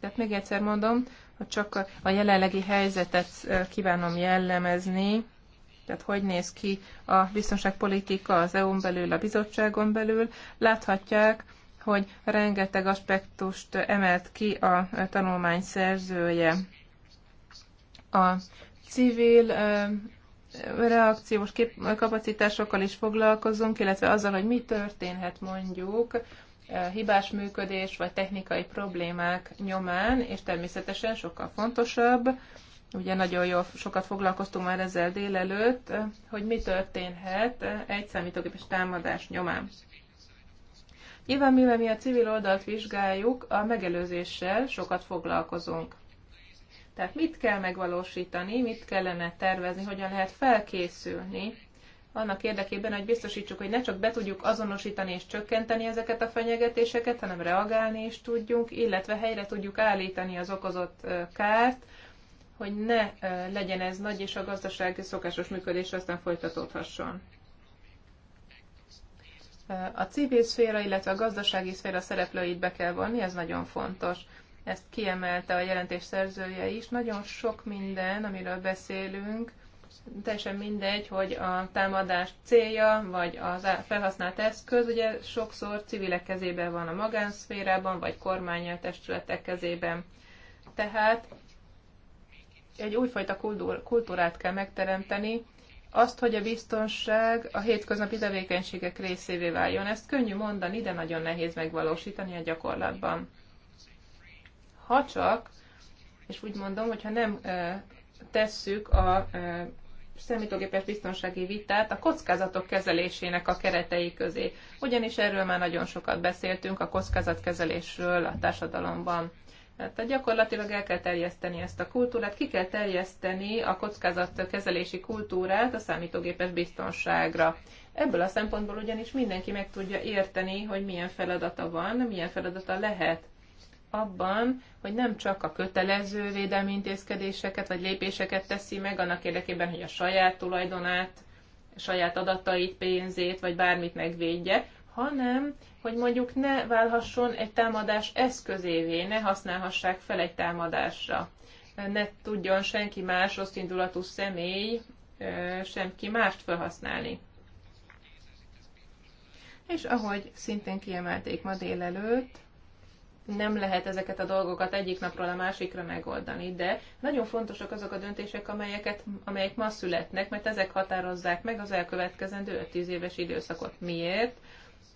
Tehát még egyszer mondom, hogy csak a jelenlegi helyzetet kívánom jellemezni, tehát hogy néz ki a biztonságpolitika az EU-n belül, a bizottságon belül. Láthatják, hogy rengeteg aspektust emelt ki a tanulmány szerzője. A civil reakciós kép- kapacitásokkal is foglalkozunk, illetve azzal, hogy mi történhet mondjuk hibás működés vagy technikai problémák nyomán, és természetesen sokkal fontosabb, ugye nagyon jól sokat foglalkoztunk már ezzel délelőtt, hogy mi történhet egy számítógépes támadás nyomán. Nyilván, mivel mi a civil oldalt vizsgáljuk, a megelőzéssel sokat foglalkozunk. Tehát mit kell megvalósítani, mit kellene tervezni, hogyan lehet felkészülni annak érdekében, hogy biztosítsuk, hogy ne csak be tudjuk azonosítani és csökkenteni ezeket a fenyegetéseket, hanem reagálni is tudjunk, illetve helyre tudjuk állítani az okozott kárt, hogy ne legyen ez nagy, és a gazdasági szokásos működés aztán folytatódhasson. A civil szféra, illetve a gazdasági szféra szereplőit be kell vonni, ez nagyon fontos ezt kiemelte a jelentés szerzője is. Nagyon sok minden, amiről beszélünk, teljesen mindegy, hogy a támadás célja, vagy az felhasznált eszköz, ugye sokszor civilek kezében van a magánszférában, vagy kormány testületek kezében. Tehát egy újfajta kultúrát kell megteremteni, azt, hogy a biztonság a hétköznapi tevékenységek részévé váljon. Ezt könnyű mondani, de nagyon nehéz megvalósítani a gyakorlatban ha csak, és úgy mondom, hogyha nem tesszük a számítógépes biztonsági vitát a kockázatok kezelésének a keretei közé. Ugyanis erről már nagyon sokat beszéltünk, a kockázatkezelésről a társadalomban. Hát, tehát gyakorlatilag el kell terjeszteni ezt a kultúrát, ki kell terjeszteni a kockázatkezelési kultúrát a számítógépes biztonságra. Ebből a szempontból ugyanis mindenki meg tudja érteni, hogy milyen feladata van, milyen feladata lehet abban, hogy nem csak a kötelező védelmi intézkedéseket vagy lépéseket teszi meg annak érdekében, hogy a saját tulajdonát, a saját adatait, pénzét vagy bármit megvédje, hanem hogy mondjuk ne válhasson egy támadás eszközévé, ne használhassák fel egy támadásra. Ne tudjon senki más indulatú személy senki mást felhasználni. És ahogy szintén kiemelték ma délelőtt, nem lehet ezeket a dolgokat egyik napról a másikra megoldani, de nagyon fontosak azok a döntések, amelyeket, amelyek ma születnek, mert ezek határozzák meg az elkövetkezendő 5-10 éves időszakot. Miért?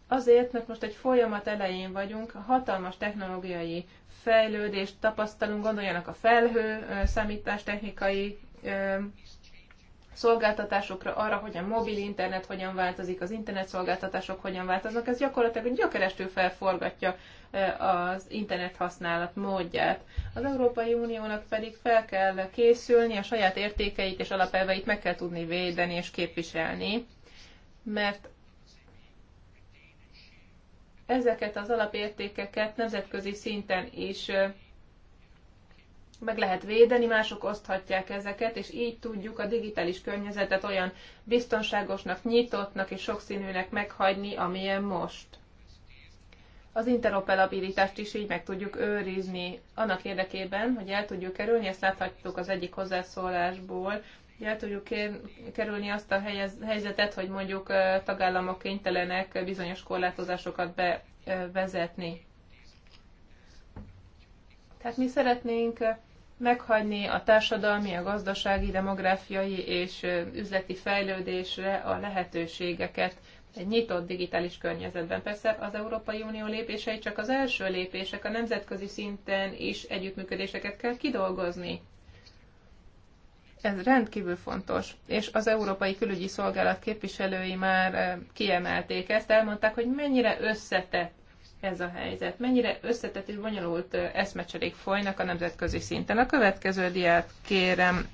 Azért, mert most egy folyamat elején vagyunk, hatalmas technológiai fejlődést tapasztalunk, gondoljanak a felhő számítástechnikai szolgáltatásokra, arra, hogy a mobil internet hogyan változik, az internet szolgáltatások hogyan változnak, ez gyakorlatilag gyökerestül felforgatja e, az internet használat módját. Az Európai Uniónak pedig fel kell készülni, a saját értékeit és alapelveit meg kell tudni védeni és képviselni, mert ezeket az alapértékeket nemzetközi szinten is e, meg lehet védeni, mások oszthatják ezeket, és így tudjuk a digitális környezetet olyan biztonságosnak, nyitottnak és sokszínűnek meghagyni, amilyen most. Az interoperabilitást is így meg tudjuk őrizni annak érdekében, hogy el tudjuk kerülni, ezt láthattuk az egyik hozzászólásból, hogy el tudjuk kerülni azt a helyzetet, hogy mondjuk tagállamok kénytelenek bizonyos korlátozásokat bevezetni. Tehát mi szeretnénk meghagyni a társadalmi, a gazdasági, demográfiai és üzleti fejlődésre a lehetőségeket egy nyitott digitális környezetben. Persze az Európai Unió lépései csak az első lépések, a nemzetközi szinten is együttműködéseket kell kidolgozni. Ez rendkívül fontos, és az Európai Külügyi Szolgálat képviselői már kiemelték ezt, elmondták, hogy mennyire összetett ez a helyzet. Mennyire összetett és bonyolult eszmecserék folynak a nemzetközi szinten. A következő diát kérem.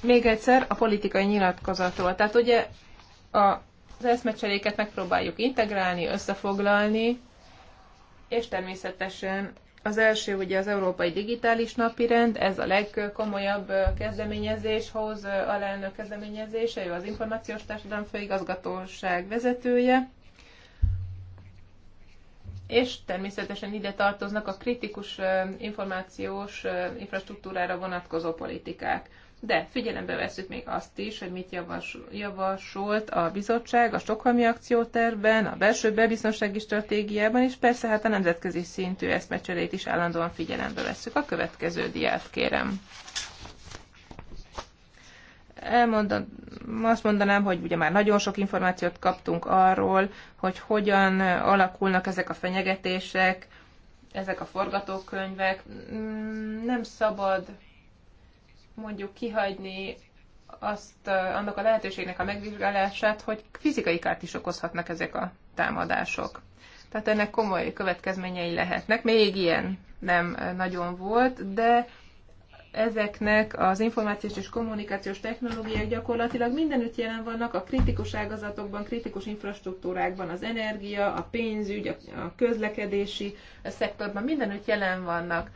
Még egyszer a politikai nyilatkozatról. Tehát ugye a az eszmecseréket megpróbáljuk integrálni, összefoglalni, és természetesen az első ugye az Európai Digitális Napirend, ez a legkomolyabb kezdeményezés, hoz alelnök kezdeményezése, ő az Információs Társadalom Főigazgatóság vezetője, és természetesen ide tartoznak a kritikus információs infrastruktúrára vonatkozó politikák. De figyelembe veszük még azt is, hogy mit javasolt a bizottság a Stokholmi akcióterben, a belső bebiztonsági stratégiában, és persze hát a nemzetközi szintű eszmecserét is állandóan figyelembe veszük. A következő diát kérem. Elmondan, azt mondanám, hogy ugye már nagyon sok információt kaptunk arról, hogy hogyan alakulnak ezek a fenyegetések, ezek a forgatókönyvek. Mm, nem szabad mondjuk kihagyni azt, eh, annak a lehetőségnek a megvizsgálását, hogy fizikai kárt is okozhatnak ezek a támadások. Tehát ennek komoly következményei lehetnek. Még ilyen nem eh, nagyon volt, de ezeknek az információs és kommunikációs technológiák gyakorlatilag mindenütt jelen vannak, a kritikus ágazatokban, kritikus infrastruktúrákban, az energia, a pénzügy, a közlekedési szektorban mindenütt jelen vannak.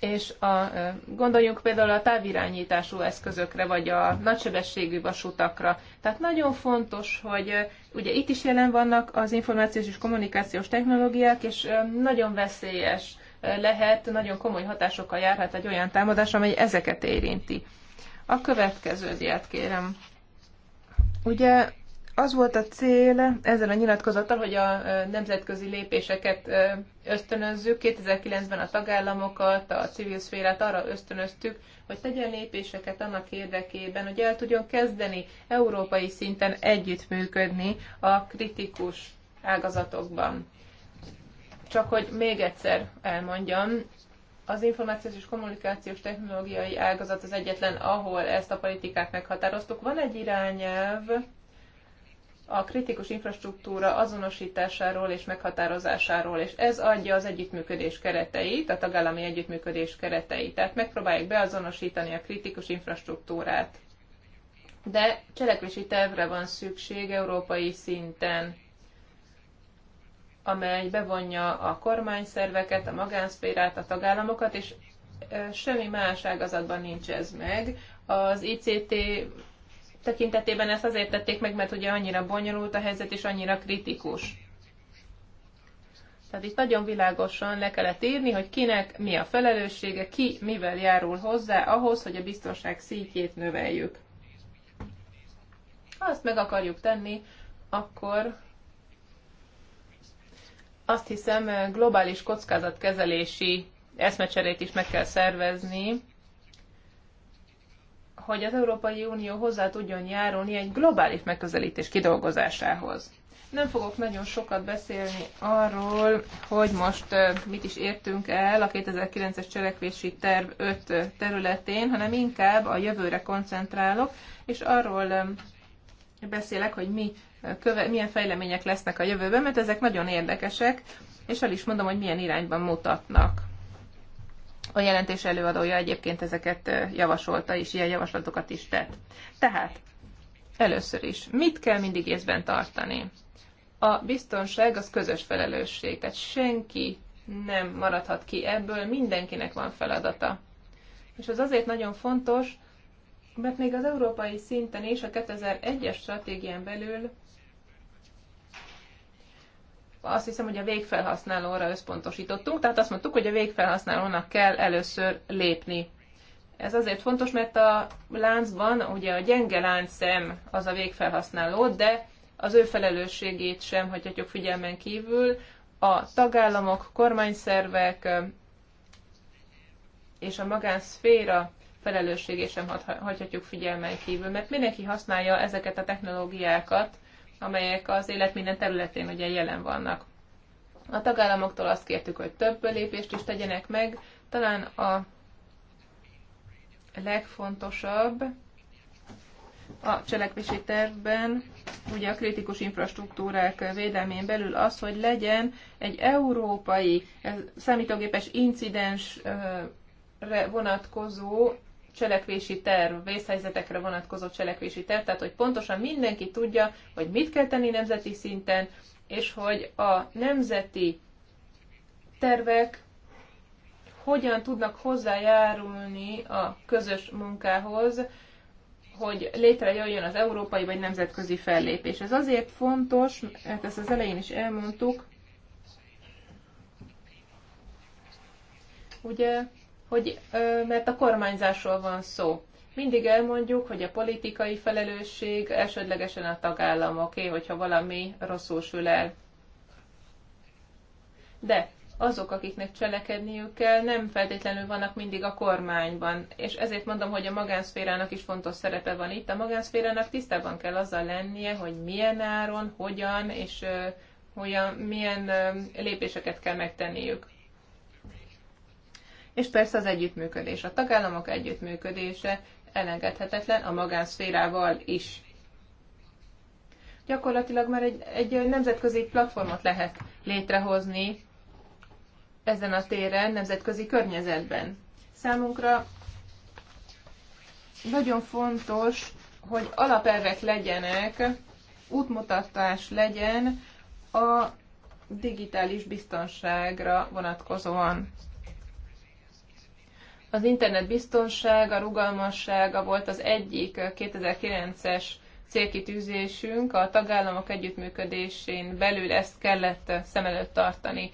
És a, gondoljunk például a távirányítású eszközökre, vagy a nagysebességű vasutakra. Tehát nagyon fontos, hogy ugye itt is jelen vannak az információs és kommunikációs technológiák, és nagyon veszélyes lehet, nagyon komoly hatásokkal járhat egy olyan támadás, amely ezeket érinti. A következő diát kérem. Ugye az volt a cél ezzel a nyilatkozattal, hogy a nemzetközi lépéseket ösztönözzük. 2009-ben a tagállamokat, a civil szférát arra ösztönöztük, hogy tegyen lépéseket annak érdekében, hogy el tudjon kezdeni európai szinten együttműködni a kritikus ágazatokban. Csak hogy még egyszer elmondjam, az információs és kommunikációs technológiai ágazat az egyetlen, ahol ezt a politikát meghatároztuk. Van egy irányelv a kritikus infrastruktúra azonosításáról és meghatározásáról, és ez adja az együttműködés kereteit, a tagállami együttműködés kereteit. Tehát megpróbáljuk beazonosítani a kritikus infrastruktúrát. De cselekvési tervre van szükség európai szinten amely bevonja a kormányszerveket, a magánszférát, a tagállamokat, és semmi más ágazatban nincs ez meg. Az ICT tekintetében ezt azért tették meg, mert ugye annyira bonyolult a helyzet, és annyira kritikus. Tehát itt nagyon világosan le kellett írni, hogy kinek mi a felelőssége, ki mivel járul hozzá ahhoz, hogy a biztonság szintjét növeljük. Ha ezt meg akarjuk tenni, akkor azt hiszem, globális kockázatkezelési eszmecserét is meg kell szervezni, hogy az Európai Unió hozzá tudjon járulni egy globális megközelítés kidolgozásához. Nem fogok nagyon sokat beszélni arról, hogy most mit is értünk el a 2009-es cselekvési terv 5 területén, hanem inkább a jövőre koncentrálok, és arról beszélek, hogy mi köve, milyen fejlemények lesznek a jövőben, mert ezek nagyon érdekesek, és el is mondom, hogy milyen irányban mutatnak. A jelentés előadója egyébként ezeket javasolta, és ilyen javaslatokat is tett. Tehát, először is, mit kell mindig észben tartani? A biztonság az közös felelősség, tehát senki nem maradhat ki ebből, mindenkinek van feladata. És az azért nagyon fontos, mert még az európai szinten is a 2001-es stratégián belül azt hiszem, hogy a végfelhasználóra összpontosítottunk, tehát azt mondtuk, hogy a végfelhasználónak kell először lépni. Ez azért fontos, mert a láncban ugye a gyenge láncszem az a végfelhasználó, de az ő felelősségét sem hagyhatjuk figyelmen kívül. A tagállamok, kormányszervek és a magánszféra felelősségét sem hagyhatjuk figyelmen kívül, mert mindenki használja ezeket a technológiákat, amelyek az élet minden területén ugye jelen vannak. A tagállamoktól azt kértük, hogy több lépést is tegyenek meg. Talán a legfontosabb a cselekvési tervben, ugye a kritikus infrastruktúrák védelmén belül az, hogy legyen egy európai számítógépes incidensre vonatkozó cselekvési terv, vészhelyzetekre vonatkozó cselekvési terv, tehát hogy pontosan mindenki tudja, hogy mit kell tenni nemzeti szinten, és hogy a nemzeti tervek hogyan tudnak hozzájárulni a közös munkához, hogy létrejöjjön az európai vagy nemzetközi fellépés. Ez azért fontos, mert ezt az elején is elmondtuk, ugye hogy mert a kormányzásról van szó. Mindig elmondjuk, hogy a politikai felelősség elsődlegesen a tagállamoké, hogyha valami rosszul sül el. De azok, akiknek cselekedniük kell, nem feltétlenül vannak mindig a kormányban. És ezért mondom, hogy a magánszférának is fontos szerepe van itt. A magánszférának tisztában kell azzal lennie, hogy milyen áron, hogyan és hogyan, milyen lépéseket kell megtenniük és persze az együttműködés, a tagállamok együttműködése elengedhetetlen a magánszférával is. Gyakorlatilag már egy, egy nemzetközi platformot lehet létrehozni ezen a téren, nemzetközi környezetben. Számunkra nagyon fontos, hogy alapelvek legyenek, útmutatás legyen a digitális biztonságra vonatkozóan. Az internet a rugalmassága volt az egyik 2009-es célkitűzésünk, a tagállamok együttműködésén belül ezt kellett szem előtt tartani.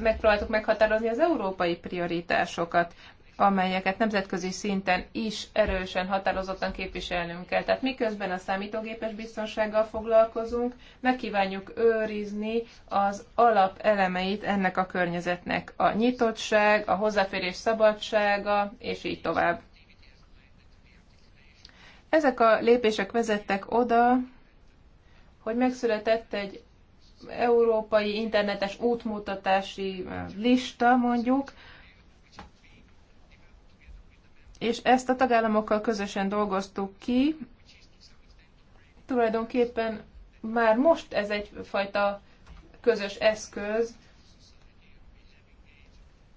Megpróbáltuk meghatározni az európai prioritásokat amelyeket nemzetközi szinten is erősen, határozottan képviselnünk kell. Tehát miközben a számítógépes biztonsággal foglalkozunk, megkívánjuk őrizni az alapelemeit ennek a környezetnek. A nyitottság, a hozzáférés szabadsága, és így tovább. Ezek a lépések vezettek oda, hogy megszületett egy európai internetes útmutatási lista, mondjuk, és ezt a tagállamokkal közösen dolgoztuk ki. Tulajdonképpen már most ez egyfajta közös eszköz.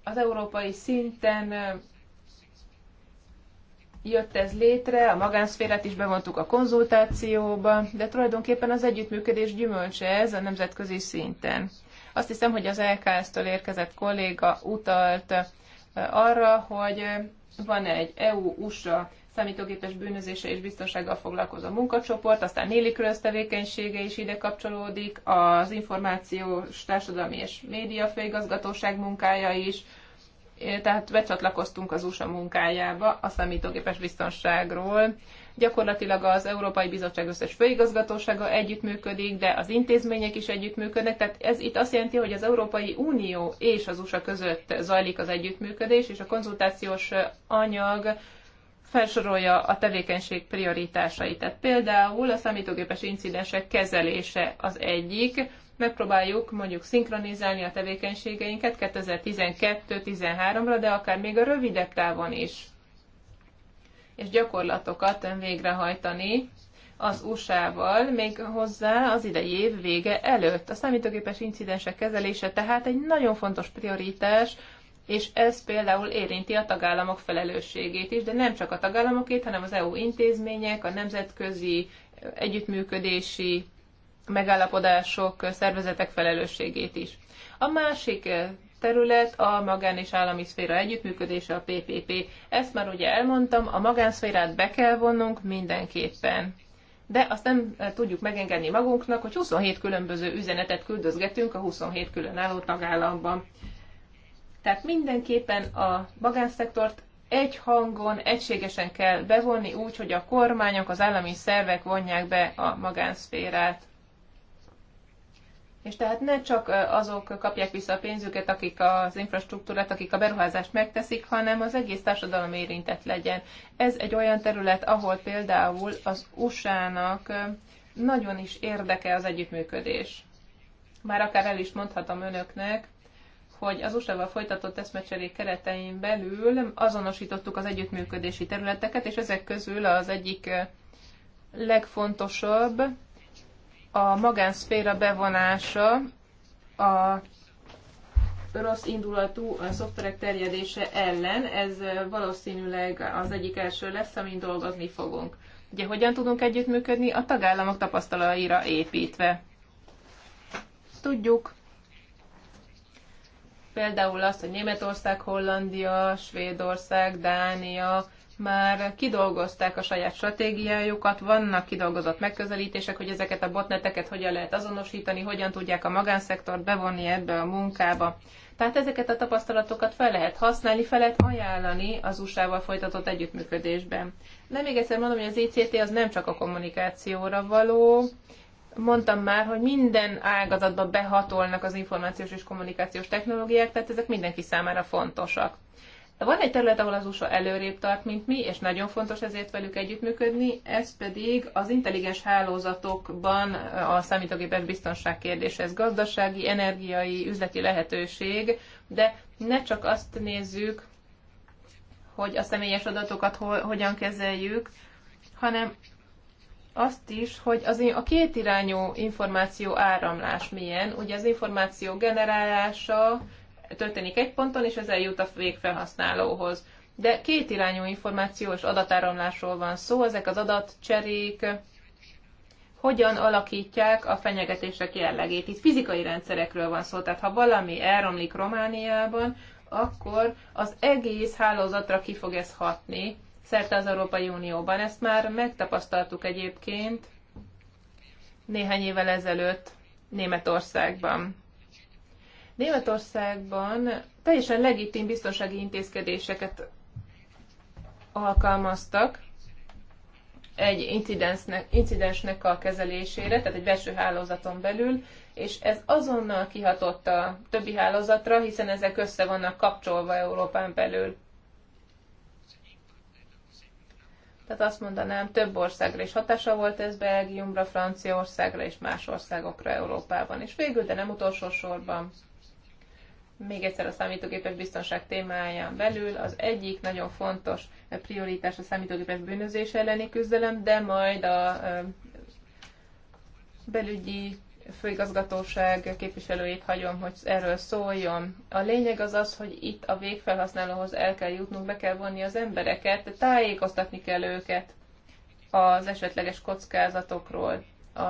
Az európai szinten jött ez létre, a magánszférát is bevontuk a konzultációba, de tulajdonképpen az együttműködés gyümölcse ez a nemzetközi szinten. Azt hiszem, hogy az LKS-től érkezett kolléga utalt arra, hogy van egy EU-USA számítógépes bűnözése és biztonsággal foglalkozó munkacsoport, aztán Néli Kröz tevékenysége is ide kapcsolódik, az információs társadalmi és média főigazgatóság munkája is, tehát becsatlakoztunk az USA munkájába a számítógépes biztonságról. Gyakorlatilag az Európai Bizottság összes főigazgatósága együttműködik, de az intézmények is együttműködnek, tehát ez itt azt jelenti, hogy az Európai Unió és az USA között zajlik az együttműködés, és a konzultációs anyag felsorolja a tevékenység prioritásait. Tehát például a számítógépes incidensek kezelése az egyik, megpróbáljuk mondjuk szinkronizálni a tevékenységeinket 2012-13-ra, de akár még a rövidebb távon is és gyakorlatokat végrehajtani az USA-val, még hozzá az idei év vége előtt. A számítógépes incidensek kezelése tehát egy nagyon fontos prioritás, és ez például érinti a tagállamok felelősségét is, de nem csak a tagállamokét, hanem az EU intézmények, a nemzetközi együttműködési megállapodások, szervezetek felelősségét is. A másik eh, terület a magán és állami szféra együttműködése, a PPP. Ezt már ugye elmondtam, a magánszférát be kell vonnunk mindenképpen. De azt nem eh, tudjuk megengedni magunknak, hogy 27 különböző üzenetet küldözgetünk a 27 különálló tagállamban. Tehát mindenképpen a magánszektort egy hangon, egységesen kell bevonni úgy, hogy a kormányok, az állami szervek vonják be a magánszférát. És tehát ne csak azok kapják vissza a pénzüket, akik az infrastruktúrát, akik a beruházást megteszik, hanem az egész társadalom érintett legyen. Ez egy olyan terület, ahol például az USA-nak nagyon is érdeke az együttműködés. Már akár el is mondhatom önöknek, hogy az USA-val folytatott eszmecserék keretein belül azonosítottuk az együttműködési területeket, és ezek közül az egyik legfontosabb a magánszféra bevonása a rossz indulatú szoftverek terjedése ellen, ez valószínűleg az egyik első lesz, amin dolgozni fogunk. Ugye hogyan tudunk együttműködni? A tagállamok tapasztalaira építve. Tudjuk például azt, hogy Németország, Hollandia, Svédország, Dánia, már kidolgozták a saját stratégiájukat, vannak kidolgozott megközelítések, hogy ezeket a botneteket hogyan lehet azonosítani, hogyan tudják a magánszektort bevonni ebbe a munkába. Tehát ezeket a tapasztalatokat fel lehet használni, fel lehet ajánlani az USA-val folytatott együttműködésben. De még egyszer mondom, hogy az ICT az nem csak a kommunikációra való, mondtam már, hogy minden ágazatba behatolnak az információs és kommunikációs technológiák, tehát ezek mindenki számára fontosak de Van egy terület, ahol az USA előrébb tart, mint mi, és nagyon fontos ezért velük együttműködni, ez pedig az intelligens hálózatokban a számítógépes biztonság kérdése. Ez gazdasági, energiai, üzleti lehetőség, de ne csak azt nézzük, hogy a személyes adatokat ho- hogyan kezeljük, hanem azt is, hogy az, a kétirányú információ áramlás milyen. Ugye az információ generálása, történik egy ponton, és ez eljut a végfelhasználóhoz. De két irányú információs adatáramlásról van szó, ezek az adatcserék hogyan alakítják a fenyegetések jellegét. Itt fizikai rendszerekről van szó, tehát ha valami elromlik Romániában, akkor az egész hálózatra ki fog ez hatni, szerte az Európai Unióban. Ezt már megtapasztaltuk egyébként néhány évvel ezelőtt Németországban. Németországban teljesen legitim biztonsági intézkedéseket alkalmaztak egy incidensnek, incidensnek a kezelésére, tehát egy belső hálózaton belül, és ez azonnal kihatott a többi hálózatra, hiszen ezek össze vannak kapcsolva Európán belül. Tehát azt mondanám, több országra is hatása volt ez Belgiumra, Franciaországra és más országokra Európában. És végül, de nem utolsó sorban, még egyszer a számítógépes biztonság témáján belül az egyik nagyon fontos prioritás a számítógépes bűnözés elleni küzdelem, de majd a belügyi főigazgatóság képviselőjét hagyom, hogy erről szóljon. A lényeg az az, hogy itt a végfelhasználóhoz el kell jutnunk, be kell vonni az embereket, tájékoztatni kell őket az esetleges kockázatokról, a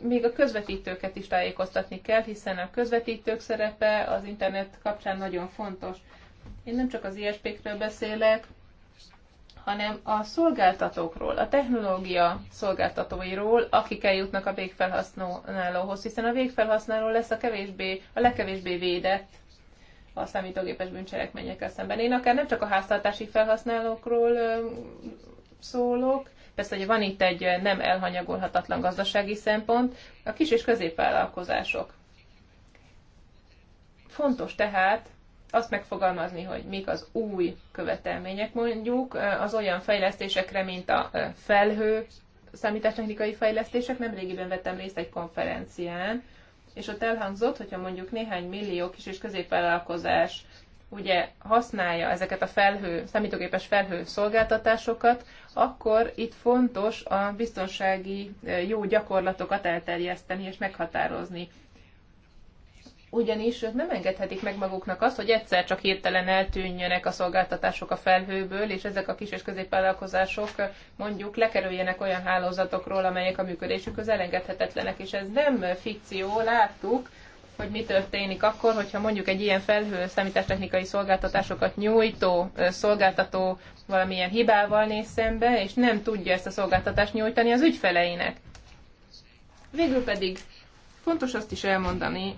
még a közvetítőket is tájékoztatni kell, hiszen a közvetítők szerepe az internet kapcsán nagyon fontos. Én nem csak az ISP-kről beszélek, hanem a szolgáltatókról, a technológia szolgáltatóiról, akik eljutnak a végfelhasználóhoz, hiszen a végfelhasználó lesz a, kevésbé, a legkevésbé védett a számítógépes bűncselekményekkel szemben. Én akár nem csak a háztartási felhasználókról szólok, Persze, hogy van itt egy eh, nem elhanyagolhatatlan gazdasági szempont, a kis és középvállalkozások. Fontos tehát azt megfogalmazni, hogy mik az új követelmények mondjuk eh, az olyan fejlesztésekre, mint a eh, felhő, számítástechnikai fejlesztések. Nemrégiben vettem részt egy konferencián, és ott elhangzott, hogyha mondjuk néhány millió kis és középvállalkozás ugye használja ezeket a felhő, számítógépes felhő szolgáltatásokat, akkor itt fontos a biztonsági e, jó gyakorlatokat elterjeszteni és meghatározni. Ugyanis nem engedhetik meg maguknak azt, hogy egyszer csak hirtelen eltűnjenek a szolgáltatások a felhőből, és ezek a kis és középvállalkozások e, mondjuk lekerüljenek olyan hálózatokról, amelyek a működésükhöz elengedhetetlenek, és ez nem e, fikció, láttuk, hogy mi történik akkor, hogyha mondjuk egy ilyen felhő számítástechnikai szolgáltatásokat nyújtó szolgáltató valamilyen hibával néz szembe, és nem tudja ezt a szolgáltatást nyújtani az ügyfeleinek. Végül pedig fontos azt is elmondani,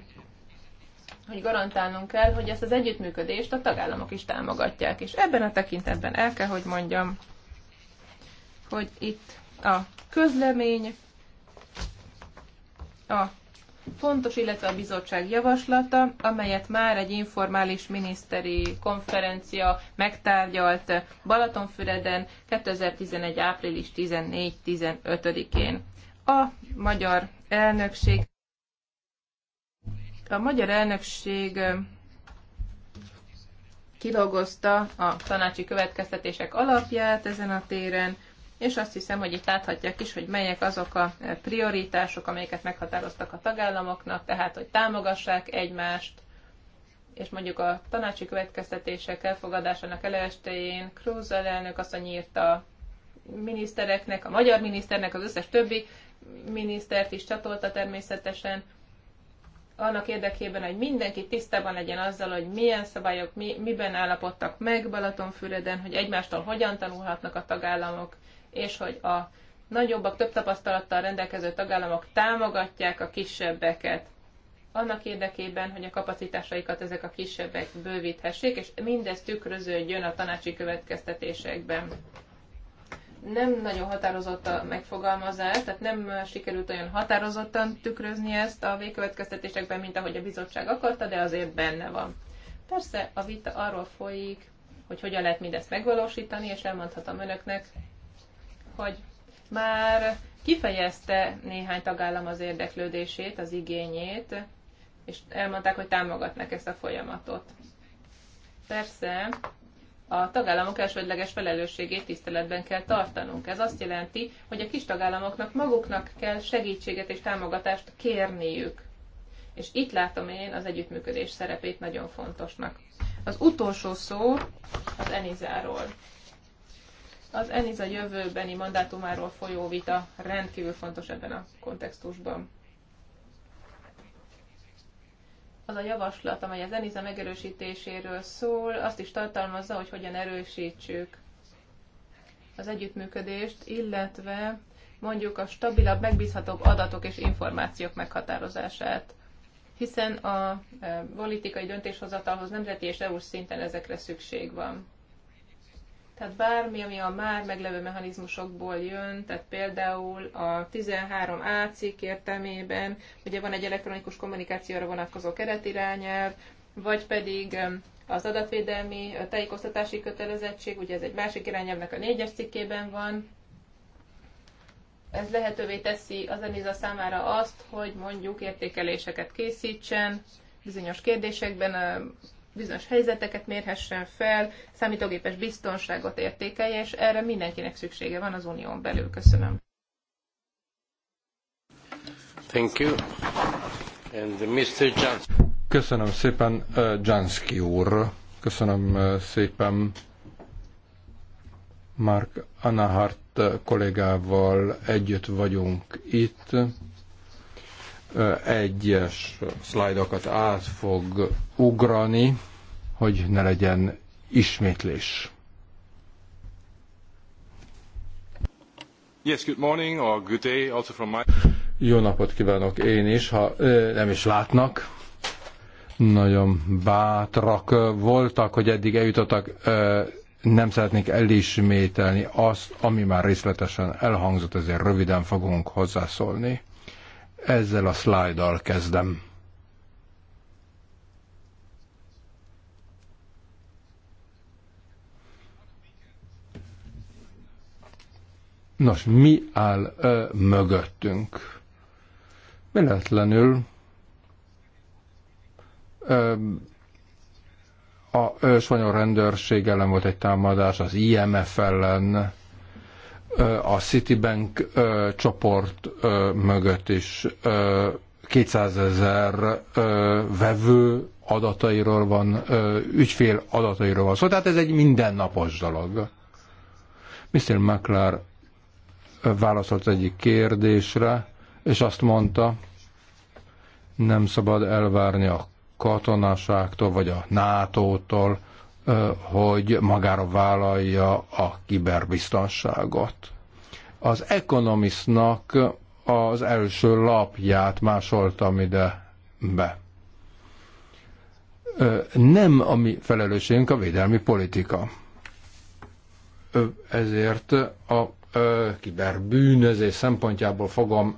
hogy garantálnunk kell, hogy ezt az együttműködést a tagállamok is támogatják. És ebben a tekintetben el kell, hogy mondjam, hogy itt a közlemény, a fontos, illetve a bizottság javaslata, amelyet már egy informális miniszteri konferencia megtárgyalt Balatonfüreden 2011. április 14-15-én. A magyar elnökség a magyar elnökség kidolgozta a tanácsi következtetések alapját ezen a téren, és azt hiszem, hogy itt láthatják is, hogy melyek azok a prioritások, amelyeket meghatároztak a tagállamoknak, tehát hogy támogassák egymást, és mondjuk a tanácsi következtetések elfogadásának elestéjén Cruz elnök nyírta a minisztereknek, a magyar miniszternek, az összes többi minisztert is csatolta természetesen, annak érdekében, hogy mindenki tisztában legyen azzal, hogy milyen szabályok, mi, miben állapodtak meg Balatonfüreden, hogy egymástól hogyan tanulhatnak a tagállamok, és hogy a nagyobbak, több tapasztalattal rendelkező tagállamok támogatják a kisebbeket annak érdekében, hogy a kapacitásaikat ezek a kisebbek bővíthessék, és mindez tükröződjön a tanácsi következtetésekben. Nem nagyon határozott a megfogalmazás, tehát nem sikerült olyan határozottan tükrözni ezt a végkövetkeztetésekben, mint ahogy a bizottság akarta, de azért benne van. Persze a vita arról folyik, hogy hogyan lehet mindezt megvalósítani, és elmondhatom önöknek, hogy már kifejezte néhány tagállam az érdeklődését, az igényét, és elmondták, hogy támogatnak ezt a folyamatot. Persze, a tagállamok elsődleges felelősségét tiszteletben kell tartanunk. Ez azt jelenti, hogy a kis tagállamoknak maguknak kell segítséget és támogatást kérniük. És itt látom én az együttműködés szerepét nagyon fontosnak. Az utolsó szó az Enizáról. Az a jövőbeni mandátumáról folyó vita rendkívül fontos ebben a kontextusban. Az a javaslat, amely az a megerősítéséről szól, azt is tartalmazza, hogy hogyan erősítsük az együttműködést, illetve mondjuk a stabilabb, megbízhatóbb adatok és információk meghatározását hiszen a e, politikai döntéshozatalhoz nemzeti és EU-s szinten ezekre szükség van. Tehát bármi, ami a már meglevő mechanizmusokból jön, tehát például a 13A cikk értelmében, ugye van egy elektronikus kommunikációra vonatkozó keretirányelv, vagy pedig az adatvédelmi tájékoztatási kötelezettség, ugye ez egy másik irányelvnek a négyes cikkében van, ez lehetővé teszi az ENISA számára azt, hogy mondjuk értékeléseket készítsen bizonyos kérdésekben, bizonyos helyzeteket mérhessen fel, számítógépes biztonságot értékelje, és erre mindenkinek szüksége van az unión belül. Köszönöm. Thank you. And Mr. Köszönöm szépen, uh, Jansky úr. Köszönöm uh, szépen Mark Anahart uh, kollégával együtt vagyunk itt egyes szlájdokat át fog ugrani, hogy ne legyen ismétlés. Yes, good morning or good day also from my... Jó napot kívánok én is, ha ö, nem is látnak. Nagyon bátrak voltak, hogy eddig eljutottak. Ö, nem szeretnék elismételni azt, ami már részletesen elhangzott, ezért röviden fogunk hozzászólni. Ezzel a szlájddal kezdem. Nos, mi áll ö, mögöttünk? Véletlenül a ö, spanyol rendőrség ellen volt egy támadás, az IMF ellen, a Citibank csoport mögött is 200 ezer vevő adatairól van, ügyfél adatairól van szó. Szóval, tehát ez egy mindennapos dolog. Mr. McLaren válaszolt egyik kérdésre, és azt mondta, nem szabad elvárni a katonaságtól, vagy a NATO-tól, hogy magára vállalja a kiberbiztonságot. Az Economistnak az első lapját másoltam ide be. Nem a mi felelősségünk a védelmi politika. Ezért a kiberbűnözés szempontjából fogom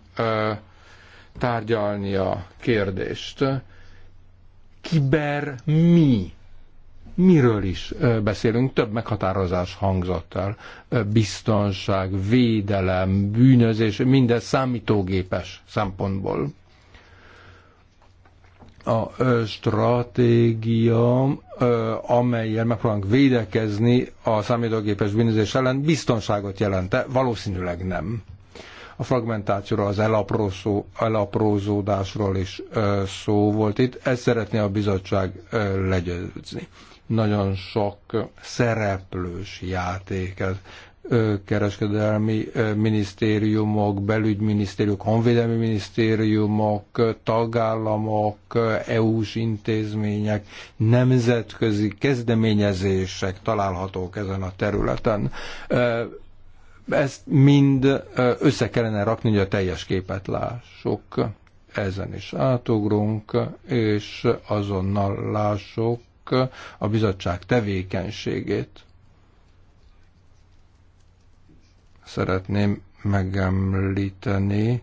tárgyalni a kérdést. Kiber mi? miről is beszélünk, több meghatározás hangzott el. Biztonság, védelem, bűnözés, minden számítógépes szempontból. A stratégia, amelyel megpróbálunk védekezni a számítógépes bűnözés ellen, biztonságot jelente? Valószínűleg nem a fragmentációról, az elaprózó, elaprózódásról is szó volt itt. Ezt szeretné a bizottság legyőzni nagyon sok szereplős játéket kereskedelmi minisztériumok, belügyminisztériumok, honvédelmi minisztériumok, tagállamok, EU-s intézmények, nemzetközi kezdeményezések találhatók ezen a területen. Ezt mind össze kellene rakni, hogy a teljes képet lássuk. Ezen is átugrunk, és azonnal lássuk, a bizottság tevékenységét. Szeretném megemlíteni,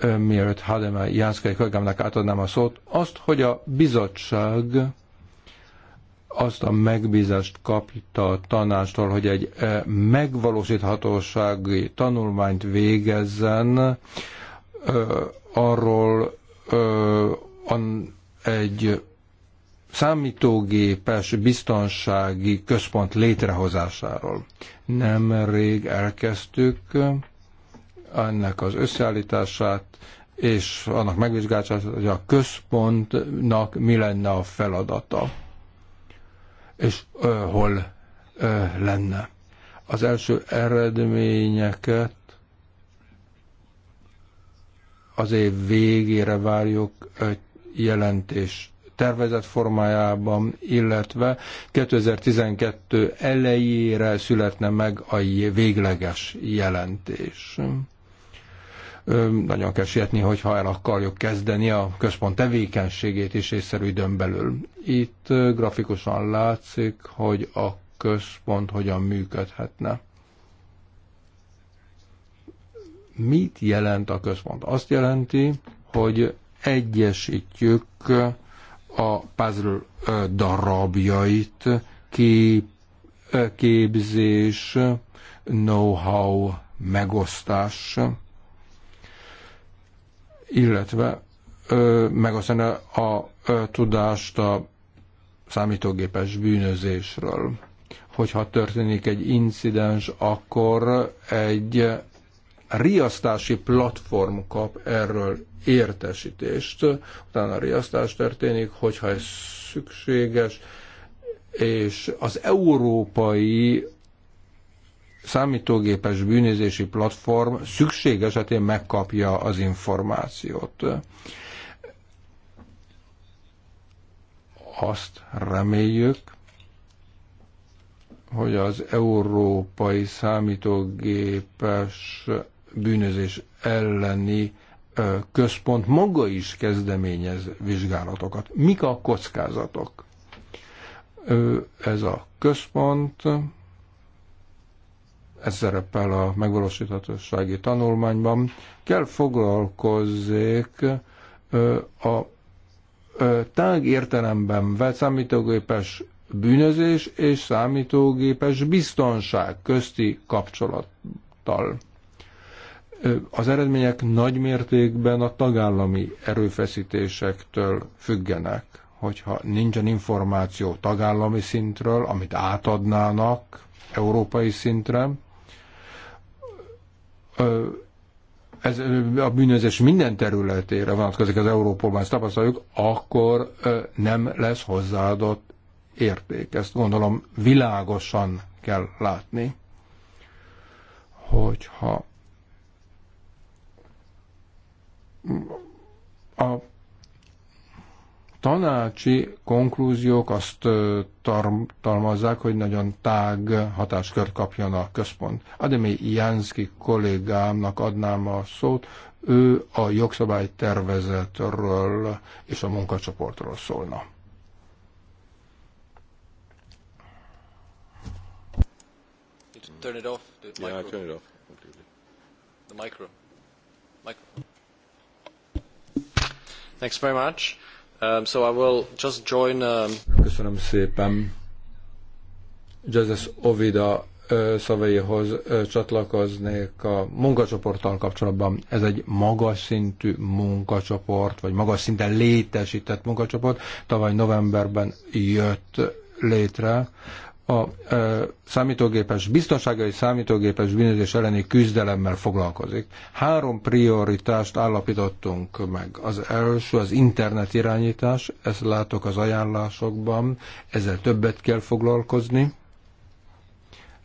mielőtt hademel Jánszkai kollégámnak átadnám a szót, azt, hogy a bizottság azt a megbízást kapta a tanástól, hogy egy megvalósíthatósági tanulmányt végezzen arról egy számítógépes biztonsági központ létrehozásáról. Nemrég elkezdtük ennek az összeállítását, és annak megvizsgálását, hogy a központnak mi lenne a feladata, és ö, hol ö, lenne. Az első eredményeket az év végére várjuk egy jelentést tervezett formájában, illetve 2012 elejére születne meg a végleges jelentés. Nagyon kell sietni, hogyha el akarjuk kezdeni a központ tevékenységét is észszerű időn belül. Itt grafikusan látszik, hogy a központ hogyan működhetne mit jelent a központ? Azt jelenti, hogy egyesítjük a puzzle darabjait, kép, képzés, know-how megosztás, illetve megosztani a tudást a számítógépes bűnözésről. Hogyha történik egy incidens, akkor egy riasztási platform kap erről értesítést. Utána a riasztás történik, hogyha ez szükséges, és az európai számítógépes bűnözési platform szükség esetén megkapja az információt. Azt reméljük, hogy az európai számítógépes bűnözés elleni központ maga is kezdeményez vizsgálatokat. Mik a kockázatok? Ez a központ, ez szerepel a megvalósíthatósági tanulmányban, kell foglalkozzék a tág értelemben vett számítógépes bűnözés és számítógépes biztonság közti kapcsolattal az eredmények nagy mértékben a tagállami erőfeszítésektől függenek. Hogyha nincsen információ tagállami szintről, amit átadnának európai szintre, ez a bűnözés minden területére vonatkozik az Európában, ezt tapasztaljuk, akkor nem lesz hozzáadott érték. Ezt gondolom világosan kell látni, hogyha A tanácsi konklúziók azt tartalmazzák, hogy nagyon tág hatáskört kapjon a központ. Ademi Jánszki kollégámnak adnám a szót, ő a jogszabálytervezetről és a munkacsoportról szólna. Turn it off. The micro. Yeah, turn it off completely. The micro. Micro. Thanks very much. Um, so I will just join... Um... Köszönöm szépen. Joseph Ovida szavaihoz csatlakoznék a munkacsoporttal kapcsolatban. Ez egy magas szintű munkacsoport, vagy magas szinten létesített munkacsoport. Tavaly novemberben jött létre a számítógépes biztonságai számítógépes bűnözés elleni küzdelemmel foglalkozik. Három prioritást állapítottunk meg. Az első az internet irányítás, ezt látok az ajánlásokban, ezzel többet kell foglalkozni.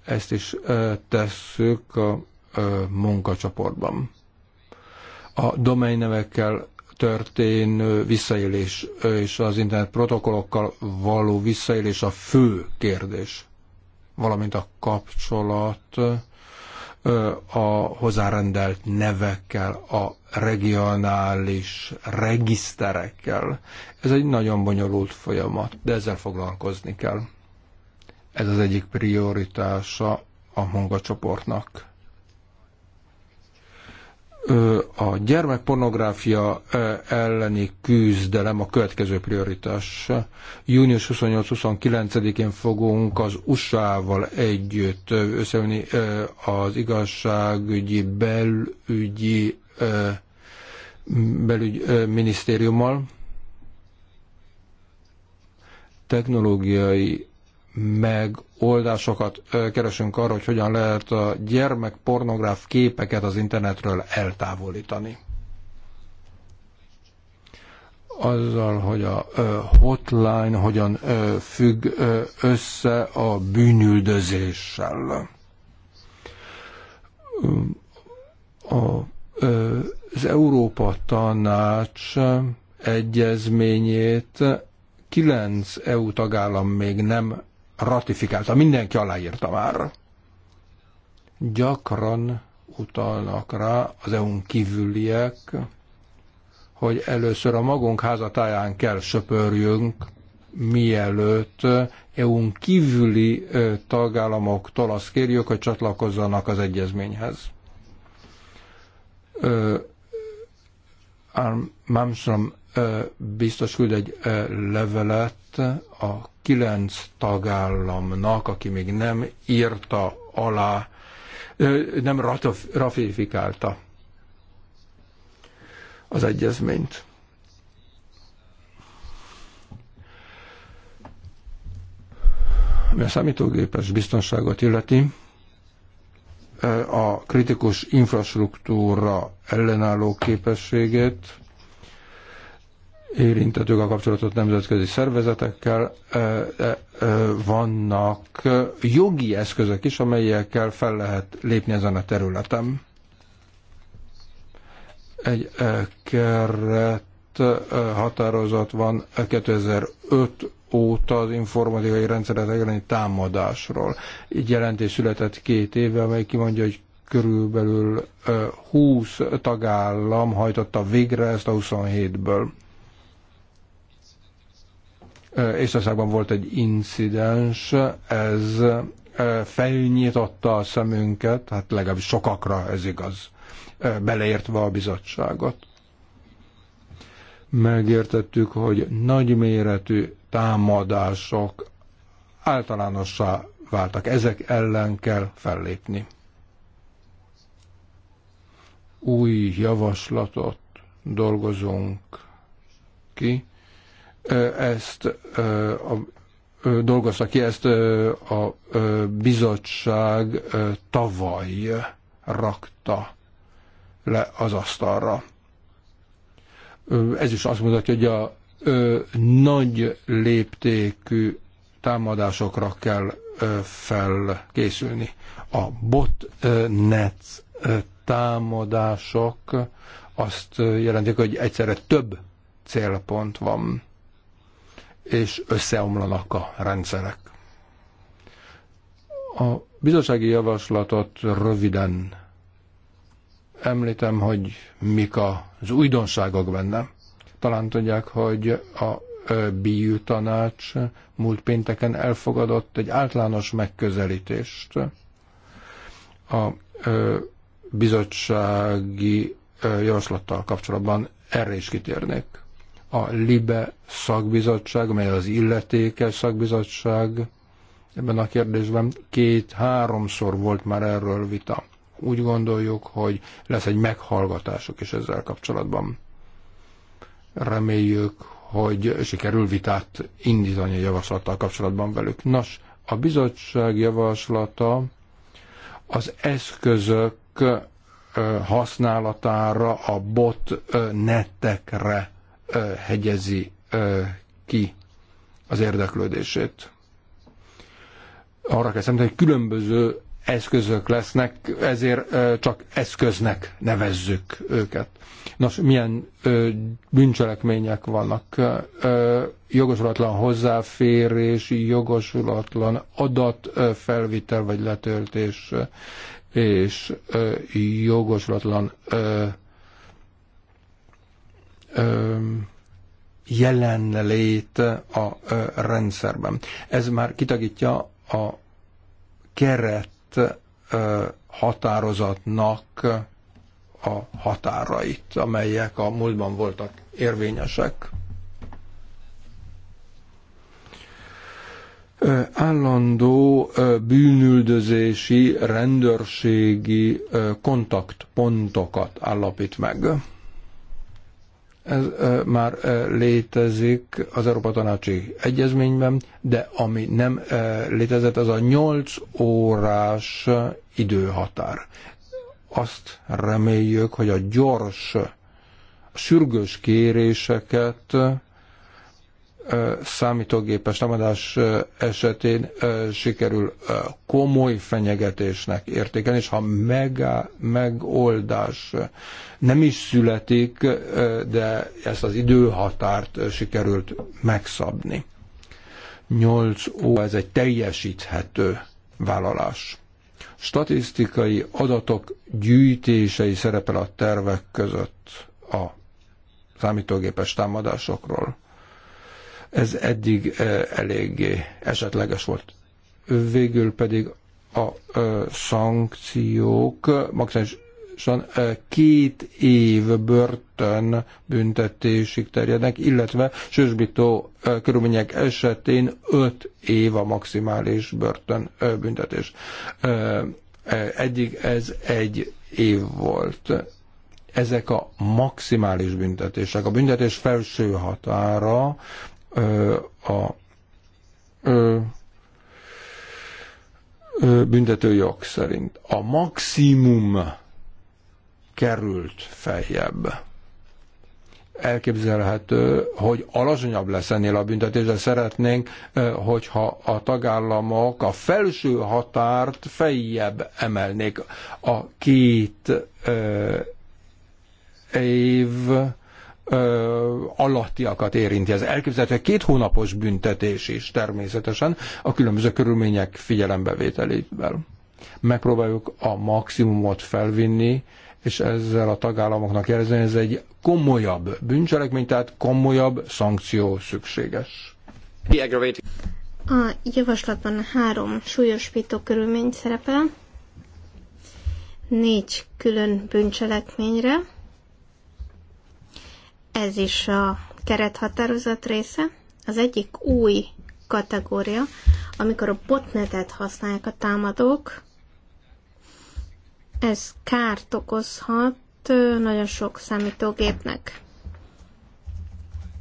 Ezt is tesszük a munkacsoportban. A nevekkel történő visszaélés és az internet protokollokkal való visszaélés a fő kérdés, valamint a kapcsolat a hozzárendelt nevekkel, a regionális regiszterekkel. Ez egy nagyon bonyolult folyamat, de ezzel foglalkozni kell. Ez az egyik prioritása a munkacsoportnak a gyermekpornográfia elleni küzdelem a következő prioritás. Június 28-29-én fogunk az USA-val együtt összeülni az igazságügyi, belügyi minisztériummal. technológiai megoldásokat keresünk arra, hogy hogyan lehet a gyermekpornográf képeket az internetről eltávolítani. Azzal, hogy a hotline hogyan függ össze a bűnüldözéssel. A, az Európa Tanács egyezményét kilenc EU tagállam még nem ratifikálta, mindenki aláírta már. Gyakran utalnak rá az EU-n kívüliek, hogy először a magunk házatáján kell söpörjünk, mielőtt EU-n kívüli tagállamoktól azt kérjük, hogy csatlakozzanak az egyezményhez. Mámsram biztos küld egy levelet a kilenc tagállamnak, aki még nem írta alá, nem ratifikálta az egyezményt. Ami a számítógépes biztonságot illeti, a kritikus infrastruktúra ellenálló képességét, érintett jogakapcsolatot nemzetközi szervezetekkel, e, e, e, vannak jogi eszközök is, amelyekkel fel lehet lépni ezen a területen. Egy keret határozat van 2005 óta az informatikai rendszeret elleni támadásról. Így jelentés született két éve, amely kimondja, hogy körülbelül 20 tagállam hajtotta végre ezt a 27-ből Észországban volt egy incidens, ez felnyitotta a szemünket, hát legalábbis sokakra ez igaz, beleértve a bizottságot. Megértettük, hogy nagyméretű támadások általánossá váltak. Ezek ellen kell fellépni. Új javaslatot dolgozunk ki ezt a dolgozta ki ezt a bizottság tavaly rakta le az asztalra. Ez is azt mutatja, hogy a nagy léptékű támadásokra kell felkészülni. A botnet támadások azt jelentik, hogy egyszerre több célpont van és összeomlanak a rendszerek. A bizottsági javaslatot röviden említem, hogy mik az újdonságok benne. Talán tudják, hogy a BIU tanács múlt pénteken elfogadott egy általános megközelítést a bizottsági javaslattal kapcsolatban. Erre is kitérnék a LIBE szakbizottság, mely az illetékes szakbizottság ebben a kérdésben két-háromszor volt már erről vita. Úgy gondoljuk, hogy lesz egy meghallgatások is ezzel kapcsolatban. Reméljük, hogy sikerül vitát indítani a javaslattal kapcsolatban velük. Nos, a bizottság javaslata az eszközök használatára, a bot netekre hegyezi ki az érdeklődését. Arra kell hogy különböző eszközök lesznek, ezért csak eszköznek nevezzük őket. Nos, milyen bűncselekmények vannak? Jogosulatlan hozzáférés, jogosulatlan adatfelvitel vagy letöltés, és jogosulatlan jelenlét a rendszerben. Ez már kitagítja a keret határozatnak a határait, amelyek a múltban voltak érvényesek. állandó bűnüldözési, rendőrségi kontaktpontokat állapít meg. Ez már létezik az Európa Tanácsi Egyezményben, de ami nem létezett, az a 8 órás időhatár. Azt reméljük, hogy a gyors, sürgős kéréseket számítógépes támadás esetén sikerül komoly fenyegetésnek értékelni, és ha mega megoldás nem is születik, de ezt az időhatárt sikerült megszabni. 8 ó, ez egy teljesíthető vállalás. Statisztikai adatok gyűjtései szerepel a tervek között a számítógépes támadásokról ez eddig eléggé esetleges volt. Végül pedig a szankciók maximálisan két év börtön büntetésig terjednek, illetve sősbító körülmények esetén öt év a maximális börtön büntetés. Eddig ez egy év volt. Ezek a maximális büntetések. A büntetés felső határa a büntetőjog szerint a maximum került feljebb. Elképzelhető, hogy alacsonyabb lesz ennél a büntetés, de szeretnénk, hogyha a tagállamok a felső határt feljebb emelnék. A két év ö, alattiakat érinti. Ez elképzelhető két hónapos büntetés is természetesen a különböző körülmények figyelembevételével. Megpróbáljuk a maximumot felvinni, és ezzel a tagállamoknak jelezni, ez egy komolyabb bűncselekmény, tehát komolyabb szankció szükséges. A javaslatban három súlyos pító körülmény szerepel, négy külön bűncselekményre, ez is a kerethatározat része. Az egyik új kategória, amikor a botnetet használják a támadók, ez kárt okozhat nagyon sok számítógépnek.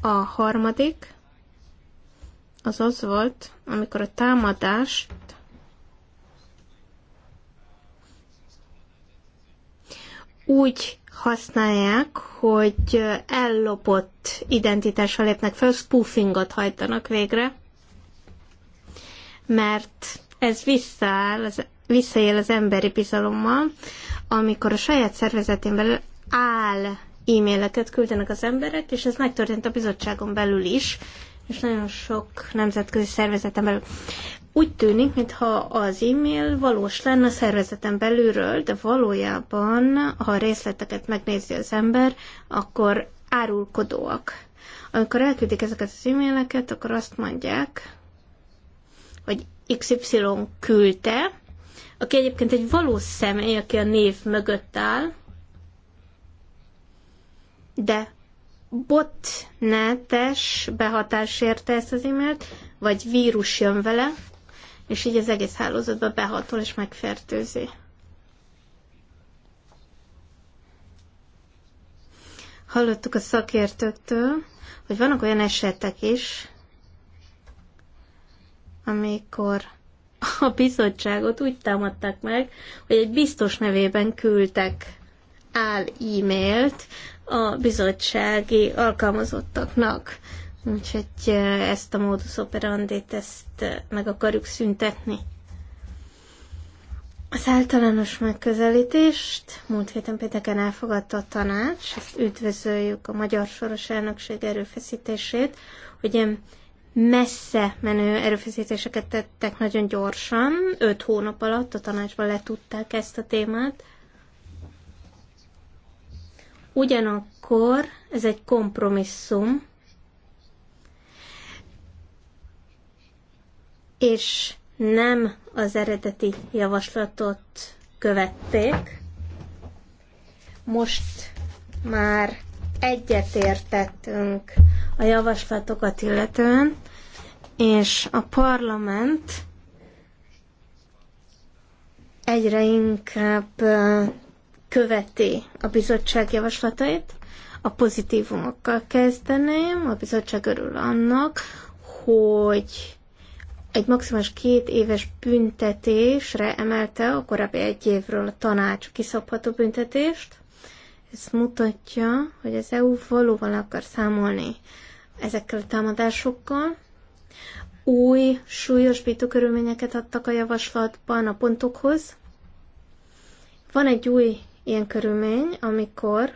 A harmadik az az volt, amikor a támadást úgy használják, hogy ellopott identitásra lépnek fel, spoofingot hajtanak végre, mert ez visszaáll, az, visszaél az emberi bizalommal, amikor a saját szervezetén belül áll e-maileket küldenek az emberek, és ez megtörtént a bizottságon belül is, és nagyon sok nemzetközi szervezeten belül. Úgy tűnik, mintha az e-mail valós lenne a szervezeten belülről, de valójában, ha a részleteket megnézi az ember, akkor árulkodóak. Amikor elküldik ezeket az e-maileket, akkor azt mondják, hogy XY küldte, aki egyébként egy valós személy, aki a név mögött áll, de botnetes behatás érte ezt az e-mailt, vagy vírus jön vele, és így az egész hálózatba behatol és megfertőzi. Hallottuk a szakértőktől, hogy vannak olyan esetek is, amikor a bizottságot úgy támadták meg, hogy egy biztos nevében küldtek áll e-mailt a bizottsági alkalmazottaknak. Úgyhogy ezt a modus operandit, ezt meg akarjuk szüntetni. Az általános megközelítést múlt héten pénteken elfogadta a tanács, ezt üdvözöljük a magyar soros elnökség erőfeszítését, hogy ilyen messze menő erőfeszítéseket tettek nagyon gyorsan, öt hónap alatt a tanácsban letudták ezt a témát, Ugyanakkor ez egy kompromisszum, és nem az eredeti javaslatot követték. Most már egyetértettünk a javaslatokat illetően, és a parlament egyre inkább követi a bizottság javaslatait. A pozitívumokkal kezdeném. A bizottság örül annak, hogy egy maximális két éves büntetésre emelte a korábbi egy évről a tanács kiszabható büntetést. Ez mutatja, hogy az EU valóban akar számolni ezekkel a támadásokkal. Új súlyos körülményeket adtak a javaslatban a pontokhoz. Van egy új ilyen körülmény, amikor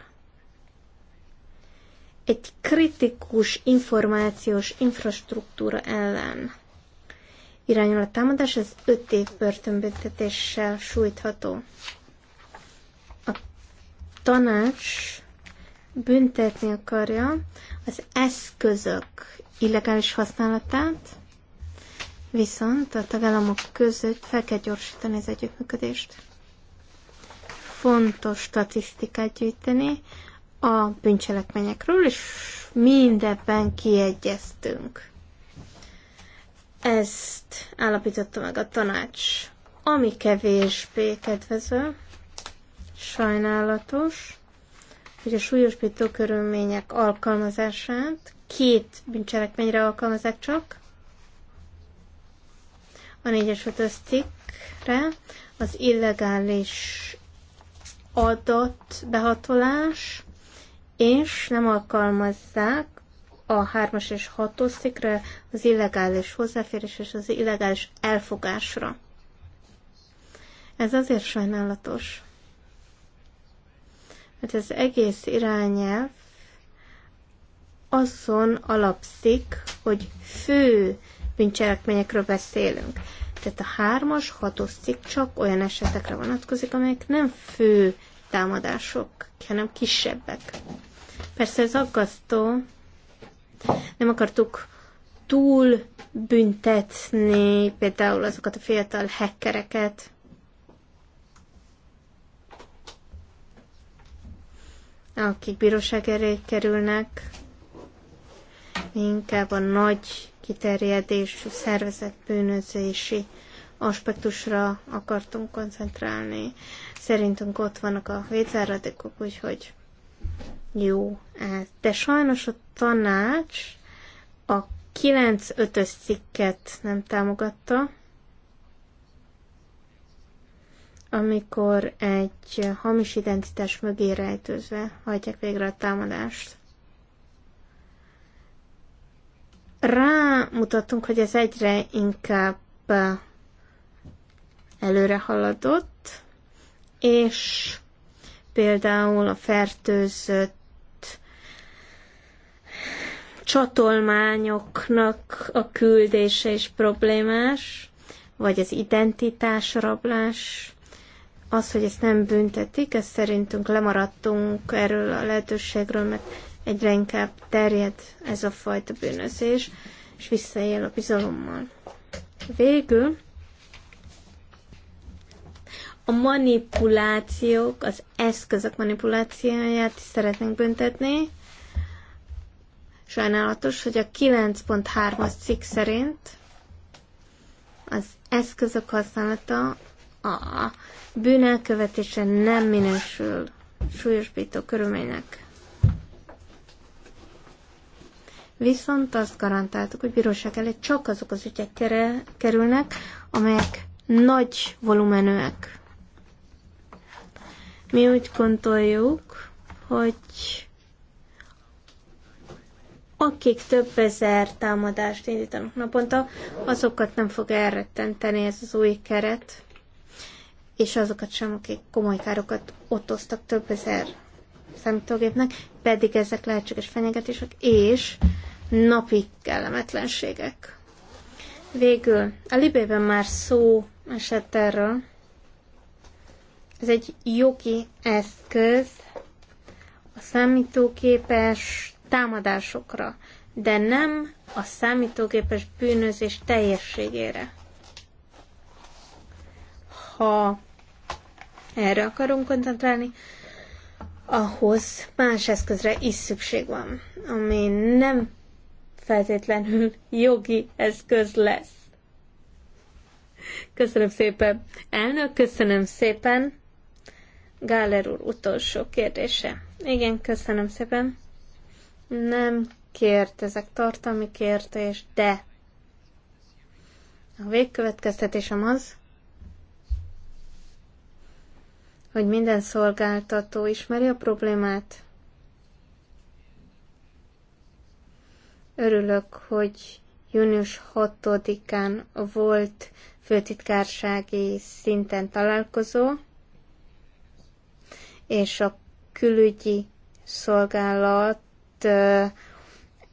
egy kritikus információs infrastruktúra ellen irányul a támadás, ez 5 év börtönbüntetéssel sújtható. A tanács büntetni akarja az eszközök illegális használatát, viszont a tagállamok között fel kell gyorsítani az együttműködést fontos statisztikát gyűjteni a bűncselekményekről, és mindebben kiegyeztünk. Ezt állapította meg a tanács, ami kevésbé kedvező, sajnálatos, hogy a súlyosbító körülmények alkalmazását két bűncselekményre alkalmazák csak, a 4-es 5 cikkre, az illegális behatolás és nem alkalmazzák a 3-as és 6-os szikre az illegális hozzáférés és az illegális elfogásra. Ez azért sajnálatos, mert az egész irányelv azon alapszik, hogy fő bűncselekményekről beszélünk. Tehát a hármas, hatos cikk csak olyan esetekre vonatkozik, amelyek nem fő támadások, hanem kisebbek. Persze ez aggasztó. Nem akartuk túl büntetni például azokat a fiatal hackereket, akik bíróság elé kerülnek, inkább a nagy kiterjedésű szervezett bűnözési aspektusra akartunk koncentrálni. Szerintünk ott vannak a védzáradékok, úgyhogy jó. De sajnos a tanács a 5 ös cikket nem támogatta, amikor egy hamis identitás mögé rejtőzve hajtják végre a támadást. rámutattunk, hogy ez egyre inkább előre haladott, és például a fertőzött csatolmányoknak a küldése is problémás, vagy az identitásrablás, az, hogy ezt nem büntetik, ez szerintünk lemaradtunk erről a lehetőségről, mert egyre inkább terjed ez a fajta bűnözés, és visszaél a bizalommal. Végül a manipulációk, az eszközök manipulációját is szeretnénk büntetni. Sajnálatos, hogy a 9.3-as cikk szerint az eszközök használata a bűnelkövetése nem minősül súlyosbító körülménynek. viszont azt garantáltuk, hogy bíróság elé csak azok az ügyek kerülnek, amelyek nagy volumenűek. Mi úgy gondoljuk, hogy akik több ezer támadást indítanak naponta, azokat nem fog elrettenteni ez az új keret, és azokat sem, akik komoly károkat otoztak több ezer számítógépnek, pedig ezek lehetséges fenyegetések, és napi kellemetlenségek. Végül, a Libében már szó esett erről. Ez egy jogi eszköz a számítógépes támadásokra, de nem a számítógépes bűnözés teljességére. Ha erre akarunk koncentrálni, ahhoz más eszközre is szükség van, ami nem feltétlenül jogi eszköz lesz. Köszönöm szépen. Elnök, köszönöm szépen. Gáler úr utolsó kérdése. Igen, köszönöm szépen. Nem ezek tartalmi kérdés, de a végkövetkeztetésem az, hogy minden szolgáltató ismeri a problémát, Örülök, hogy június 6-án volt főtitkársági szinten találkozó, és a külügyi szolgálat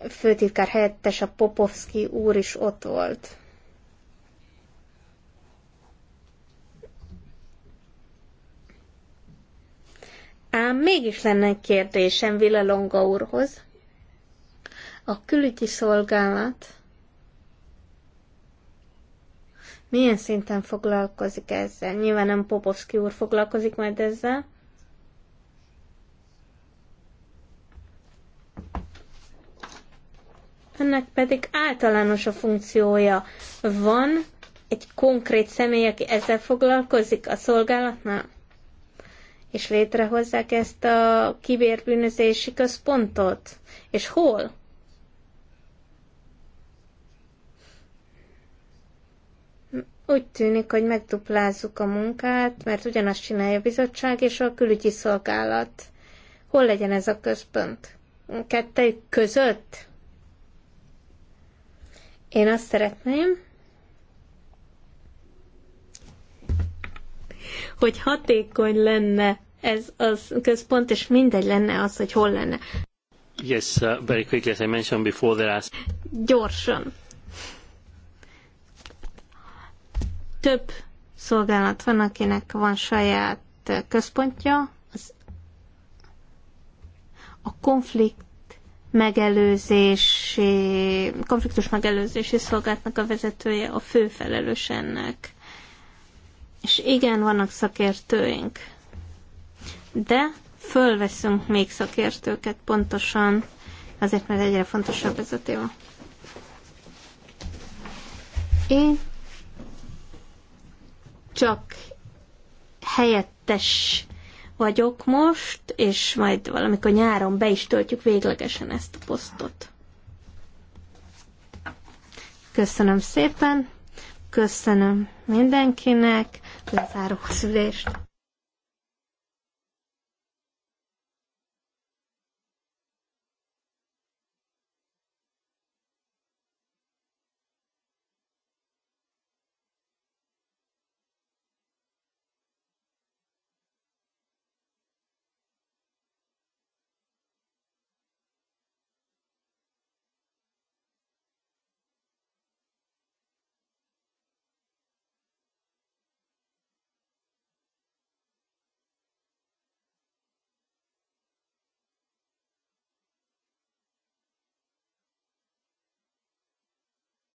főtitkár helyettes a Popovski úr is ott volt. Ám mégis lenne kérdésem Vila Longa úrhoz. A külügyi szolgálat milyen szinten foglalkozik ezzel? Nyilván nem Popovski úr foglalkozik majd ezzel. Ennek pedig általános a funkciója. Van egy konkrét személy, aki ezzel foglalkozik a szolgálatnál? És létrehozzák ezt a kibérbűnözési központot? És hol? Úgy tűnik, hogy megduplázzuk a munkát, mert ugyanazt csinálja a bizottság és a külügyi szolgálat. Hol legyen ez a központ? Kettejük között? Én azt szeretném, hogy hatékony lenne ez a központ, és mindegy lenne az, hogy hol lenne. Yes, uh, very quickly, as I mentioned before, there are... Gyorsan. Több szolgálat van, akinek van saját központja, az a konflikt megelőzési, konfliktus megelőzési szolgálatnak a vezetője a fő felelős ennek. És igen, vannak szakértőink, de fölveszünk még szakértőket pontosan, azért mert egyre fontosabb ez a téma. Én csak helyettes vagyok most, és majd valamikor nyáron be is töltjük véglegesen ezt a posztot. Köszönöm szépen, köszönöm mindenkinek, lezárok szülést.